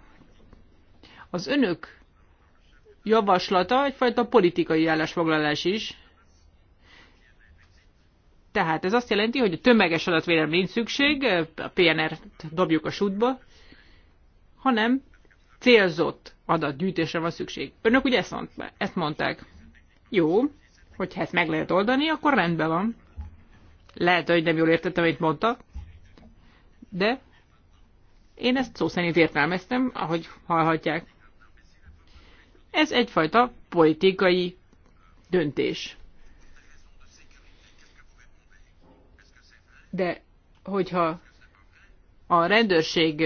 C: Az önök javaslata egyfajta politikai állásfoglalás is. Tehát ez azt jelenti, hogy a tömeges adatvédelem nincs szükség, a PNR-t dobjuk a sútba, hanem célzott adatgyűjtésre van szükség. Önök ugye ezt mondták. Jó, hogyha ezt meg lehet oldani, akkor rendben van. Lehet, hogy nem jól értettem, amit mondta, de én ezt szó szerint értelmeztem, ahogy hallhatják. Ez egyfajta politikai döntés. de hogyha a rendőrség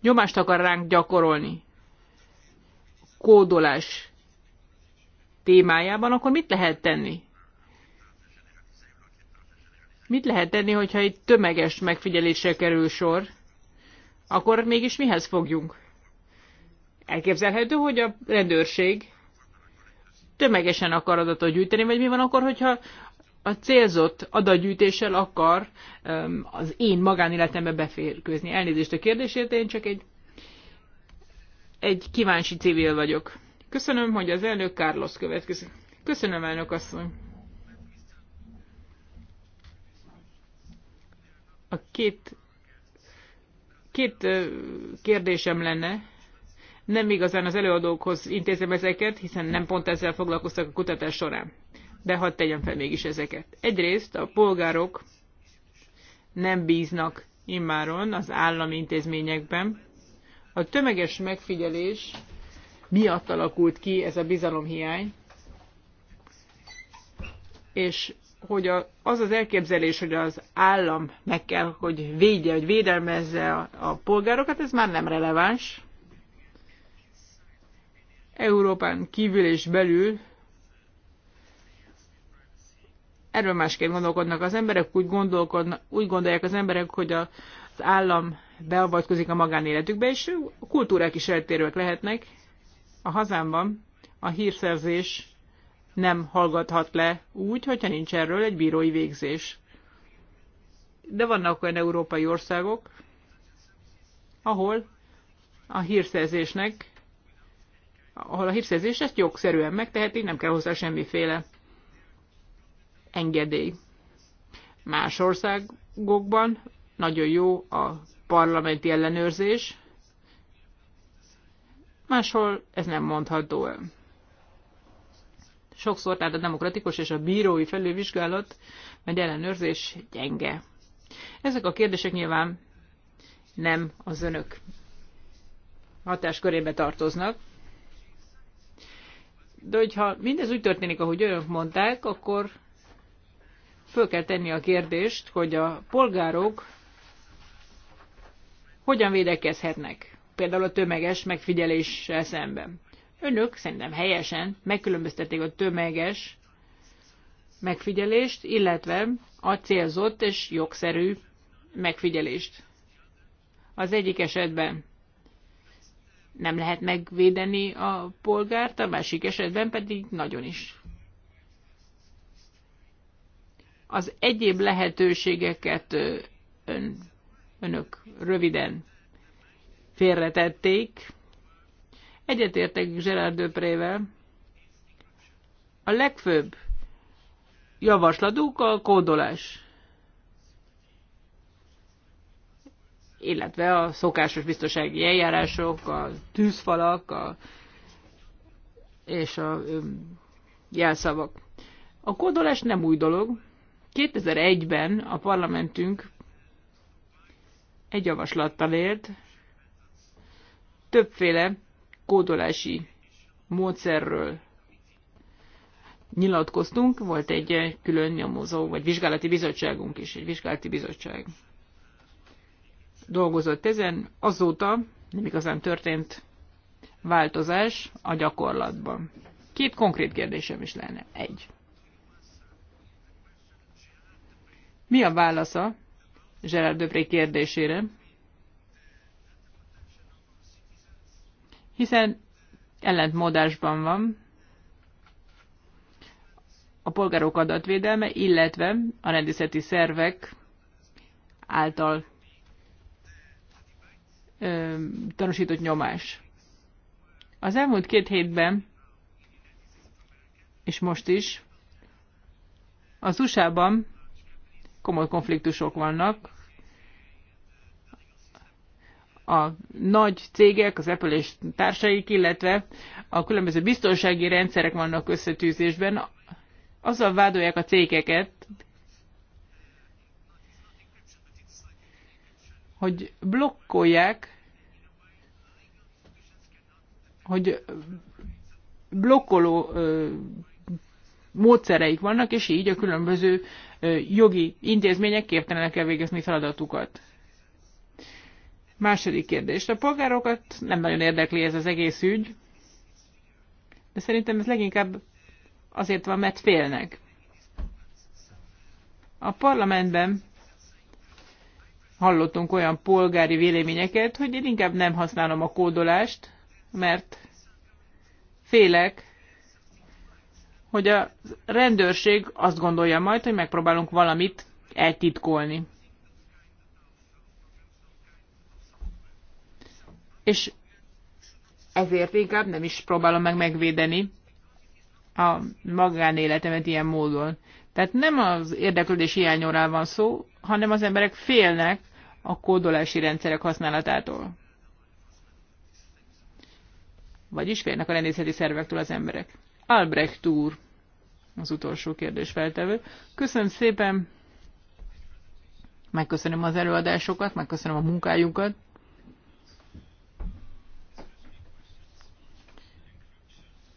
C: nyomást akar ránk gyakorolni kódolás témájában, akkor mit lehet tenni? Mit lehet tenni, hogyha itt tömeges megfigyelésre kerül sor? Akkor mégis mihez fogjunk? Elképzelhető, hogy a rendőrség tömegesen akar adatot gyűjteni, vagy mi van akkor, hogyha a célzott adagyűjtéssel akar az én magánéletembe beférkőzni. Elnézést a kérdésért, én csak egy, egy kíváncsi civil vagyok. Köszönöm, hogy az elnök Carlos következik. Köszönöm, elnök asszony. A két, két kérdésem lenne. Nem igazán az előadókhoz intézem ezeket, hiszen nem pont ezzel foglalkoztak a kutatás során de hadd tegyem fel mégis ezeket. Egyrészt a polgárok nem bíznak immáron az állami intézményekben. A tömeges megfigyelés miatt alakult ki ez a bizalomhiány, és hogy az az elképzelés, hogy az állam meg kell, hogy védje, hogy védelmezze a polgárokat, ez már nem releváns. Európán kívül és belül Erről másképp gondolkodnak az emberek, úgy, gondolkodnak, úgy gondolják az emberek, hogy a, az állam beavatkozik a magánéletükbe, és a kultúrák is eltérőek lehetnek. A hazámban a hírszerzés nem hallgathat le úgy, hogyha nincs erről egy bírói végzés. De vannak olyan európai országok, ahol a hírszerzésnek, ahol a hírszerzés ezt jogszerűen megteheti, nem kell hozzá semmiféle engedély. Más országokban nagyon jó a parlamenti ellenőrzés, máshol ez nem mondható el. Sokszor tehát a demokratikus és a bírói felülvizsgálat vagy ellenőrzés gyenge. Ezek a kérdések nyilván nem az önök hatáskörébe tartoznak. De hogyha mindez úgy történik, ahogy önök mondták, akkor föl kell tenni a kérdést, hogy a polgárok hogyan védekezhetnek, például a tömeges megfigyeléssel szemben. Önök szerintem helyesen megkülönböztették a tömeges megfigyelést, illetve a célzott és jogszerű megfigyelést. Az egyik esetben nem lehet megvédeni a polgárt, a másik esetben pedig nagyon is. Az egyéb lehetőségeket ön, önök röviden félretették. Egyetértek Gerard Döprével. A legfőbb javaslatuk a kódolás. Illetve a szokásos biztonsági eljárások, a tűzfalak a, és a jelszavak. A kódolás nem új dolog. 2001-ben a parlamentünk egy javaslattal élt, többféle kódolási módszerről nyilatkoztunk, volt egy külön nyomozó, vagy vizsgálati bizottságunk is, egy vizsgálati bizottság dolgozott ezen, azóta nem igazán történt változás a gyakorlatban. Két konkrét kérdésem is lenne. Egy. Mi a válasza Gerard Döbré kérdésére? Hiszen ellentmódásban van a polgárok adatvédelme, illetve a rendészeti szervek által ö, tanúsított nyomás. Az elmúlt két hétben, és most is, az USA-ban komoly konfliktusok vannak. A nagy cégek, az Apple és társaik, illetve a különböző biztonsági rendszerek vannak összetűzésben. Azzal vádolják a cégeket, hogy blokkolják, hogy blokkoló módszereik vannak, és így a különböző jogi intézmények képtelenek elvégezni feladatukat. Második kérdés. A polgárokat nem nagyon érdekli ez az egész ügy, de szerintem ez leginkább azért van, mert félnek. A parlamentben hallottunk olyan polgári véleményeket, hogy én inkább nem használom a kódolást, mert félek, hogy a rendőrség azt gondolja majd, hogy megpróbálunk valamit eltitkolni. És ezért inkább nem is próbálom meg megvédeni a magánéletemet ilyen módon. Tehát nem az érdeklődés hiányorán van szó, hanem az emberek félnek a kódolási rendszerek használatától. Vagyis félnek a rendészeti szervektől az emberek. Albrecht úr az utolsó kérdés feltevő. Köszönöm szépen, megköszönöm az előadásokat, megköszönöm a munkájukat.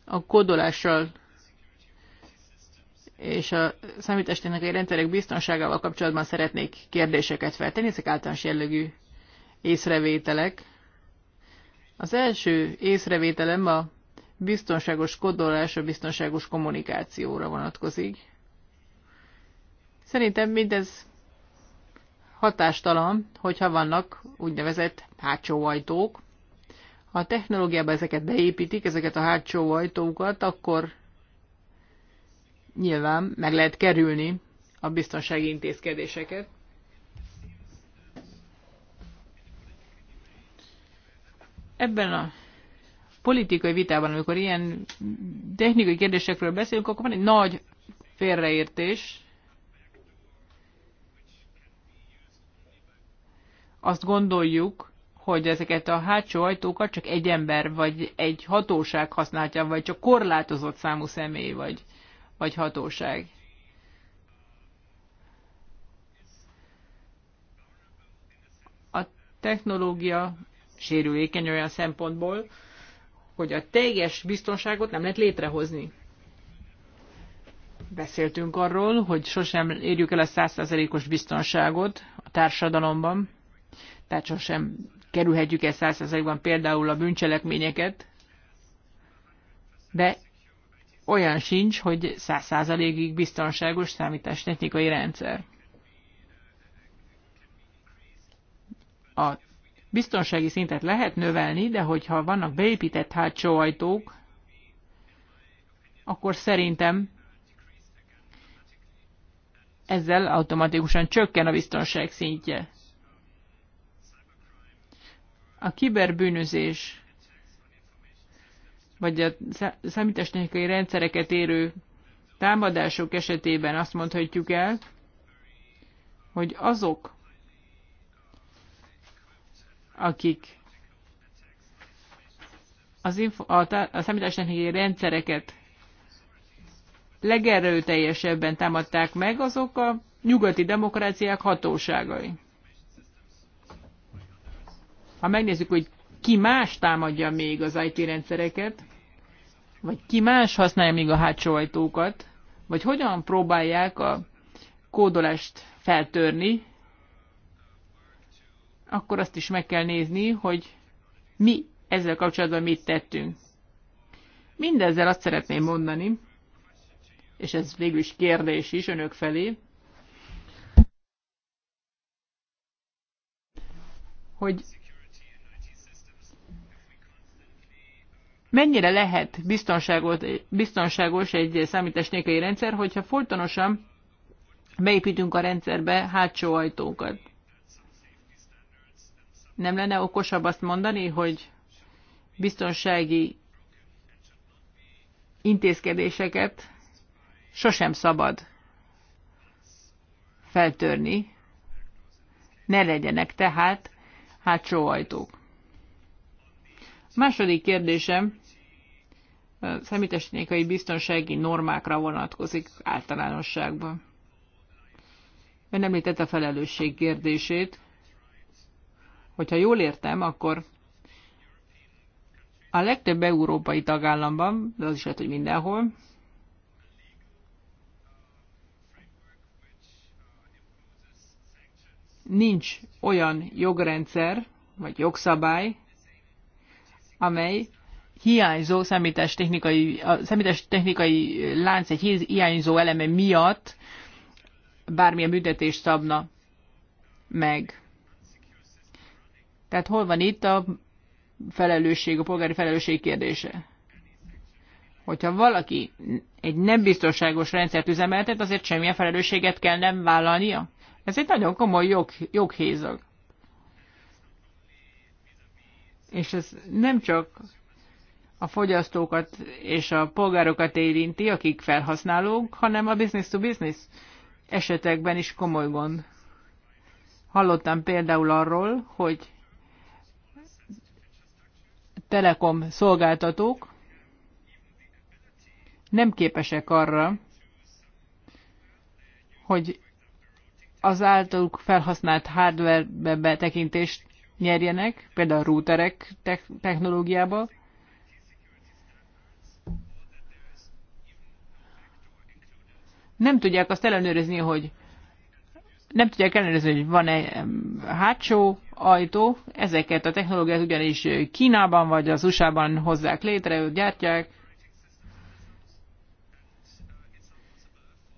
C: A kódolással és a egy rendszerek biztonságával kapcsolatban szeretnék kérdéseket feltenni, ezek általános jellegű észrevételek. Az első észrevételem a biztonságos a biztonságos kommunikációra vonatkozik. Szerintem mindez hatástalan, hogyha vannak úgynevezett hátsó ajtók. Ha a technológiába ezeket beépítik, ezeket a hátsó ajtókat, akkor nyilván meg lehet kerülni a biztonsági intézkedéseket. Ebben a politikai vitában, amikor ilyen technikai kérdésekről beszélünk, akkor van egy nagy félreértés. Azt gondoljuk, hogy ezeket a hátsó ajtókat csak egy ember vagy egy hatóság használja, vagy csak korlátozott számú személy vagy, vagy hatóság. A technológia sérülékeny olyan szempontból, hogy a teljes biztonságot nem lehet létrehozni. Beszéltünk arról, hogy sosem érjük el a százszerzelékos biztonságot a társadalomban, tehát sosem kerülhetjük el százszerzelékban például a bűncselekményeket, de olyan sincs, hogy százszerzelékig százalékig biztonságos számítástechnikai rendszer. A biztonsági szintet lehet növelni, de hogyha vannak beépített hátsó ajtók, akkor szerintem ezzel automatikusan csökken a biztonság szintje. A kiberbűnözés, vagy a számítástechnikai rendszereket érő támadások esetében azt mondhatjuk el, hogy azok akik az info, a, a számítástechnikai rendszereket legerőteljesebben támadták meg, azok a nyugati demokráciák hatóságai. Ha megnézzük, hogy ki más támadja még az IT rendszereket, vagy ki más használja még a hátsó ajtókat, vagy hogyan próbálják a kódolást feltörni, akkor azt is meg kell nézni, hogy mi ezzel kapcsolatban mit tettünk. Mindezzel azt szeretném mondani, és ez végül is kérdés is önök felé, hogy mennyire lehet biztonságot, biztonságos egy számítás nélküli rendszer, hogyha folytonosan beépítünk a rendszerbe hátsó ajtókat. Nem lenne okosabb azt mondani, hogy biztonsági intézkedéseket sosem szabad feltörni, ne legyenek tehát hátsó ajtók. Második kérdésem szemítesnékai biztonsági normákra vonatkozik általánosságban. Ön említette a felelősség kérdését. Hogyha jól értem, akkor a legtöbb európai tagállamban, de az is lehet, hogy mindenhol, nincs olyan jogrendszer, vagy jogszabály, amely hiányzó technikai, a technikai lánc egy hiányzó eleme miatt bármilyen büntetést szabna meg. Tehát hol van itt a felelősség, a polgári felelősség kérdése? Hogyha valaki egy nem biztonságos rendszert üzemeltet, azért semmilyen felelősséget kell nem vállalnia. Ez egy nagyon komoly jog, joghézag. És ez nem csak a fogyasztókat és a polgárokat érinti, akik felhasználók, hanem a business-to-business esetekben is komoly gond. Hallottam például arról, hogy telekom szolgáltatók nem képesek arra, hogy az általuk felhasznált hardware betekintést nyerjenek, például a routerek technológiába. Nem tudják azt ellenőrizni, hogy nem tudják ellenőrizni, hogy van-e hátsó ajtó. Ezeket a technológiát ugyanis Kínában vagy az USA-ban hozzák létre, ők gyártják.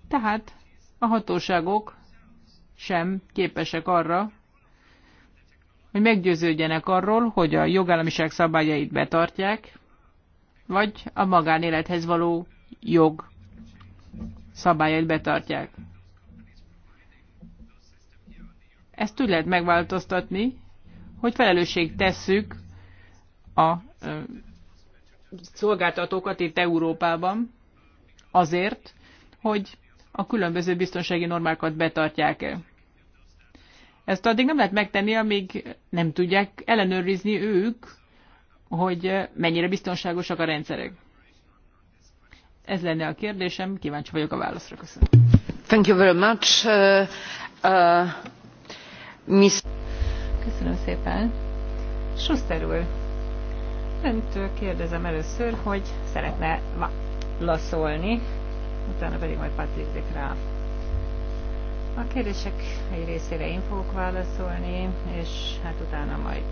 C: Tehát a hatóságok sem képesek arra, hogy meggyőződjenek arról, hogy a jogállamiság szabályait betartják, vagy a magánélethez való jog szabályait betartják. Ezt úgy lehet megváltoztatni, hogy felelősség tesszük a szolgáltatókat itt Európában azért, hogy a különböző biztonsági normákat betartják-e. Ezt addig nem lehet megtenni, amíg nem tudják ellenőrizni ők, hogy mennyire biztonságosak a rendszerek. Ez lenne a kérdésem, kíváncsi vagyok a válaszra. Köszönöm.
A: Thank you very much. Uh, uh... Köszönöm szépen. Schuster úr, öntől kérdezem először, hogy szeretne laszolni, utána pedig majd patrizik rá. A kérdések egy részére én fogok válaszolni, és hát utána majd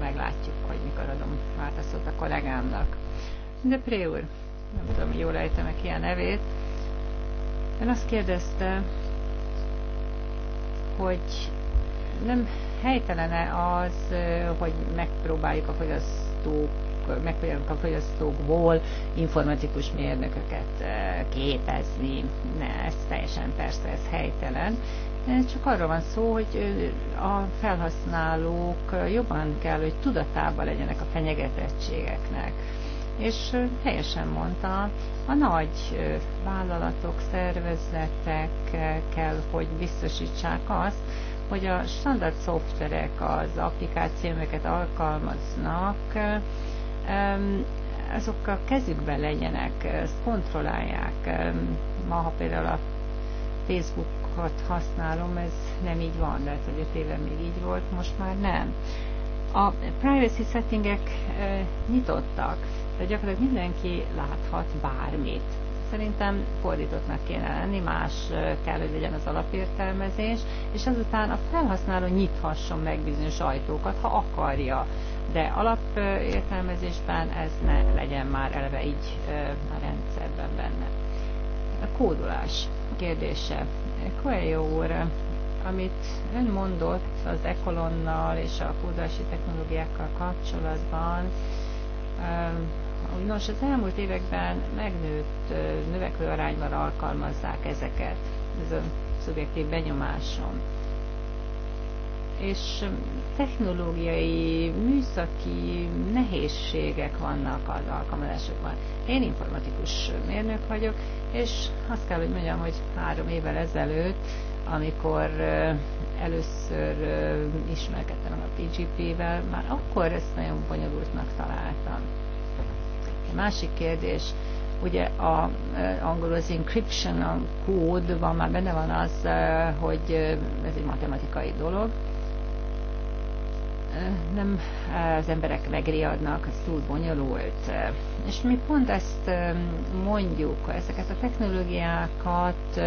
A: meglátjuk, hogy mikor adom válaszolt a kollégámnak. De Pré úr, nem tudom, jól ejtem-e ki a nevét, ön azt kérdezte, hogy nem helytelene az, hogy megpróbáljuk a fogyasztók megpróbáljuk a fogyasztókból informatikus mérnököket képezni. Ne, ez teljesen persze, ez helytelen. Csak arról van szó, hogy a felhasználók jobban kell, hogy tudatában legyenek a fenyegetettségeknek. És helyesen mondta, a nagy vállalatok, szervezetek kell, hogy biztosítsák azt, hogy a standard szoftverek, az applikáció, alkalmaznak, azok a kezükben legyenek, ezt kontrollálják. Ma, ha például a Facebookot használom, ez nem így van, lehet, hogy öt éve még így volt, most már nem. A privacy settingek eh, nyitottak, de gyakorlatilag mindenki láthat bármit Szerintem fordítottnak kéne lenni, más kell, hogy legyen az alapértelmezés, és azután a felhasználó nyithasson meg bizonyos ajtókat, ha akarja. De alapértelmezésben ez ne legyen már eleve így a rendszerben benne. A kódolás kérdése. Coelho úr, amit ön mondott az ekolonnal és a kódolási technológiákkal kapcsolatban, hogy nos, az elmúlt években megnőtt, növekvő arányban alkalmazzák ezeket. Ez a szubjektív benyomásom. És technológiai, műszaki nehézségek vannak az alkalmazásokban. Én informatikus mérnök vagyok, és azt kell, hogy mondjam, hogy három évvel ezelőtt, amikor először ismerkedtem a PGP-vel, már akkor ezt nagyon bonyolultnak találtam másik kérdés, ugye a, eh, angolul az encryption, a kód van, már benne van az, eh, hogy eh, ez egy matematikai dolog, nem az emberek megriadnak, az túl bonyolult. És mi pont ezt mondjuk, ezeket a technológiákat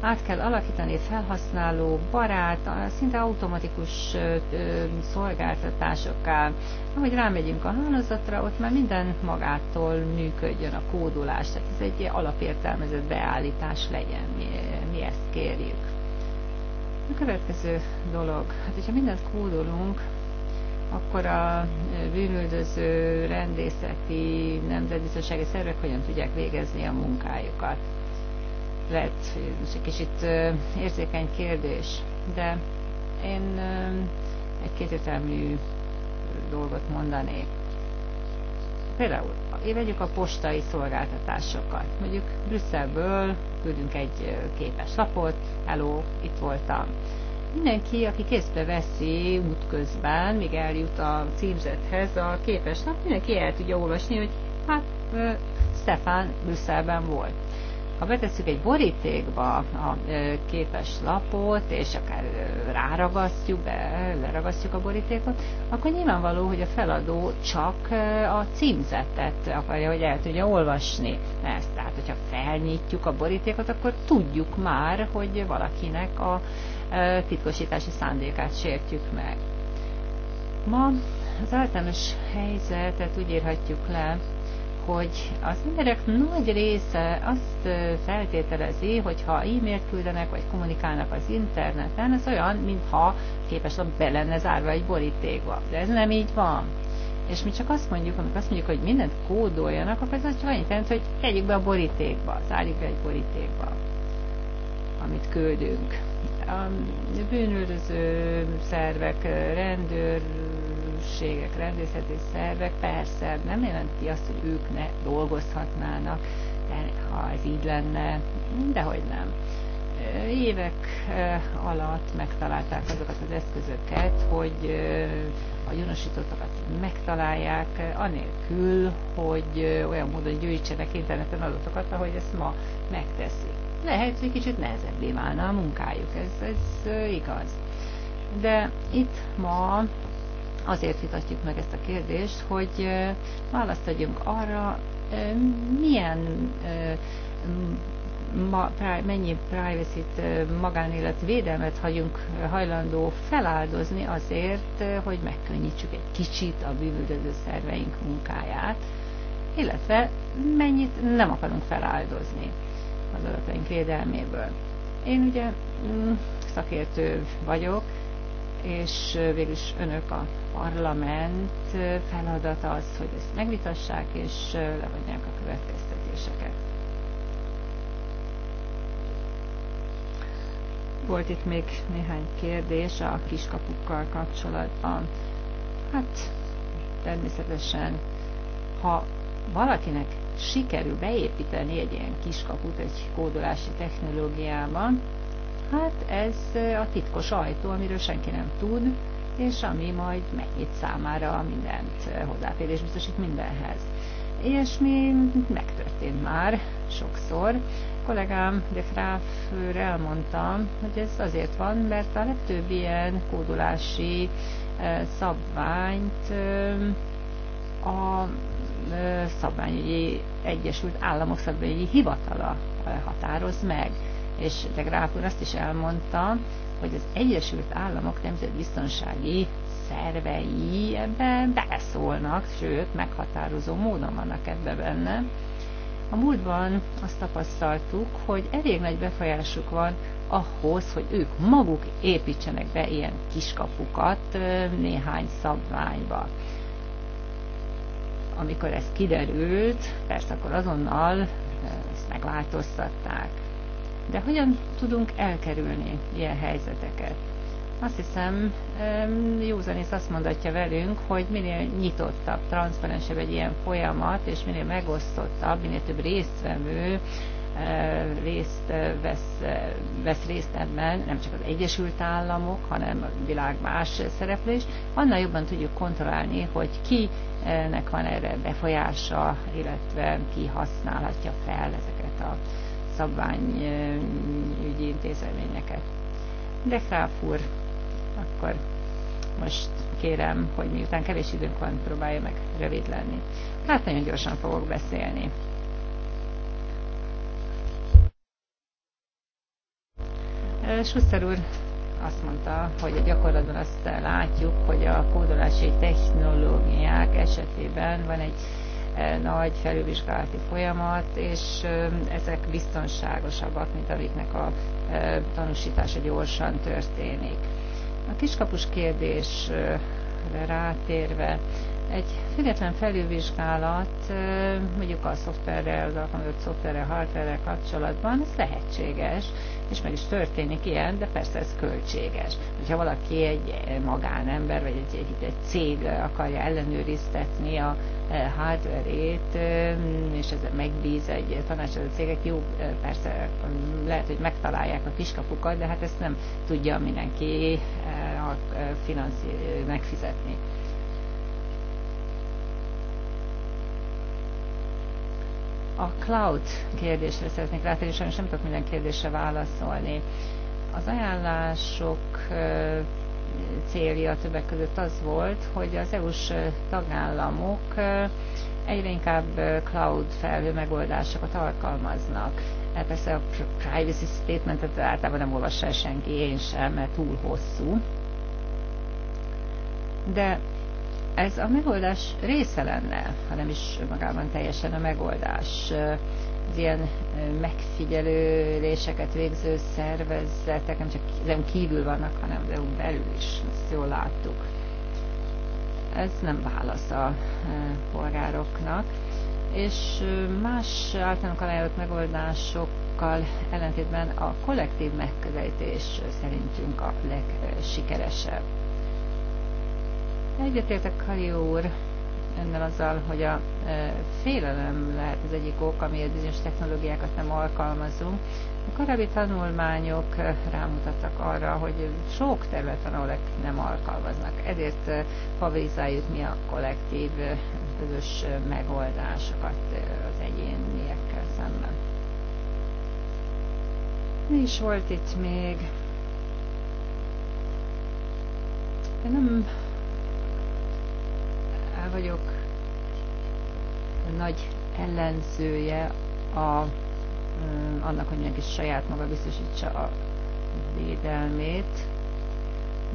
A: át kell alakítani felhasználó barát, szinte automatikus szolgáltatásokká. Ahogy rámegyünk a hálózatra, ott már minden magától működjön a kódolás, tehát ez egy alapértelmezett beállítás legyen, mi, mi ezt kérjük. A következő dolog, hát hogyha mindent kódolunk, akkor a e, bűnüldöző rendészeti nemzetbiztonsági szervek hogyan tudják végezni a munkájukat. Lehet, ez egy kicsit e, érzékeny kérdés, de én e, egy kétértelmű dolgot mondanék. Például, vegyük a postai szolgáltatásokat. Mondjuk Brüsszelből küldünk egy képes lapot, hello, itt voltam mindenki, aki kézbe veszi útközben, míg eljut a címzethez a képeslap, mindenki el tudja olvasni, hogy hát Stefan Brüsszelben volt. Ha betesszük egy borítékba a képes lapot, és akár ráragasztjuk be, leragasztjuk a borítékot, akkor nyilvánvaló, hogy a feladó csak a címzetet akarja, hogy el tudja olvasni ezt. Tehát, hogyha felnyitjuk a borítékot, akkor tudjuk már, hogy valakinek a titkosítási szándékát sértjük meg. Ma az általános helyzetet úgy írhatjuk le, hogy az emberek nagy része azt feltételezi, hogy ha e-mailt küldenek, vagy kommunikálnak az interneten, ez olyan, mintha képes be lenne zárva egy borítékba. De ez nem így van. És mi csak azt mondjuk, amikor azt mondjuk, hogy mindent kódoljanak, akkor ez csak annyit jelent, hogy tegyük be a borítékba, zárjuk be egy borítékba, amit küldünk. A bűnüldöző szervek, rendőrségek, rendészeti szervek persze nem jelenti azt, hogy ők ne dolgozhatnának, ha ez így lenne, dehogy nem évek alatt megtalálták azokat az eszközöket, hogy a gyanúsítottakat megtalálják, anélkül, hogy olyan módon gyűjtsenek interneten adatokat, ahogy ezt ma megteszik lehet, hogy kicsit nehezebbé válna a munkájuk, ez, ez igaz. De itt ma azért vitatjuk meg ezt a kérdést, hogy választ adjunk arra, milyen ma, mennyi privacy-t, magánélet védelmet hagyunk hajlandó feláldozni azért, hogy megkönnyítsük egy kicsit a bűvüldöző szerveink munkáját, illetve mennyit nem akarunk feláldozni az adataink védelméből. Én ugye mm, szakértő vagyok, és végülis önök a parlament feladata az, hogy ezt megvitassák, és levonják a következtetéseket. Volt itt még néhány kérdés a kiskapukkal kapcsolatban. Hát természetesen, ha valakinek sikerül beépíteni egy ilyen kiskaput egy kódolási technológiában, hát ez eh, a titkos ajtó, amiről senki nem tud, és ami majd megnyit számára mindent, eh, hozzáférés biztosít mindenhez. És mi megtörtént már sokszor. A kollégám de Graafről elmondtam, hogy ez azért van, mert a legtöbb ilyen kódolási eh, szabványt a szabványi Egyesült Államok szabványi hivatala határoz meg. És de Gráf úr azt is elmondta, hogy az Egyesült Államok nemzetbiztonsági szervei ebben beleszólnak, sőt, meghatározó módon vannak ebbe benne. A múltban azt tapasztaltuk, hogy elég nagy befolyásuk van ahhoz, hogy ők maguk építsenek be ilyen kiskapukat néhány szabványba amikor ez kiderült, persze akkor azonnal e, ezt megváltoztatták. De hogyan tudunk elkerülni ilyen helyzeteket? Azt hiszem, e, józanész azt mondatja velünk, hogy minél nyitottabb, transzparensebb egy ilyen folyamat, és minél megosztottabb, minél több résztvevő részt vesz, vesz részt ebben, nem csak az Egyesült Államok, hanem a világ más szereplés, annál jobban tudjuk kontrollálni, hogy kinek van erre befolyása, illetve ki használhatja fel ezeket a szabványügyi intézményeket. De Kráf úr, akkor most kérem, hogy miután kevés időnk van, próbálja meg rövid lenni. Hát nagyon gyorsan fogok beszélni. Schuster úr azt mondta, hogy gyakorlatban azt látjuk, hogy a kódolási technológiák esetében van egy eh, nagy felülvizsgálati folyamat, és eh, ezek biztonságosabbak, mint amiknek a eh, tanúsítása gyorsan történik. A kiskapus kérdésre rátérve, egy független felülvizsgálat mondjuk a szoftverrel, az alkalmazott szoftverrel, hardverrel kapcsolatban, ez lehetséges, és meg is történik ilyen, de persze ez költséges. Hogyha valaki egy magánember, vagy egy, egy, egy cég akarja ellenőriztetni a e, hardware-ét, e, és ezzel megbíz egy tanácsadó cégek, jó, e, persze lehet, hogy megtalálják a kiskapukat, de hát ezt nem tudja mindenki a finanszí- megfizetni. A cloud kérdésre szeretnék rátérni, sajnos nem tudok minden kérdésre válaszolni. Az ajánlások célja többek között az volt, hogy az EU-s tagállamok egyre inkább cloud felhő megoldásokat alkalmaznak. Hát persze a privacy statementet általában nem olvassa senki, én sem, mert túl hosszú. De ez a megoldás része lenne, hanem is magában teljesen a megoldás. Az ilyen megfigyelőléseket végző szervezetek nem csak e nem kívül vannak, hanem az EU belül is, ezt jól láttuk. Ez nem válasz a polgároknak és más általunk ajánlott megoldásokkal ellentétben a kollektív megközelítés szerintünk a legsikeresebb. Egyetértek Kali úr önnel azzal, hogy a e, félelem lehet az egyik ok, amiért bizonyos technológiákat nem alkalmazunk. A korábbi tanulmányok e, rámutattak arra, hogy sok területen, ahol e- nem alkalmaznak. Ezért favorizáljuk mi a kollektív közös megoldásokat az egyéniekkel szemben. Mi is volt itt még? Nem vagyok nagy ellenzője a, annak, hogy mindenki saját maga biztosítsa a védelmét,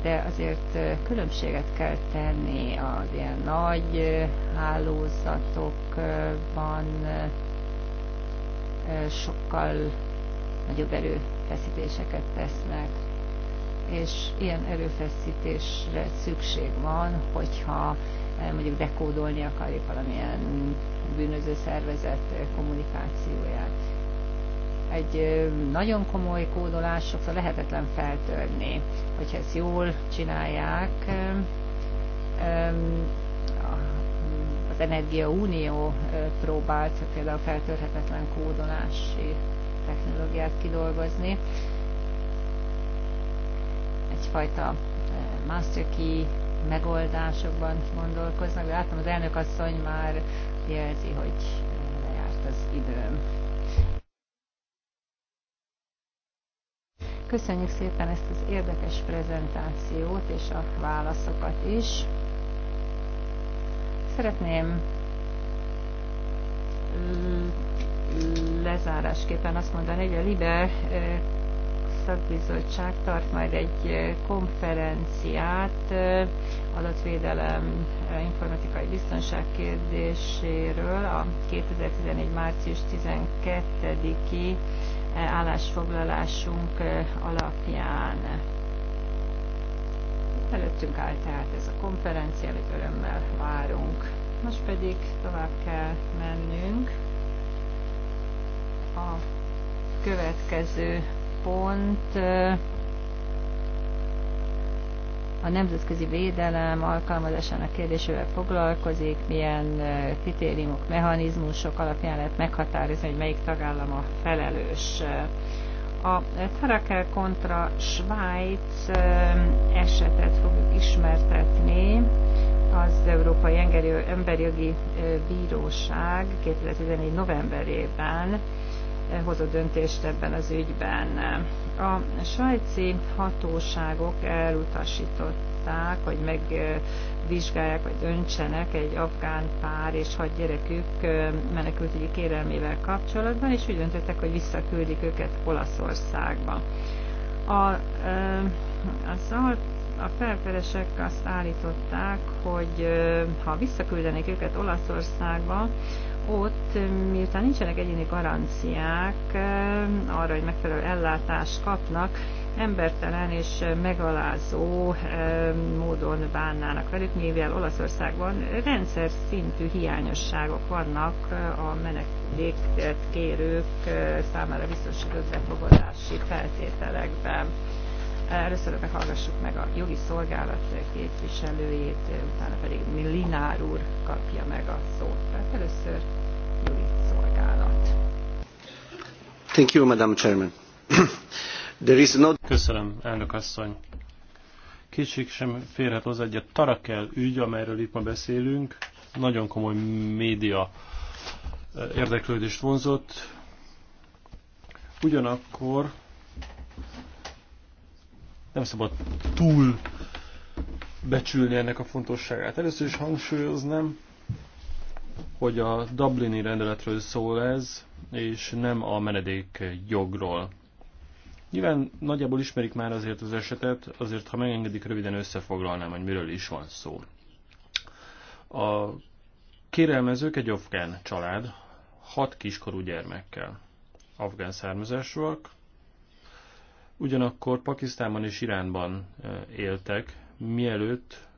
A: de azért különbséget kell tenni az ilyen nagy hálózatokban sokkal nagyobb erőfeszítéseket tesznek, és ilyen erőfeszítésre szükség van, hogyha Eh, mondjuk dekódolni akarjuk valamilyen bűnöző szervezet eh, kommunikációját. Egy eh, nagyon komoly kódolás sokszor lehetetlen feltörni. Hogyha ezt jól csinálják, az Energia Unió próbált például feltörhetetlen kódolási technológiát kidolgozni. Egyfajta master key megoldásokban gondolkoznak. De látom, az elnök asszony már jelzi, hogy lejárt az időm. Köszönjük szépen ezt az érdekes prezentációt és a válaszokat is. Szeretném lezárásképpen azt mondani, hogy a Liber eh, szakbizottság tart majd egy eh, konferenciát eh, adatvédelem eh, informatikai biztonság kérdéséről a 2011. március 12-i állásfoglalásunk alapján. Előttünk áll tehát ez a konferencia, amit örömmel várunk. Most pedig tovább kell mennünk a következő pont a nemzetközi védelem alkalmazásának kérdésével foglalkozik, milyen kritériumok, mechanizmusok alapján lehet meghatározni, hogy melyik tagállam a felelős. A Tarakel kontra Svájc esetet fogjuk ismertetni. Az Európai Emberjogi Bíróság 2014. novemberében hozott döntést ebben az ügyben. A svájci hatóságok elutasították, hogy megvizsgálják, vagy döntsenek egy afgán pár és hat gyerekük menekültügyi kérelmével kapcsolatban, és úgy döntöttek, hogy visszaküldik őket Olaszországba. A, az a felperesek azt állították, hogy ha visszaküldenék őket Olaszországba, ott, miután nincsenek egyéni garanciák arra, hogy megfelelő ellátást kapnak, embertelen és megalázó módon bánnának velük, mivel Olaszországban rendszer szintű hiányosságok vannak a meneküléket kérők számára biztosított befogadási feltételekben. Először meghallgassuk meg a jogi szolgálat képviselőjét, utána pedig Linár úr kapja meg a szót. Tehát először felügyelői szolgálat. Thank you, Madam Chairman.
B: There is no... Köszönöm, elnök asszony. Kétség sem férhet hozzá, hogy a Tarakel ügy, amelyről itt ma beszélünk, nagyon komoly média eh, érdeklődést vonzott. Ugyanakkor nem szabad túl becsülni ennek a fontosságát. Először is hangsúlyoznám, hogy a Dublini rendeletről szól ez, és nem a menedék jogról. Nyilván nagyjából ismerik már azért az esetet, azért ha megengedik, röviden összefoglalnám, hogy miről is van szó. A kérelmezők egy afgán család, hat kiskorú gyermekkel. Afgán származásúak, ugyanakkor Pakisztánban és Iránban eh, éltek, mielőtt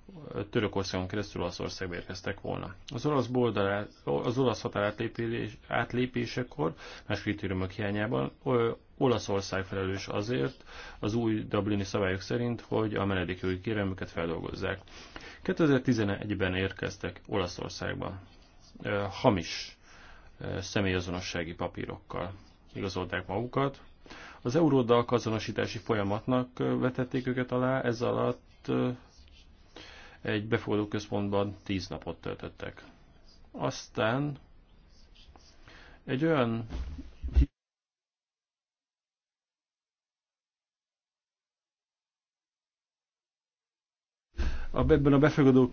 B: Törökországon keresztül Olaszországba érkeztek volna. Az olasz, boldalát, az olasz határ átlépés, átlépésekor, más kritériumok hiányában, Olaszország felelős azért az új Dublini szabályok szerint, hogy a menedékjogi kérelmüket feldolgozzák. 2011-ben érkeztek Olaszországba hamis személyazonossági papírokkal igazolták magukat. Az euródak azonosítási folyamatnak vetették őket alá, ez alatt egy befogadó központban 10 napot töltöttek. Aztán egy olyan a ebben a befogadó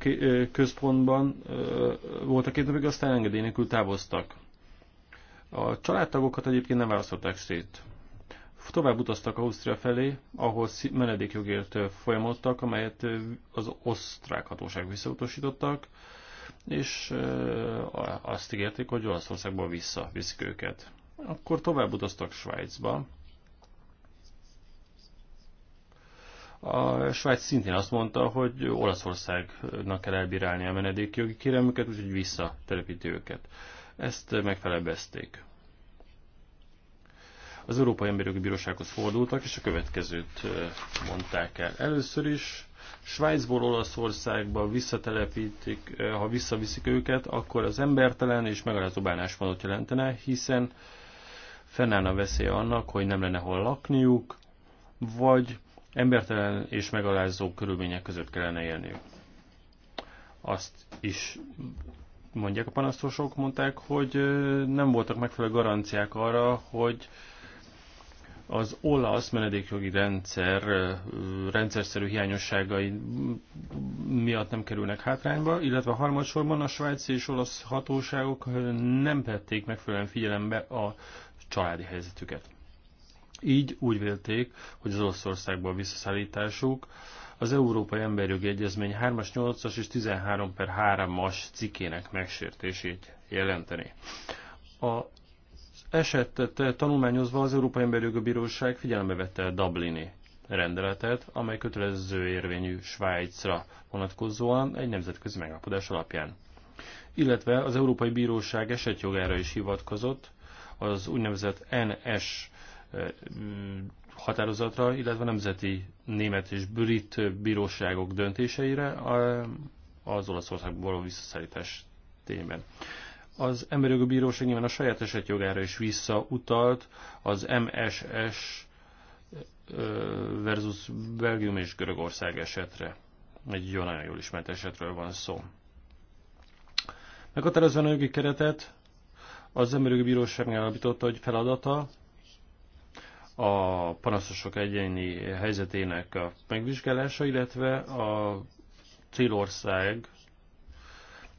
B: központban voltak két napig, aztán engedély nélkül távoztak. A családtagokat egyébként nem választották szét. Tovább utaztak Ausztria felé, ahol menedékjogért folyamodtak, amelyet az osztrák hatóság visszautasítottak, és azt ígérték, hogy Olaszországból viszik őket. Akkor tovább utaztak Svájcba. A Svájc szintén azt mondta, hogy Olaszországnak kell elbírálni a menedékjogi kérelmüket, úgyhogy visszatelepíti őket. Ezt megfelebezték az Európai Emberi Bírósághoz fordultak, és a következőt mondták el. Először is Svájcból Olaszországba visszatelepítik, ha visszaviszik őket, akkor az embertelen és megalázó bánásmódot jelentene, hiszen fennállna veszélye annak, hogy nem lenne hol lakniuk, vagy embertelen és megalázó körülmények között kellene élniük. Azt is mondják a panaszosok, mondták, hogy nem voltak megfelelő garanciák arra, hogy az olasz menedékjogi rendszer rendszerszerű hiányosságai miatt nem kerülnek hátrányba, illetve harmadsorban a svájci és olasz hatóságok nem vették megfelelően figyelembe a családi helyzetüket. Így úgy vélték, hogy az Olaszországból visszaszállításuk az Európai Emberjogi Egyezmény 3-as, 8-as és 13 per 3-as cikkének megsértését jelenteni. A esetet tanulmányozva az Európai emberi jogi Bíróság figyelembe vette a Dublini rendeletet, amely kötelező érvényű Svájcra vonatkozóan egy nemzetközi megállapodás alapján. Illetve az Európai Bíróság esetjogára is hivatkozott, az úgynevezett NS eh, határozatra, illetve nemzeti német és brit bíróságok döntéseire eh, az Olaszországból való visszaszállítás tényben. Az emberi jogi bíróság nyilván a saját esetjogára is visszautalt, az MSS versus Belgium és Görögország esetre. Egy jó, nagyon jól ismert esetről van szó. Meghatározva a jogi keretet az emberi bíróság megállapította, hogy feladata a panaszosok egyéni helyzetének a megvizsgálása, illetve a célország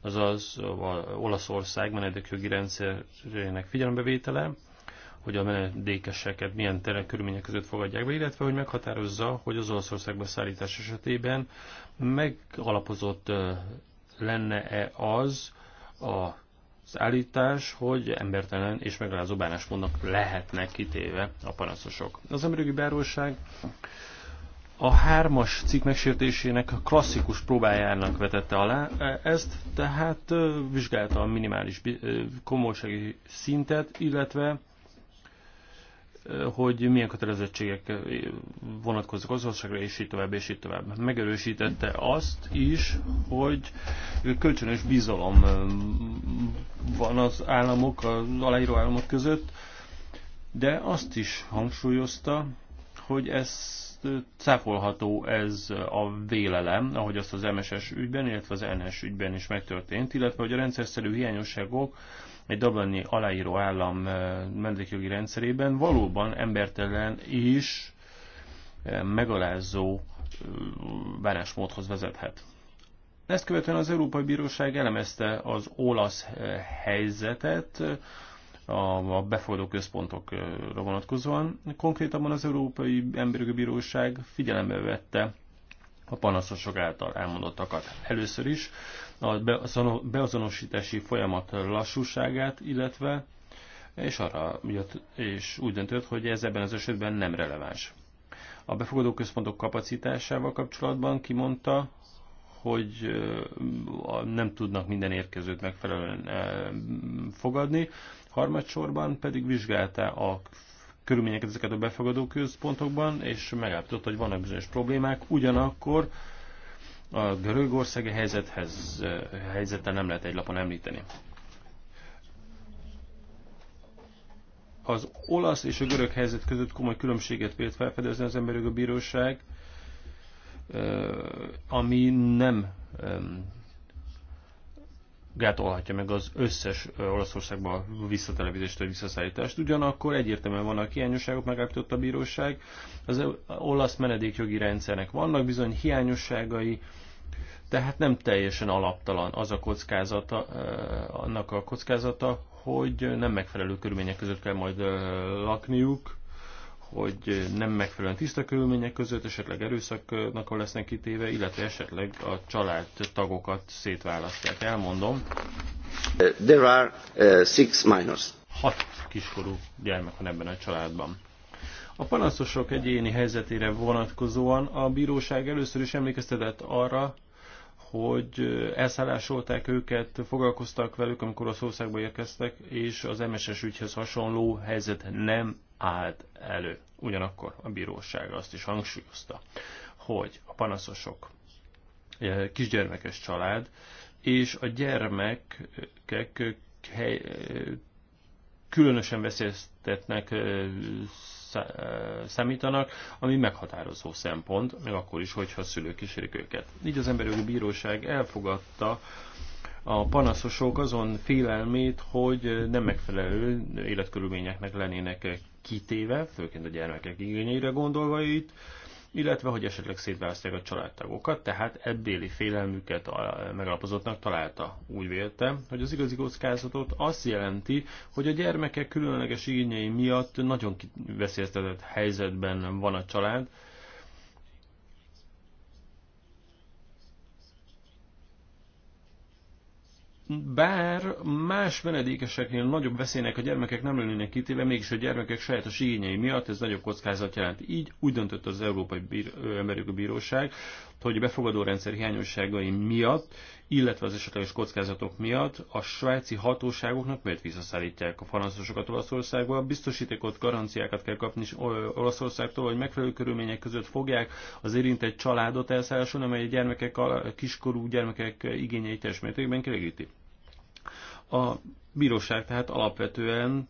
B: azaz a Olaszország menedékjogi rendszerének figyelembevétele, hogy a menedékeseket milyen terek körülmények között fogadják be, illetve hogy meghatározza, hogy az Olaszországba szállítás esetében megalapozott lenne-e az a az állítás, hogy embertelen és megalázó bánásmódnak lehetnek kitéve a panaszosok. Az emberi bíróság a hármas cikk megsértésének klasszikus próbájának vetette alá, e, ezt tehát vizsgálta a minimális komolysági szintet, illetve hogy milyen kötelezettségek vonatkoznak az országra, és így tovább, és így tovább. Megerősítette azt is, hogy kölcsönös bizalom van az államok, az aláíró államok között, de azt is hangsúlyozta, hogy ez cáfolható ez a vélelem, ahogy azt az MSS ügyben, illetve az NS ügyben is megtörtént, illetve hogy a rendszerszerű hiányosságok egy dublini aláíró állam mendékjogi rendszerében valóban embertelen is megalázó bánásmódhoz vezethet. Ezt követően az Európai Bíróság elemezte az olasz helyzetet, a, a befogadó központokra vonatkozóan. Konkrétabban az Európai Emberi Bíróság figyelembe vette a panaszosok által elmondottakat. Először is a beazonosítási folyamat lassúságát, illetve és arra jött, és úgy döntött, hogy ez ebben az esetben nem releváns. A befogadó központok kapacitásával kapcsolatban kimondta, hogy nem tudnak minden érkezőt megfelelően fogadni, Harmadsorban pedig vizsgálta a körülményeket ezeket a befogadó központokban, és megállapította, hogy vannak bizonyos problémák, ugyanakkor a görögországi helyzethez, helyzettel nem lehet egy lapon említeni. Az olasz és a görög helyzet között komoly különbséget vélt felfedezni az emberjogi bíróság, ami nem gátolhatja meg az összes Olaszországban visszatelepítést vagy visszaszállítást. Ugyanakkor egyértelműen vannak hiányosságok, megállapította a bíróság. Az e- olasz menedékjogi rendszernek vannak bizony hiányosságai, tehát nem teljesen alaptalan az a kockázata, annak a kockázata, hogy nem megfelelő körülmények között kell majd lakniuk, hogy nem megfelelően tiszta körülmények között, esetleg erőszaknak lesznek kitéve, illetve esetleg a család tagokat szétválasztják. Elmondom. There are uh, six minors. Hat kiskorú gyermek van ebben a családban. A panaszosok egyéni helyzetére vonatkozóan a bíróság először is emlékeztetett arra, hogy elszállásolták őket, foglalkoztak velük, amikor szószágba érkeztek, és az MSS ügyhez hasonló helyzet nem állt elő. Ugyanakkor a bíróság azt is hangsúlyozta, hogy a panaszosok eh, kisgyermekes család, és a gyermekek eh, eh, különösen veszélyeztetnek számítanak, ami meghatározó szempont, még akkor is, hogyha a szülők kísérik őket. Így az emberjogi bíróság elfogadta a panaszosok azon félelmét, hogy nem megfelelő életkörülményeknek lennének kitéve, főként a gyermekek igényeire gondolva itt, illetve hogy esetleg szétválasztják a családtagokat, tehát ebbéli félelmüket a megalapozottnak találta. Úgy vélte, hogy az igazi kockázatot azt jelenti, hogy a gyermekek különleges igényei miatt nagyon veszélyeztetett helyzetben van a család, bár más menedékeseknél nagyobb veszélynek a gyermekek nem lennének kitéve, mégis a gyermekek sajátos igényei miatt ez nagyobb kockázat jelent. Így úgy döntött az Európai Amerikai Bíróság, hogy a befogadó rendszer hiányosságai miatt, illetve az esetleges kockázatok miatt a svájci hatóságoknak, miért visszaszállítják a francosokat Olaszországba, biztosítékot, garanciákat kell kapni Olaszországtól, hogy megfelelő körülmények között fogják az érintett családot elszállásolni, amely a gyermekek, a kiskorú gyermekek igényeit teljes mértékben kielégíti. A bíróság tehát alapvetően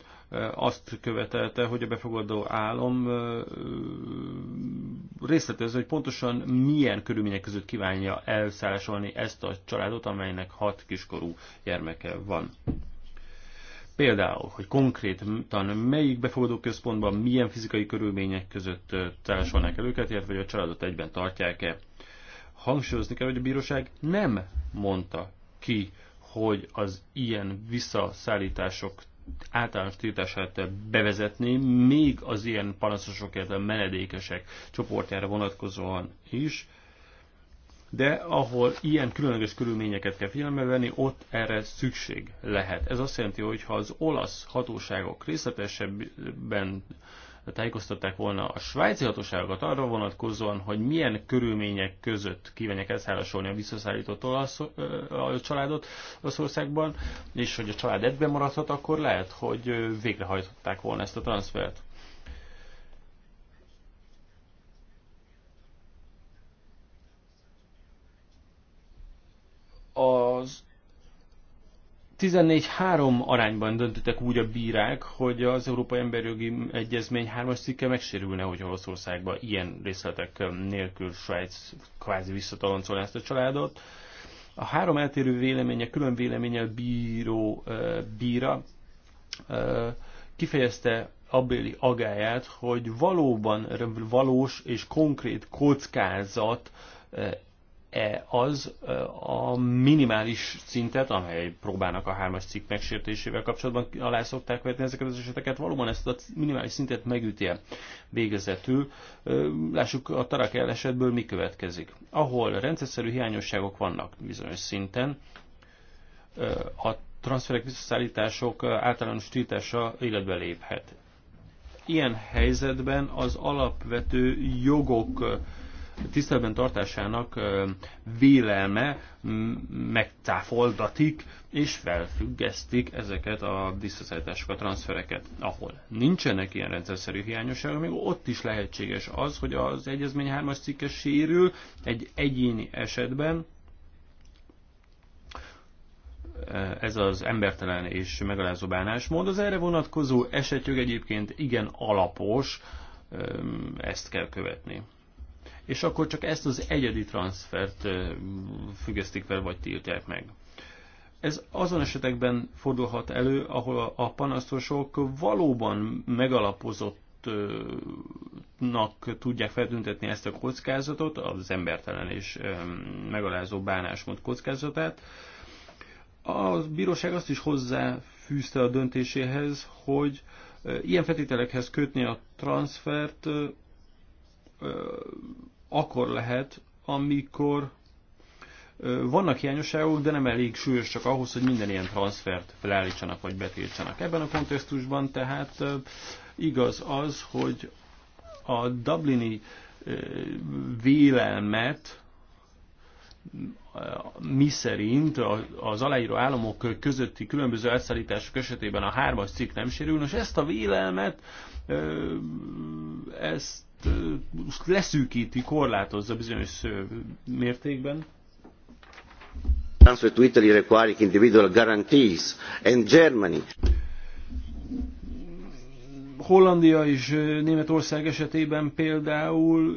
B: azt követelte, hogy a befogadó állom részletezze, hogy pontosan milyen körülmények között kívánja elszállásolni ezt a családot, amelynek hat kiskorú gyermeke van. Például, hogy konkrétan melyik befogadó központban milyen fizikai körülmények között társolnák el őket, illetve hogy a családot egyben tartják-e. Hangsúlyozni kell, hogy a bíróság nem mondta ki hogy az ilyen visszaszállítások általános tiltását bevezetni, még az ilyen panaszosok, illetve menedékesek csoportjára vonatkozóan is, de ahol ilyen különleges körülményeket kell figyelembe venni, ott erre szükség lehet. Ez azt jelenti, hogy ha az olasz hatóságok részletesebben tájékoztatták volna a svájci hatóságokat arra vonatkozóan, hogy milyen körülmények között kívánják elszállásolni a visszaszállított olasz, a családot országban, és hogy a család egyben maradhat, akkor lehet, hogy végrehajtották volna ezt a transfert. az 14-3 arányban döntöttek úgy a bírák, hogy az Európai Emberjogi Egyezmény 3-as cikke megsérülne, hogy Oroszországban ilyen részletek nélkül Svájc kvázi visszataloncolná ezt a családot. A három eltérő véleménye, külön véleménye bíró bíra kifejezte abbéli agáját, hogy valóban valós és konkrét kockázat -e az e, a minimális szintet, amely próbálnak a hármas cikk megsértésével kapcsolatban alá szokták vetni ezeket az eseteket, valóban ezt a minimális szintet megüti végezetül. E, lássuk a el esetből mi következik. Ahol rendszerszerű hiányosságok vannak bizonyos szinten, e, a transferek visszaszállítások általános tiltása életbe léphet. Ilyen helyzetben az alapvető jogok tiszteletben tartásának vélelme megcáfoldatik és felfüggesztik ezeket a visszaszállításokat, transfereket. Ahol nincsenek ilyen rendszerszerű hiányosságok, még ott is lehetséges az, hogy az egyezmény hármas cikke sérül egy egyéni esetben, ez az embertelen és megalázó bánásmód. Az erre vonatkozó esetjog egyébként igen alapos, ezt kell követni és akkor csak ezt az egyedi transfert függesztik fel, vagy tiltják meg. Ez azon esetekben fordulhat elő, ahol a panaszosok valóban megalapozottnak tudják feltüntetni ezt a kockázatot, az embertelen és megalázó bánásmód kockázatát. A bíróság azt is hozzáfűzte a döntéséhez, hogy ilyen feltételekhez kötni a transfert akkor lehet, amikor vannak hiányosságok, de nem elég súlyos csak ahhoz, hogy minden ilyen transfert felállítsanak vagy betiltsanak. Ebben a kontextusban tehát igaz az, hogy a Dublini vélelmet mi szerint az aláíró államok közötti különböző elszállítások esetében a hármas cikk nem sérül. Nos, ezt a vélelmet ezt leszűkíti, korlátozza bizonyos mértékben. Transfer to Italy requiring individual guarantees and Germany. Hollandia és Németország esetében például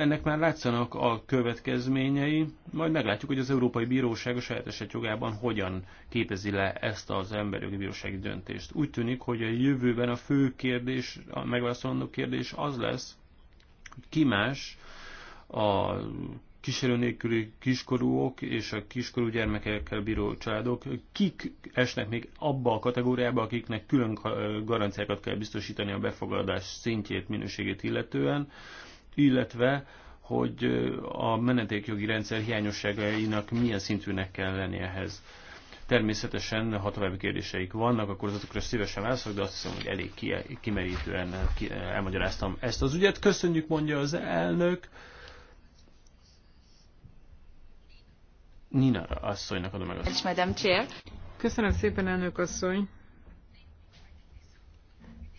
B: ennek már látszanak a következményei, majd meglátjuk, hogy az Európai Bíróság a saját esetjogában hogyan képezi le ezt az emberjogi bírósági döntést. Úgy tűnik, hogy a jövőben a fő kérdés, a megválaszolandó kérdés az lesz, hogy ki más a kísérő nélküli kiskorúok és a kiskorú gyermekekkel bíró családok, kik esnek még abba a kategóriába, akiknek külön garanciákat kell biztosítani a befogadás szintjét, minőségét illetően, illetve hogy a menetékjogi rendszer hiányosságainak milyen szintűnek kell lennie ehhez. Természetesen, ha további kérdéseik vannak, akkor azokra szívesen válaszolok, de azt hiszem, hogy elég kimerítően elmagyaráztam ezt az ügyet. Köszönjük, mondja az elnök. Nina asszonynak adom meg a
C: szót. Köszönöm szépen, elnök asszony.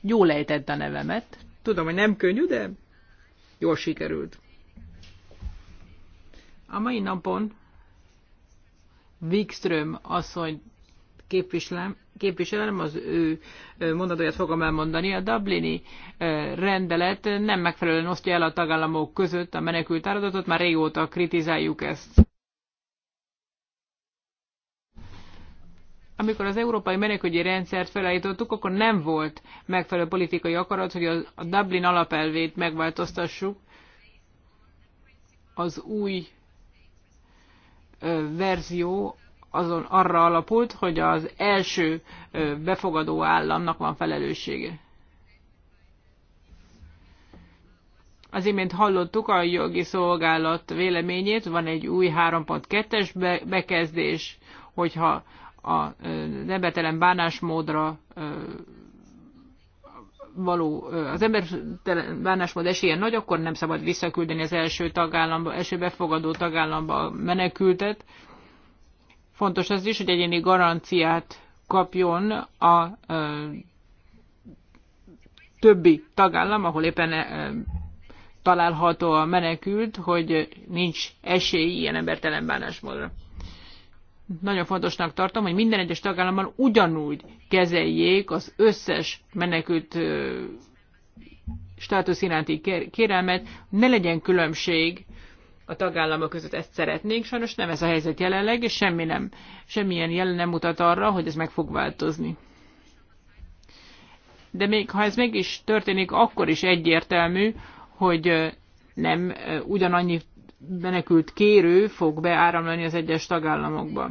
C: Jól lejtett a nevemet. Tudom, hogy nem könnyű, de jól sikerült. A mai napon Wikström asszony képviselem, képviselem, az ő mondatóját fogom elmondani. A Dublini rendelet nem megfelelően osztja el a tagállamok között a menekült áradatot, már régóta kritizáljuk ezt. amikor az európai menekügyi rendszert felállítottuk, akkor nem volt megfelelő politikai akarat, hogy a Dublin alapelvét megváltoztassuk az új verzió azon arra alapult, hogy az első befogadó államnak van felelőssége. Az imént hallottuk a jogi szolgálat véleményét, van egy új 3.2-es bekezdés, hogyha a embertelen bánásmódra való, az embertelen bánásmód esélye nagy, akkor nem szabad visszaküldeni az első tagállamba, első befogadó tagállamba a menekültet. Fontos az is, hogy egyéni garanciát kapjon a többi tagállam, ahol éppen található a menekült, hogy nincs esély ilyen embertelen bánásmódra nagyon fontosnak tartom, hogy minden egyes tagállamban ugyanúgy kezeljék az összes menekült státusz iránti kérelmet, ne legyen különbség a tagállamok között ezt szeretnénk, sajnos nem ez a helyzet jelenleg, és semmi nem, semmilyen jelen nem mutat arra, hogy ez meg fog változni. De még ha ez mégis történik, akkor is egyértelmű, hogy nem ugyanannyi menekült kérő fog beáramlani az egyes tagállamokba.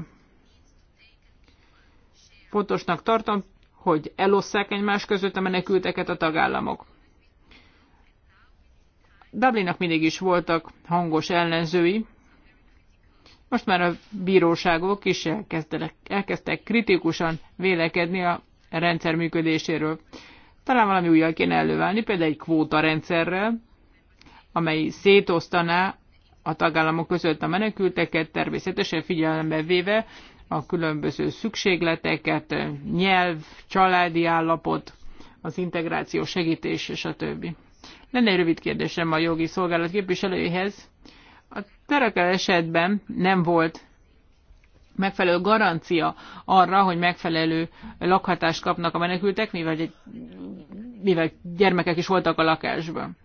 C: Fontosnak tartom, hogy elosszák egymás között a menekülteket a tagállamok. Dublinnak mindig is voltak hangos ellenzői, most már a bíróságok is elkezdtek kritikusan vélekedni a rendszer működéséről. Talán valami újjal kéne előválni, például egy kvóta rendszerrel, amely szétosztaná a tagállamok között a menekülteket, természetesen figyelembe véve a különböző szükségleteket, nyelv, családi állapot, az integráció segítés, többi. Lenne egy rövid kérdésem a jogi szolgálat képviselőjéhez. A terakel esetben nem volt megfelelő garancia arra, hogy megfelelő lakhatást kapnak a menekültek, mivel, egy, mivel gyermekek is voltak a lakásban,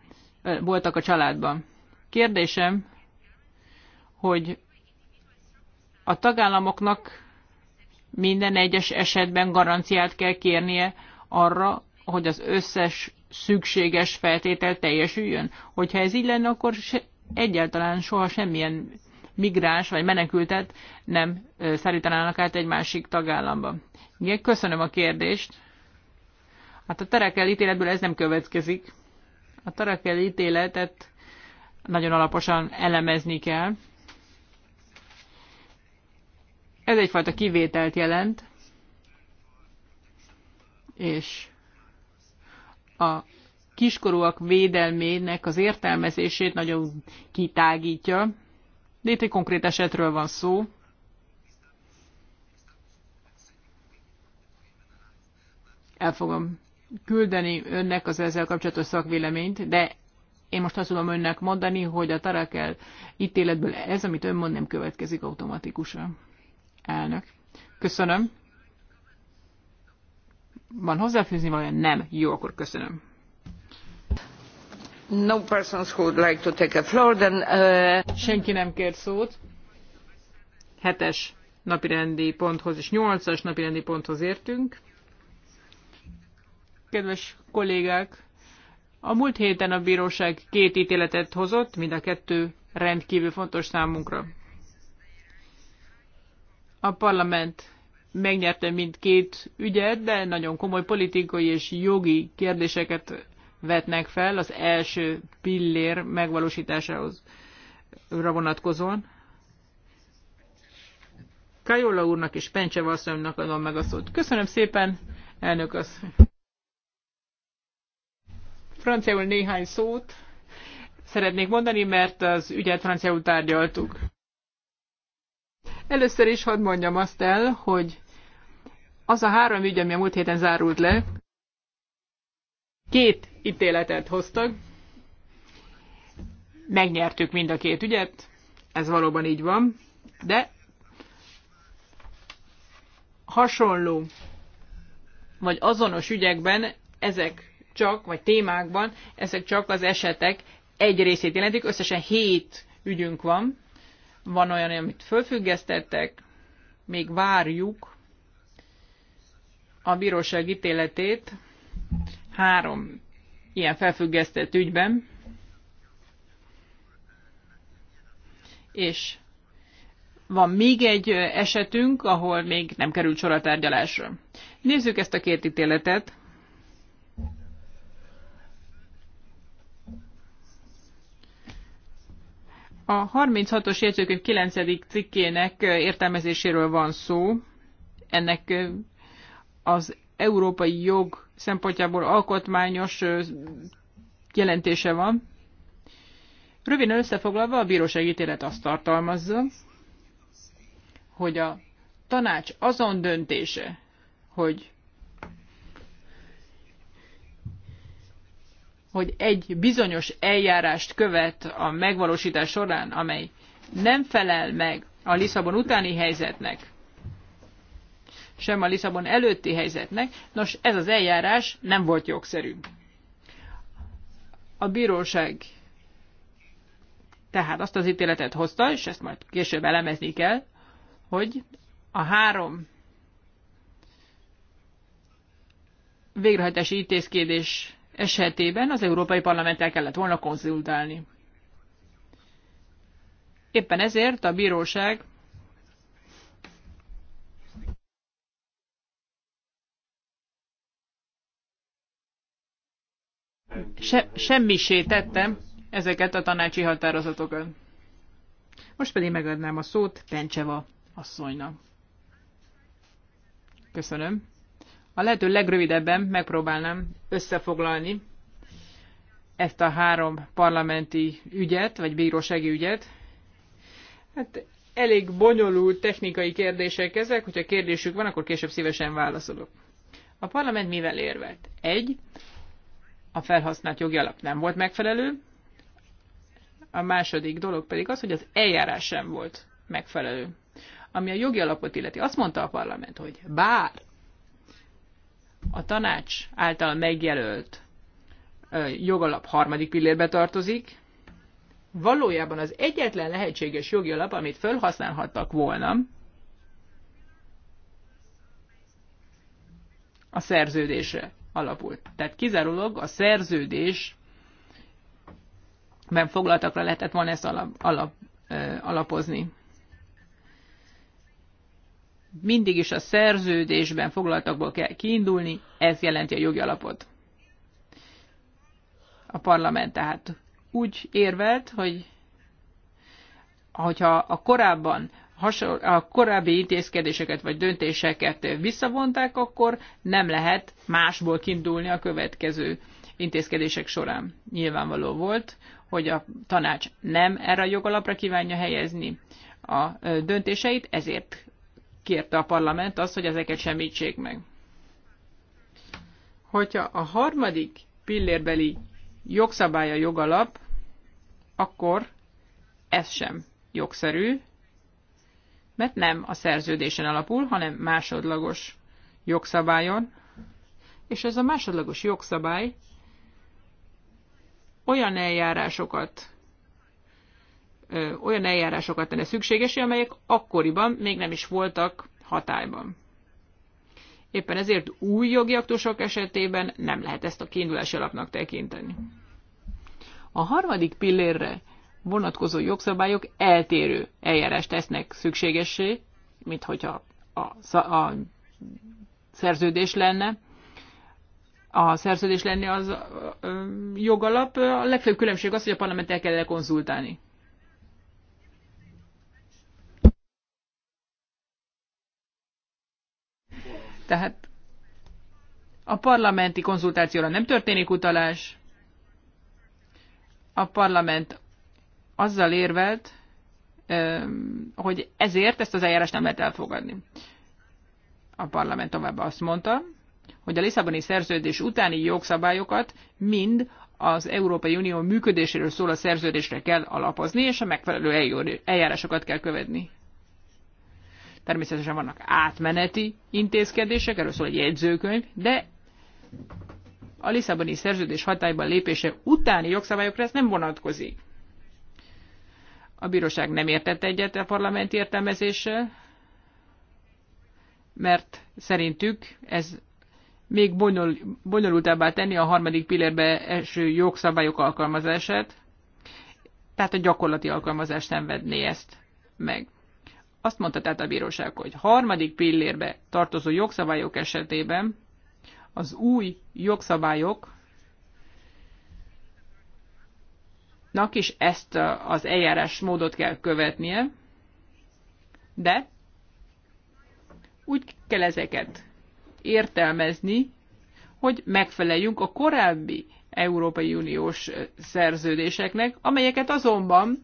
C: voltak a családban. Kérdésem hogy a tagállamoknak minden egyes esetben garanciát kell kérnie arra, hogy az összes szükséges feltétel teljesüljön. Hogyha ez így lenne, akkor se, egyáltalán soha semmilyen migráns vagy menekültet nem szállítanának át egy másik tagállamba. Igen, köszönöm a kérdést. Hát a Terekel ítéletből ez nem következik. A Terekel ítéletet nagyon alaposan elemezni kell. Ez egyfajta kivételt jelent, és a kiskorúak védelmének az értelmezését nagyon kitágítja. De itt egy konkrét esetről van szó. El fogom küldeni önnek az ezzel kapcsolatos szakvéleményt, de én most azt tudom önnek mondani, hogy a Tarakel ítéletből ez, amit ön mond, nem következik automatikusan. Elnök. Köszönöm. Van hozzáfűzni valami? Nem. Jó, akkor köszönöm. No persons who would like to take a floor, then, uh... Senki nem kér szót. Hetes napirendi ponthoz és nyolcas napirendi ponthoz értünk. Kedves kollégák, a múlt héten a bíróság két ítéletet hozott, mind a kettő rendkívül fontos számunkra. A parlament megnyerte mindkét ügyet, de nagyon komoly politikai és jogi kérdéseket vetnek fel az első pillér megvalósításához vonatkozóan. Kajola úrnak és Pencse asszonynak adom meg a szót. Köszönöm szépen, elnök az. Franciául néhány szót szeretnék mondani, mert az ügyet franciául tárgyaltuk. Először is hadd mondjam azt el, hogy az a három ügy, ami a múlt héten zárult le, két ítéletet hoztak. Megnyertük mind a két ügyet, ez valóban így van, de hasonló vagy azonos ügyekben ezek csak, vagy témákban, ezek csak az esetek egy részét jelentik, összesen hét ügyünk van, van olyan, amit fölfüggesztettek, még várjuk a bíróság ítéletét három ilyen felfüggesztett ügyben, és van még egy esetünk, ahol még nem került sor a tárgyalásra. Nézzük ezt a két ítéletet. A 36-os jegyzőkönyv 9. cikkének értelmezéséről van szó. Ennek az európai jog szempontjából alkotmányos jelentése van. Röviden összefoglalva a bíróság ítélet azt tartalmazza, hogy a tanács azon döntése, hogy hogy egy bizonyos eljárást követ a megvalósítás során, amely nem felel meg a Lisszabon utáni helyzetnek, sem a Lisszabon előtti helyzetnek, nos ez az eljárás nem volt jogszerű. A bíróság tehát azt az ítéletet hozta, és ezt majd később elemezni kell, hogy a három végrehajtási intézkedés esetében az Európai Parlamenttel kellett volna konzultálni. Éppen ezért a bíróság se, semmisé tette ezeket a tanácsi határozatokat. Most pedig megadnám a szót Pencseva asszonynak. Köszönöm. A lehető legrövidebben megpróbálnám összefoglalni ezt a három parlamenti ügyet, vagy bírósági ügyet. Hát elég bonyolult technikai kérdések ezek, hogyha kérdésük van, akkor később szívesen válaszolok. A parlament mivel érvelt? Egy, a felhasznált jogi alap nem volt megfelelő, a második dolog pedig az, hogy az eljárás sem volt megfelelő. Ami a jogi alapot illeti, azt mondta a parlament, hogy bár a tanács által megjelölt jogalap harmadik pillérbe tartozik, valójában az egyetlen lehetséges jogi alap, amit felhasználhattak volna, a szerződésre alapult. Tehát kizárólag a szerződésben foglaltakra lehetett volna ezt alap, alap, alapozni mindig is a szerződésben foglaltakból kell kiindulni, ez jelenti a jogi alapot. A parlament tehát úgy érvelt, hogy hogyha a korábban a korábbi intézkedéseket vagy döntéseket visszavonták, akkor nem lehet másból kiindulni a következő intézkedések során. Nyilvánvaló volt, hogy a tanács nem erre a jogalapra kívánja helyezni a döntéseit, ezért kérte a parlament azt, hogy ezeket semmítsék meg. Hogyha a harmadik pillérbeli jogszabálya jogalap, akkor ez sem jogszerű, mert nem a szerződésen alapul, hanem másodlagos jogszabályon, és ez a másodlagos jogszabály olyan eljárásokat ö, olyan eljárásokat tenne szükségesé, amelyek akkoriban még nem is voltak hatályban. Éppen ezért új jogi aktusok esetében nem lehet ezt a kiindulási alapnak tekinteni. A harmadik pillérre vonatkozó jogszabályok eltérő eljárást tesznek szükségessé, mint hogyha a, a szerződés lenne. A szerződés lenni az jogalap. A legfőbb különbség az, hogy a parlament el kell konzultálni. Tehát a parlamenti konzultációra nem történik utalás. A parlament azzal érvelt, hogy ezért ezt az eljárást nem lehet elfogadni. A parlament továbbá azt mondta, hogy a Lisszaboni szerződés utáni jogszabályokat mind az Európai Unió működéséről szól a szerződésre kell alapozni, és a megfelelő eljárásokat kell követni. Természetesen vannak átmeneti intézkedések, erről szól egy jegyzőkönyv, de a Lisszaboni szerződés hatályban lépése utáni jogszabályokra ez nem vonatkozik. A bíróság nem értette egyet a parlament értelmezéssel, mert szerintük ez még bonyol, bonyolultabbá tenni a harmadik pillérbe eső jogszabályok alkalmazását, tehát a gyakorlati alkalmazást nem vedné ezt meg. Azt mondta tehát a bíróság, hogy harmadik pillérbe tartozó jogszabályok esetében az új jogszabályok is ezt az eljárás módot kell követnie, de úgy kell ezeket értelmezni, hogy megfeleljünk a korábbi Európai Uniós szerződéseknek, amelyeket azonban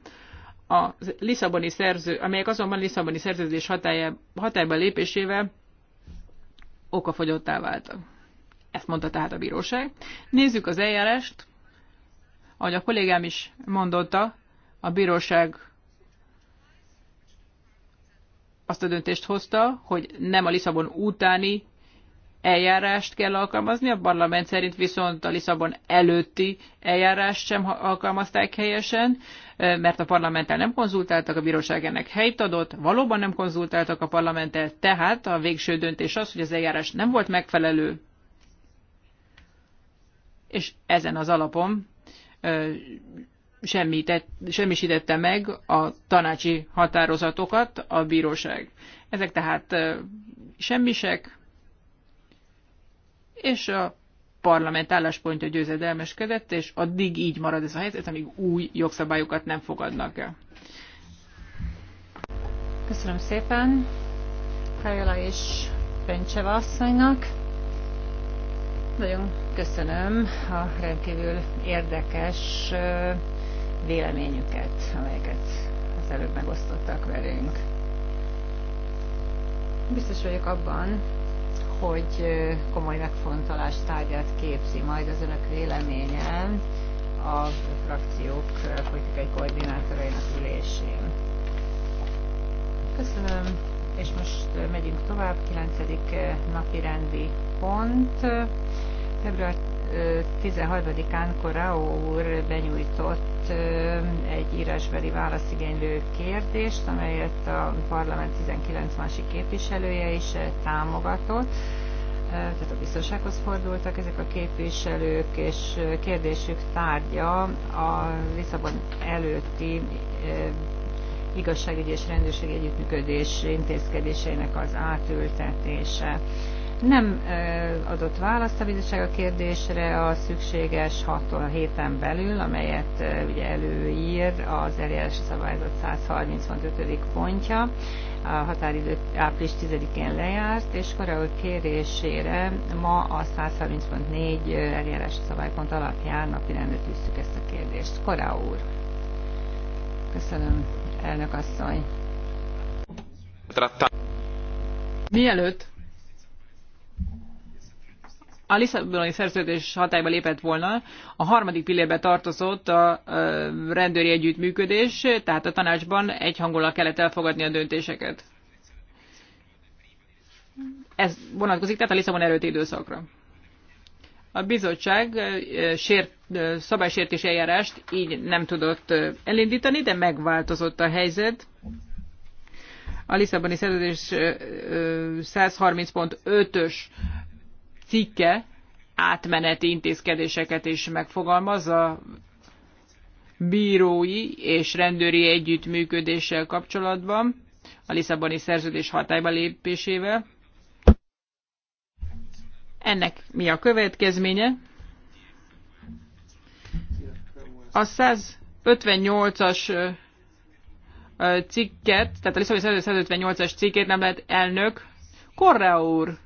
C: a Lisszaboni szerző, amelyek azonban Lisszaboni szerződés hatályba lépésével okafogyottá váltak. Ezt mondta tehát a bíróság. Nézzük az eljárást. Ahogy a kollégám is mondotta, a bíróság azt a döntést hozta, hogy nem a Lisszabon utáni eljárást kell alkalmazni, a parlament szerint viszont a Lisszabon előtti eljárást sem alkalmazták helyesen, mert a parlamenttel nem konzultáltak, a bíróság ennek helyt adott, valóban nem konzultáltak a parlamenttel, tehát a végső döntés az, hogy az eljárás nem volt megfelelő, és ezen az alapon semmisítette meg a tanácsi határozatokat a bíróság. Ezek tehát semmisek, és a parlament álláspontja győzedelmeskedett, és addig így marad ez a helyzet, amíg új jogszabályokat nem fogadnak el. Köszönöm szépen Kajola és Pencseva asszonynak.
A: Nagyon köszönöm a rendkívül érdekes véleményüket, amelyeket az előbb megosztottak velünk. Biztos vagyok abban, hogy komoly megfontolást tárgyát képzi majd az önök véleménye a frakciók politikai koordinátorainak ülésén. Köszönöm, és most megyünk tovább, 9. napi rendi pont. Február 13-án Korao úr benyújtott egy írásbeli válaszigénylő kérdést, amelyet a parlament 19 másik képviselője is támogatott tehát a biztonsághoz fordultak ezek a képviselők, és kérdésük tárgya a Lisszabon előtti igazságügyi és rendőrségi együttműködés intézkedéseinek az átültetése nem adott választ a bizottság a kérdésre a szükséges 6 héten belül, amelyet ugye előír az eljárási szabályzat 135. pontja. A határidő április 10-én lejárt, és Koreol kérésére ma a 134 eljárási szabálypont alapján napirendre tűztük ezt a kérdést. Korea úr. Köszönöm, elnök asszony.
C: Mielőtt a Lisszaboni szerződés hatályba lépett volna, a harmadik pillérbe tartozott a rendőri együttműködés, tehát a tanácsban egyhangulag kellett elfogadni a döntéseket. Ez vonatkozik tehát a Lisszabon előtti időszakra. A bizottság sért, szabálysértés eljárást így nem tudott elindítani, de megváltozott a helyzet. A Lisszaboni szerződés 130.5-ös cikke átmeneti intézkedéseket is megfogalmaz a bírói és rendőri együttműködéssel kapcsolatban, a Lisszaboni szerződés hatályba lépésével. Ennek mi a következménye? A 158-as cikket, tehát a Lisszaboni szerződés 158-as cikkét nem lehet elnök. Korra úr,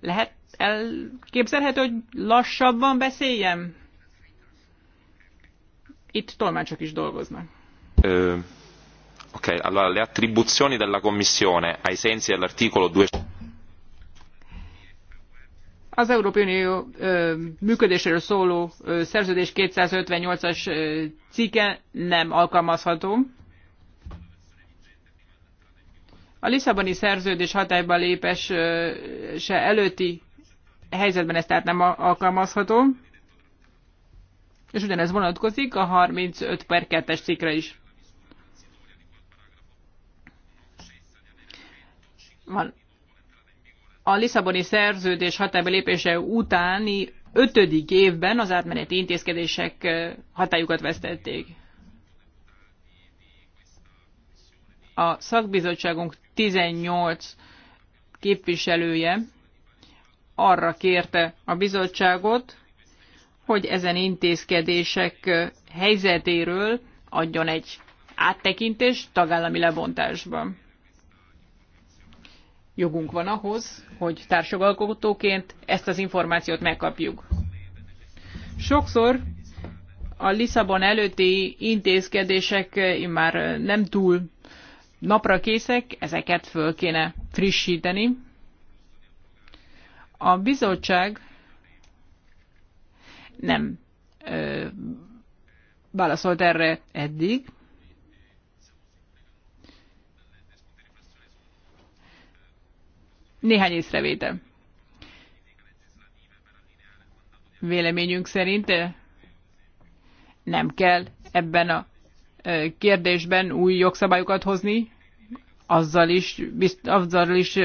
C: lehet Elképzelhető, hogy lassabban beszéljem? Itt tolmácsok is dolgoznak.
B: Ö, ok, allora le attribuzioni della Commissione ai sensi dell'articolo 2
C: az Európai Unió ö, működéséről szóló ö, szerződés 258-as cikke nem alkalmazható. A Lisszaboni szerződés hatályba lépes ö, se előtti helyzetben ez tehát nem alkalmazható. És ugyanez vonatkozik a 35 per 2-es cikkre is. Van. A Lisszaboni szerződés hatályba lépése utáni ötödik évben az átmeneti intézkedések hatályukat vesztették. A szakbizottságunk 18 képviselője arra kérte a bizottságot, hogy ezen intézkedések helyzetéről adjon egy áttekintést tagállami lebontásban. Jogunk van ahhoz, hogy társjogalkotóként ezt az információt megkapjuk. Sokszor a Lisszabon előtti intézkedések már nem túl napra készek, ezeket föl kéne frissíteni. A bizottság nem ö, válaszolt erre eddig. Néhány észrevétel. Véleményünk szerint nem kell ebben a kérdésben új jogszabályokat hozni, azzal is, bizt, azzal is,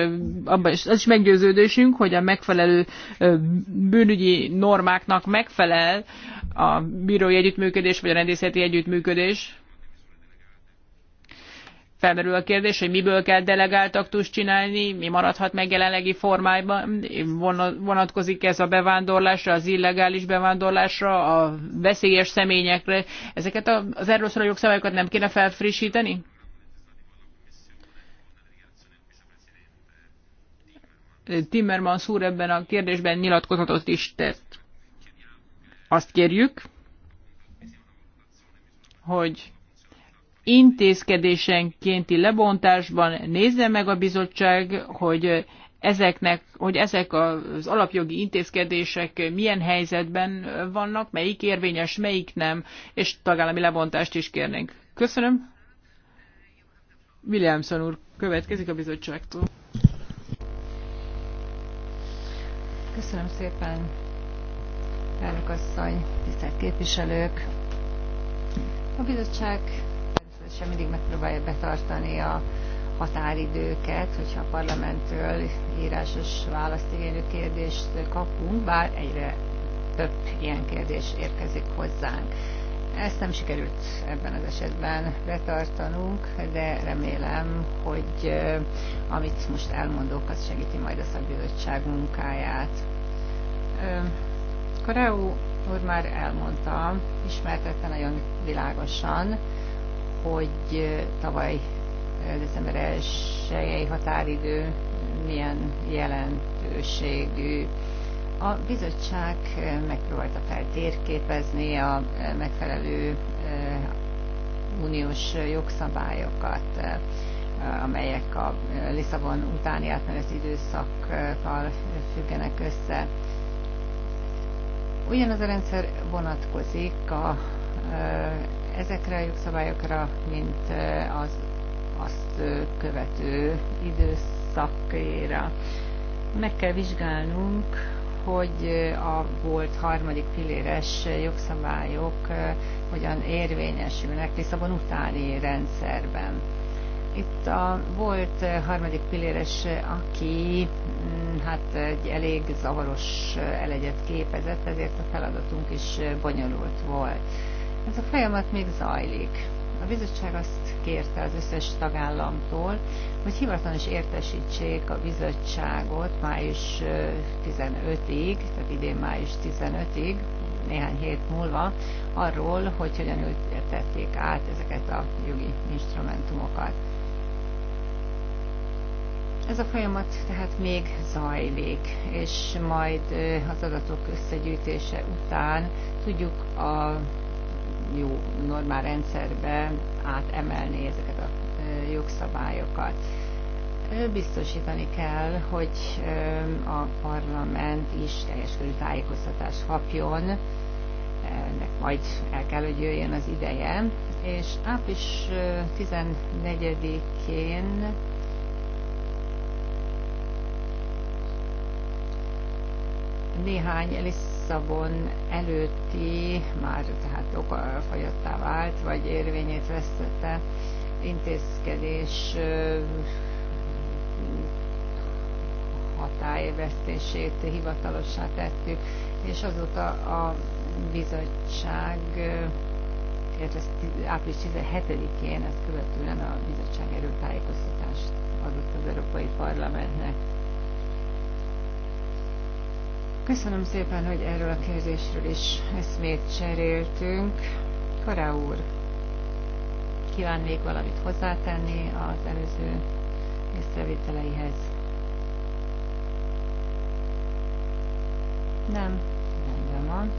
C: abban is, az is meggyőződésünk, hogy a megfelelő bűnügyi normáknak megfelel a bírói együttműködés, vagy a rendészeti együttműködés. Felmerül a kérdés, hogy miből kell delegált aktust csinálni, mi maradhat meg jelenlegi formájban, vonatkozik ez a bevándorlásra, az illegális bevándorlásra, a veszélyes személyekre. Ezeket az erről szóló jogszabályokat nem kéne felfrissíteni? Timmermans úr ebben a kérdésben nyilatkozatot is tett. Azt kérjük, hogy intézkedésenkénti lebontásban nézze meg a bizottság, hogy ezeknek, hogy ezek az alapjogi intézkedések milyen helyzetben vannak, melyik érvényes, melyik nem, és tagállami lebontást is kérnénk. Köszönöm. Williamson úr következik a bizottságtól.
A: Köszönöm szépen, elnök tisztelt képviselők. A bizottság természetesen mindig megpróbálja betartani a határidőket, hogyha a parlamenttől írásos választigénylő kérdést kapunk, bár egyre több ilyen kérdés érkezik hozzánk. Ezt nem sikerült ebben az esetben betartanunk, de remélem, hogy amit most elmondok, az segíti majd a szakbizottság munkáját. Koreó úr már elmondta, ismertette nagyon világosan, hogy tavaly december 1 határidő milyen jelentőségű a bizottság eh, megpróbálta feltérképezni a eh, megfelelő eh, uniós jogszabályokat, amelyek a Lisszabon utáni átmenet időszakkal függenek össze. Ugyanaz a rendszer vonatkozik a, ezekre a jogszabályokra, mint az azt követő időszakra. Meg kell vizsgálnunk, hogy eh, a volt harmadik pilléres eh, jogszabályok eh, hogyan érvényesülnek Lisszabon utáni rendszerben. Itt a volt harmadik pilléres, aki mm, hát egy elég zavaros elegyet képezett, ezért a feladatunk is bonyolult volt. Ez a folyamat még zajlik. A bizottság azt kérte az összes tagállamtól, hogy is értesítsék a bizottságot május 15-ig, tehát idén május 15-ig, néhány hét múlva, arról, hogy hogyan ültették át ezeket a jogi instrumentumokat. Ez a folyamat tehát még zajlik, és majd az adatok összegyűjtése után tudjuk a jó normál rendszerbe átemelni ezeket a jogszabályokat. Biztosítani kell, hogy a parlament is teljes körű tájékoztatást kapjon, ennek majd el kell, hogy jöjjön az ideje, és április 14-én néhány elis Lisszabon előtti, már tehát okafagyottá vált, vagy érvényét vesztette intézkedés hatályvesztését hivatalossá tettük, és azóta a bizottság, április 17-én ezt követően a bizottság erőtájékoztatást adott az Európai Parlamentnek. Köszönöm szépen, hogy erről a kérdésről is eszmét cseréltünk. Kara úr, kíván még valamit hozzátenni az előző észrevételeihez? Nem, rendben van.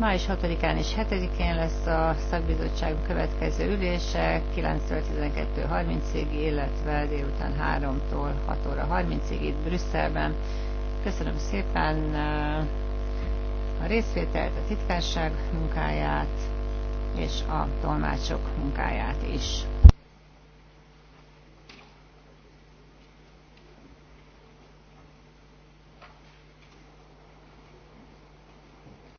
A: Május 6-án és 7-én lesz a szakbizottság következő ülése 9 12.30-ig, illetve délután 3-tól 6 óra 30-ig itt Brüsszelben. Köszönöm szépen eh, a részvételt, a titkárság munkáját és a tolmácsok munkáját is.